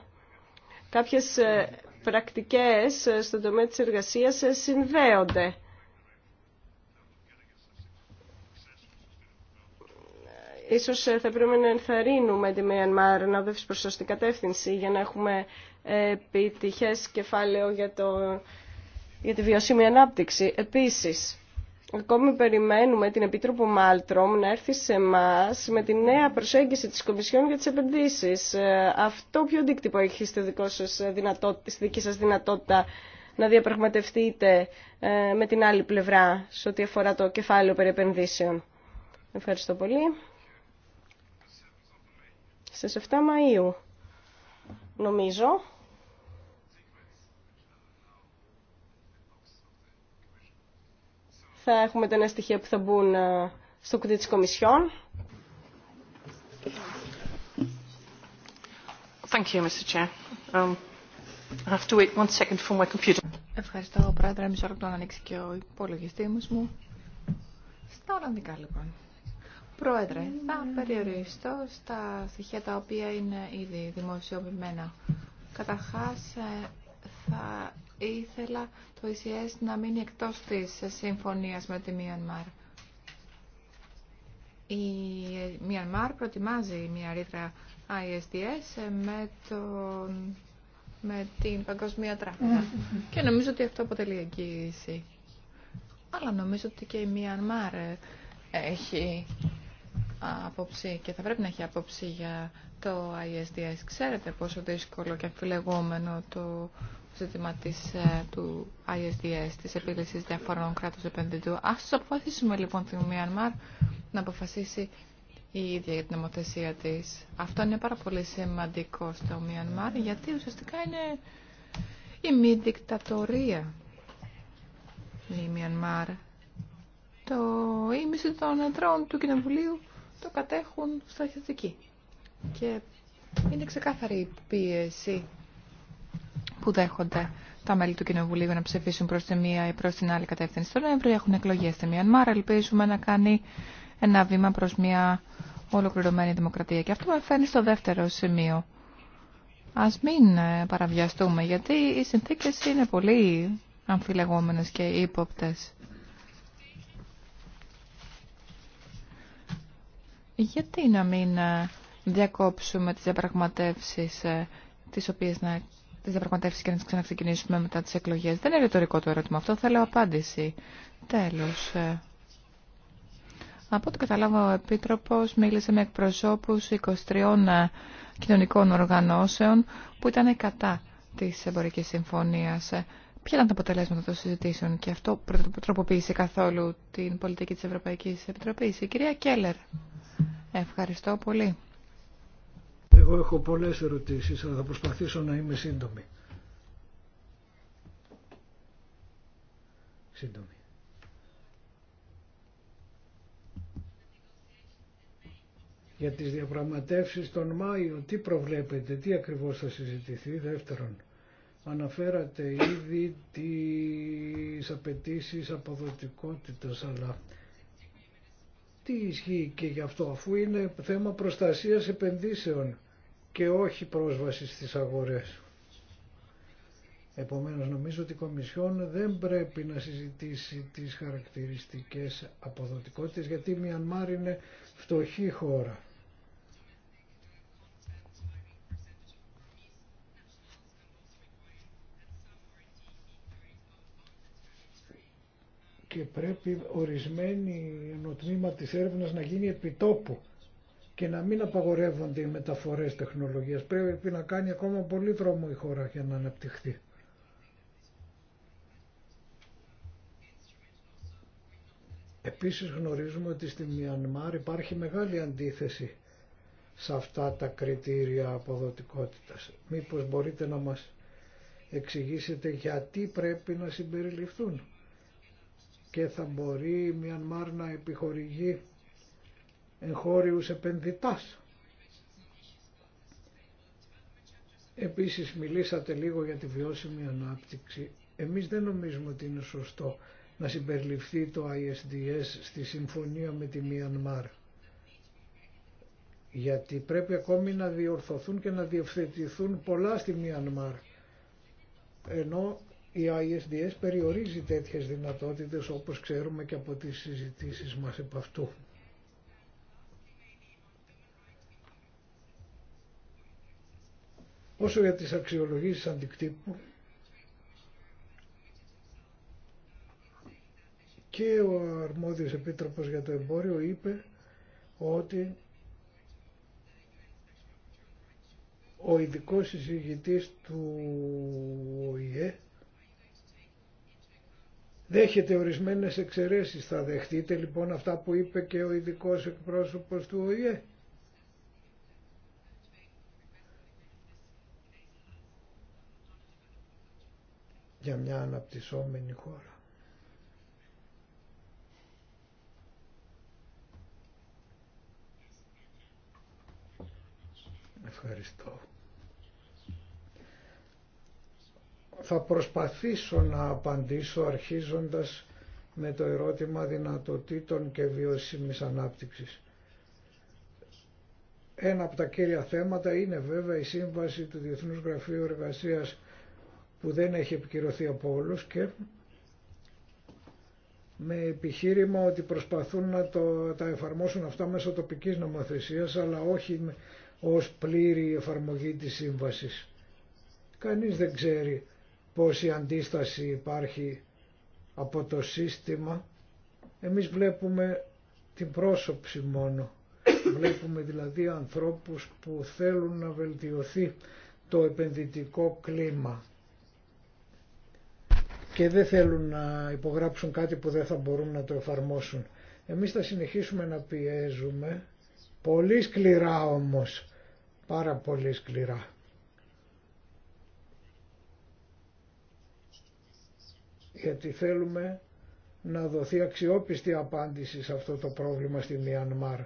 κάποιες ε, πρακτικές ε, στον τομέα της εργασίας ε, συνδέονται. Ίσως θα πρέπει να ενθαρρύνουμε τη Μιανμάρ να οδεύσει προς σωστή κατεύθυνση για να έχουμε επιτυχές κεφάλαιο για, το, για τη βιώσιμη ανάπτυξη. Επίσης, Ακόμη περιμένουμε την Επίτροπο Μάλτρομ να έρθει σε εμά με τη νέα προσέγγιση της Κομισιόν για τις επενδύσεις. Ε, αυτό ποιο αντίκτυπο έχει στη, σας στη δική σας δυνατότητα να διαπραγματευτείτε ε, με την άλλη πλευρά σε ό,τι αφορά το κεφάλαιο περί επενδύσεων. Ευχαριστώ πολύ. Στις 7 Μαΐου, νομίζω, θα έχουμε τα νέα στοιχεία που θα μπουν ε, στο κουτί της Κομισιόν. Ευχαριστώ, Πρόεδρε. Μισό λεπτό να ανοίξει και ο υπολογιστή μου. Στα Ολλανδικά, λοιπόν. Πρόεδρε, θα περιοριστώ στα στοιχεία τα οποία είναι ήδη δημοσιοποιημένα. Καταρχάς, ε, θα ήθελα το ECS να μείνει εκτός της συμφωνίας με τη Μιανμάρ. Η Μιανμάρ προτιμάζει μια ρήτρα ISDS με, με την Παγκοσμία Τράπεζα. και νομίζω ότι αυτό αποτελεί εγγύηση. Αλλά νομίζω ότι και η Μιανμάρ έχει άποψη και θα πρέπει να έχει άποψη για το ISDS. Ξέρετε πόσο δύσκολο και αμφιλεγόμενο το ζήτημα της, ε, του ISDS, της επίλυσης διαφορών κράτους επενδυτού. Ας τους αποφασίσουμε λοιπόν την Μιανμάρ να αποφασίσει η ίδια για την νομοθεσία της. Αυτό είναι πάρα πολύ σημαντικό στο Μιανμάρ γιατί ουσιαστικά είναι η μη δικτατορία η Μιανμάρ. Το ίμιση των εδρών του Κοινοβουλίου το κατέχουν στρατιωτικοί. Και είναι ξεκάθαρη η πίεση που δέχονται τα μέλη του Κοινοβουλίου να ψηφίσουν προ τη μία ή προς την άλλη κατεύθυνση. Τον Νοέμβριο έχουν εκλογές στη Μιανμάρα, ελπίζουμε να κάνει ένα βήμα προ μια ολοκληρωμένη δημοκρατία. Και αυτό με φέρνει στο δεύτερο σημείο. Ας μην ε, παραβιαστούμε, γιατί οι συνθήκε είναι πολύ αμφιλεγόμενες και ύποπτες. Γιατί να μην ε, διακόψουμε τις διαπραγματεύσεις ε, τις οποίες να τι διαπραγματεύσει και να τι ξαναξεκινήσουμε μετά τι εκλογέ. Δεν είναι ρητορικό το ερώτημα αυτό. Θέλω απάντηση. Τέλο. Ε, από ό,τι καταλάβα, ο Επίτροπο μίλησε με εκπροσώπου 23 ε, κοινωνικών οργανώσεων που ήταν κατά τη εμπορική συμφωνία. Ε, ποια ήταν τα αποτελέσματα των συζητήσεων και αυτό τροποποίησε καθόλου την πολιτική της Ευρωπαϊκής Επιτροπής. Η κυρία Κέλλερ. Ευχαριστώ πολύ. Εγώ έχω πολλές ερωτήσεις, αλλά θα προσπαθήσω να είμαι σύντομη. Σύντομη. Για τις διαπραγματεύσεις τον Μάιο, τι προβλέπετε, τι ακριβώς θα συζητηθεί. Δεύτερον, αναφέρατε ήδη τις απαιτήσει αποδοτικότητας, αλλά τι ισχύει και γι' αυτό, αφού είναι θέμα προστασίας επενδύσεων και όχι πρόσβαση στις αγορές. Επομένως νομίζω ότι η Κομισιόν δεν πρέπει να συζητήσει τις χαρακτηριστικές αποδοτικότητες γιατί η Μιανμάρ είναι φτωχή χώρα. και πρέπει ορισμένη ενωτμήμα της έρευνας να γίνει επιτόπου και να μην απαγορεύονται οι μεταφορές τεχνολογίας. Πρέπει να κάνει ακόμα πολύ δρόμο η χώρα για να αναπτυχθεί. Επίσης γνωρίζουμε ότι στη Μιανμάρ υπάρχει μεγάλη αντίθεση σε αυτά τα κριτήρια αποδοτικότητας. Μήπως μπορείτε να μας εξηγήσετε γιατί πρέπει να συμπεριληφθούν και θα μπορεί η Μιανμάρ να επιχορηγεί εγχώριους επενδυτάς. Επίσης μιλήσατε λίγο για τη βιώσιμη ανάπτυξη. Εμείς δεν νομίζουμε ότι είναι σωστό να συμπεριληφθεί το ISDS στη συμφωνία με τη Μιανμάρ. Γιατί πρέπει ακόμη να διορθωθούν και να διευθετηθούν πολλά στη Μιανμάρ. Ενώ η ISDS περιορίζει τέτοιες δυνατότητες όπως ξέρουμε και από τις συζητήσεις μας επ' αυτού. Όσο για τις αξιολογήσεις αντικτύπου, και ο αρμόδιος επίτροπος για το εμπόριο είπε ότι ο ειδικό συζητητής του ΟΗΕ δέχεται ορισμένες εξαιρέσεις. Θα δεχτείτε λοιπόν αυτά που είπε και ο ειδικό εκπρόσωπος του ΟΗΕ. για μια αναπτυσσόμενη χώρα. Ευχαριστώ. Θα προσπαθήσω να απαντήσω αρχίζοντας με το ερώτημα δυνατοτήτων και βιώσιμης ανάπτυξης. Ένα από τα κύρια θέματα είναι βέβαια η σύμβαση του Διεθνούς Γραφείου Εργασίας που δεν έχει επικυρωθεί από όλους και με επιχείρημα ότι προσπαθούν να τα εφαρμόσουν αυτά μέσω τοπικής νομοθεσίας αλλά όχι ως πλήρη εφαρμογή της σύμβασης. Κανείς δεν ξέρει πόση αντίσταση υπάρχει από το σύστημα. Εμείς βλέπουμε την πρόσωψη μόνο. Βλέπουμε δηλαδή ανθρώπους που θέλουν να βελτιωθεί το επενδυτικό κλίμα και δεν θέλουν να υπογράψουν κάτι που δεν θα μπορούν να το εφαρμόσουν. Εμείς θα συνεχίσουμε να πιέζουμε, πολύ σκληρά όμως, πάρα πολύ σκληρά. Γιατί θέλουμε να δοθεί αξιόπιστη απάντηση σε αυτό το πρόβλημα στη Μιανμάρ.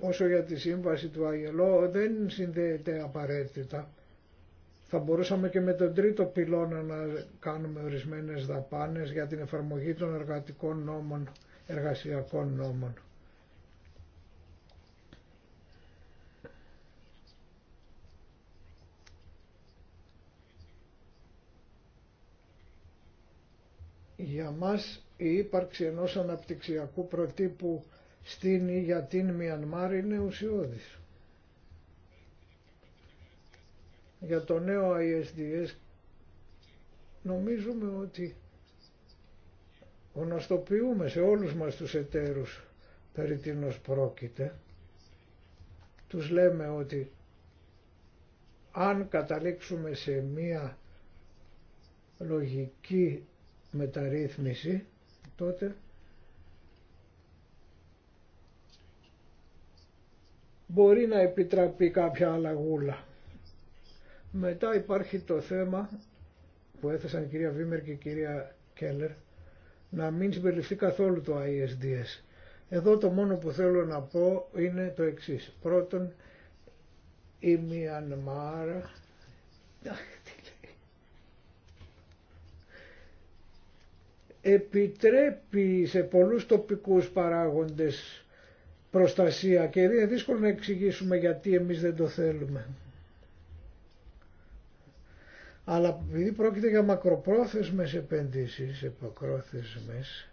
Όσο για τη σύμβαση του αγελό δεν συνδέεται απαραίτητα θα μπορούσαμε και με τον τρίτο πυλώνα να κάνουμε ορισμένες δαπάνες για την εφαρμογή των εργατικών νόμων, εργασιακών νόμων. Για μας η ύπαρξη ενός αναπτυξιακού προτύπου στην ή για την Μιανμάρ είναι ουσιώδης. για το νέο ISDS νομίζουμε ότι γνωστοποιούμε σε όλους μας τους εταίρους περί τίνος πρόκειται. Τους λέμε ότι αν καταλήξουμε σε μία λογική μεταρρύθμιση τότε μπορεί να επιτραπεί κάποια αλλαγούλα. Μετά υπάρχει το θέμα που έθεσαν η κυρία Βίμερ και η κυρία Κέλλερ να μην συμπεριληφθεί καθόλου το ISDS. Εδώ το μόνο που θέλω να πω είναι το εξή. Πρώτον, η Μιανμάρα επιτρέπει σε πολλούς τοπικούς παράγοντες προστασία και είναι δύσκολο να εξηγήσουμε γιατί εμείς δεν το θέλουμε αλλά επειδή πρόκειται για μακροπρόθεσμες επενδύσεις, επακρόθεσμες,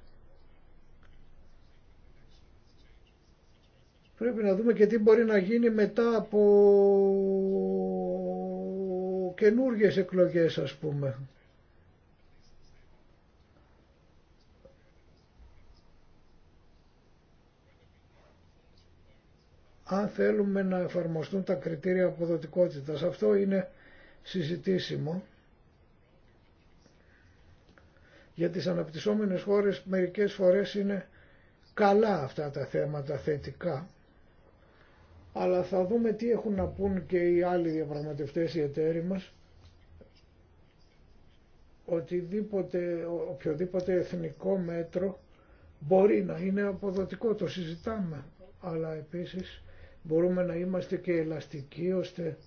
πρέπει να δούμε και τι μπορεί να γίνει μετά από καινούργιες εκλογές ας πούμε. Αν θέλουμε να εφαρμοστούν τα κριτήρια αποδοτικότητας, αυτό είναι συζητήσιμο για τις αναπτυσσόμενες χώρες μερικές φορές είναι καλά αυτά τα θέματα θετικά αλλά θα δούμε τι έχουν να πούν και οι άλλοι διαπραγματευτές οι εταίροι μας οτιδήποτε, οποιοδήποτε εθνικό μέτρο μπορεί να είναι αποδοτικό, το συζητάμε αλλά επίσης μπορούμε να είμαστε και ελαστικοί ώστε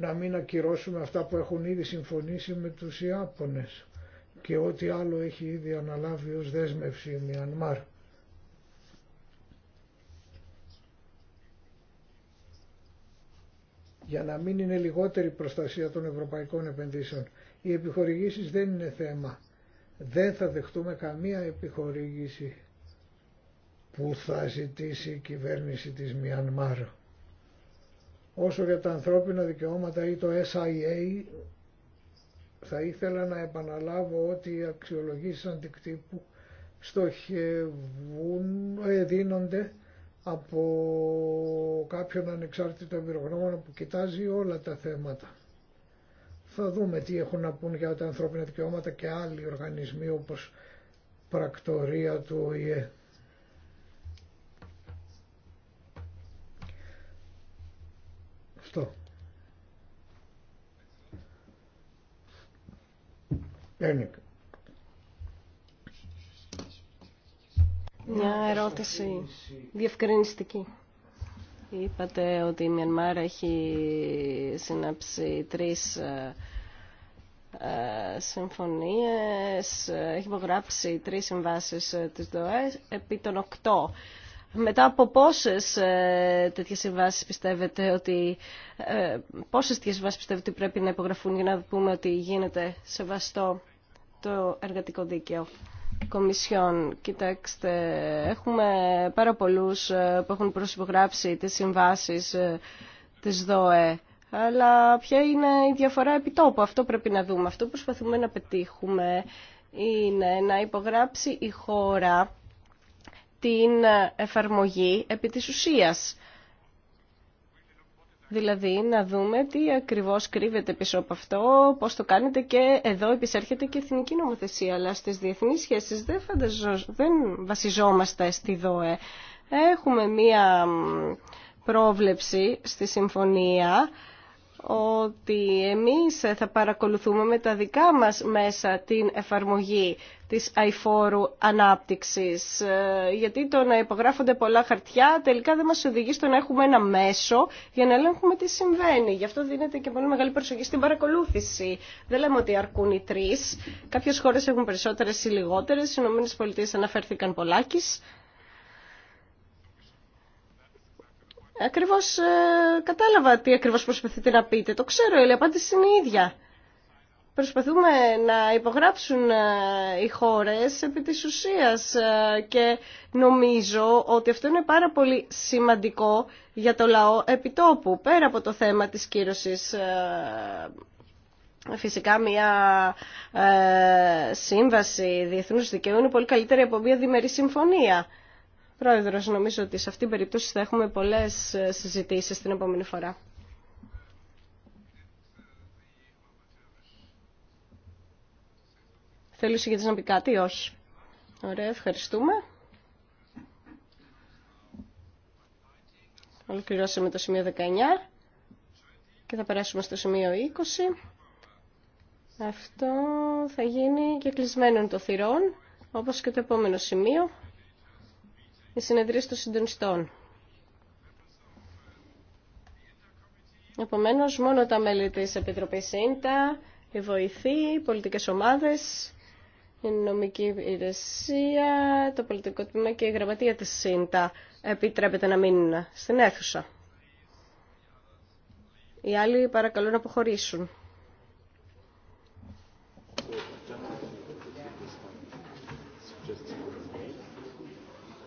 να μην ακυρώσουμε αυτά που έχουν ήδη συμφωνήσει με τους Ιάπωνες και ό,τι άλλο έχει ήδη αναλάβει ως δέσμευση η Μιανμάρ. για να μην είναι λιγότερη προστασία των ευρωπαϊκών επενδύσεων. Οι επιχορηγήσεις δεν είναι θέμα. Δεν θα δεχτούμε καμία επιχορήγηση που θα ζητήσει η κυβέρνηση της Μιανμάρ. Όσο για τα ανθρώπινα δικαιώματα ή το SIA, θα ήθελα να επαναλάβω ότι οι αξιολογήσεις αντικτύπου στοχεύουν, ε, δίνονται από κάποιον ανεξάρτητο εμπειρογνώμονα που κοιτάζει όλα τα θέματα. Θα δούμε τι έχουν να πούν για τα ανθρώπινα δικαιώματα και άλλοι οργανισμοί όπως πρακτορία του ΟΗΕ. Μια ερώτηση διευκρινιστική. Είπατε ότι η Μιανμάρα έχει συνάψει τρεις ε, ε, συμφωνίες, ε, έχει υπογράψει τρεις συμβάσεις της ΔΟΕ επί των οκτώ. Μετά από πόσε ε, τέτοιες πιστεύετε ότι, ε, πόσες τέτοιες πιστεύετε ότι πρέπει να υπογραφούν για να πούμε ότι γίνεται σεβαστό το εργατικό δίκαιο. Κομισιόν, κοιτάξτε, έχουμε πάρα πολλούς ε, που έχουν προσυπογράψει τις συμβάσεις ε, της ΔΟΕ. Αλλά ποια είναι η διαφορά επιτόπου, αυτό πρέπει να δούμε. Αυτό που προσπαθούμε να πετύχουμε είναι να υπογράψει η χώρα την εφαρμογή επί της ουσίας. Δηλαδή να δούμε τι ακριβώς κρύβεται πίσω από αυτό, πώς το κάνετε και εδώ επισέρχεται και εθνική νομοθεσία. Αλλά στις διεθνείς σχέσεις δεν, δεν βασιζόμαστε στη ΔΟΕ. Έχουμε μία πρόβλεψη στη συμφωνία ότι εμείς θα παρακολουθούμε με τα δικά μας μέσα την εφαρμογή της αηφόρου ανάπτυξης. Ε, γιατί το να υπογράφονται πολλά χαρτιά τελικά δεν μας οδηγεί στο να έχουμε ένα μέσο για να ελέγχουμε τι συμβαίνει. Γι' αυτό δίνεται και πολύ μεγάλη προσοχή στην παρακολούθηση. Δεν λέμε ότι αρκούν οι τρεις. Κάποιες χώρες έχουν περισσότερες ή λιγότερες. Οι ΗΠΑ αναφέρθηκαν πολλάκις. Ακριβώς ε, κατάλαβα τι ακριβώ προσπαθείτε να πείτε. Το ξέρω, η απάντηση είναι η ίδια. Προσπαθούμε να υπογράψουν ε, οι χώρες επί της ουσίας ε, και νομίζω ότι αυτό είναι πάρα πολύ σημαντικό για το λαό επιτόπου, πέρα από το θέμα της κύρωσης Φυσικά μια σύμβαση διεθνούς δικαίου είναι πολύ καλύτερη από μια διμερή συμφωνία. Πρόεδρος, νομίζω ότι σε αυτήν την περίπτωση θα έχουμε πολλές ε, συζητήσεις την επόμενη φορά. Θέλω ο να πει κάτι, όχι. Ωραία, ευχαριστούμε. Ολοκληρώσαμε το σημείο 19 και θα περάσουμε στο σημείο 20. Αυτό θα γίνει και κλεισμένον το θυρών, όπως και το επόμενο σημείο η συνεδρίαση των συντονιστών. Επομένως, μόνο τα μέλη της Επιτροπής ΣΥΝΤΑ, οι βοηθοί, οι πολιτικές ομάδες, η νομική υπηρεσία, το πολιτικό τμήμα και η γραμματεία της ΣΥΝΤΑ επιτρέπεται να μείνουν στην αίθουσα. Οι άλλοι παρακαλούν να αποχωρήσουν.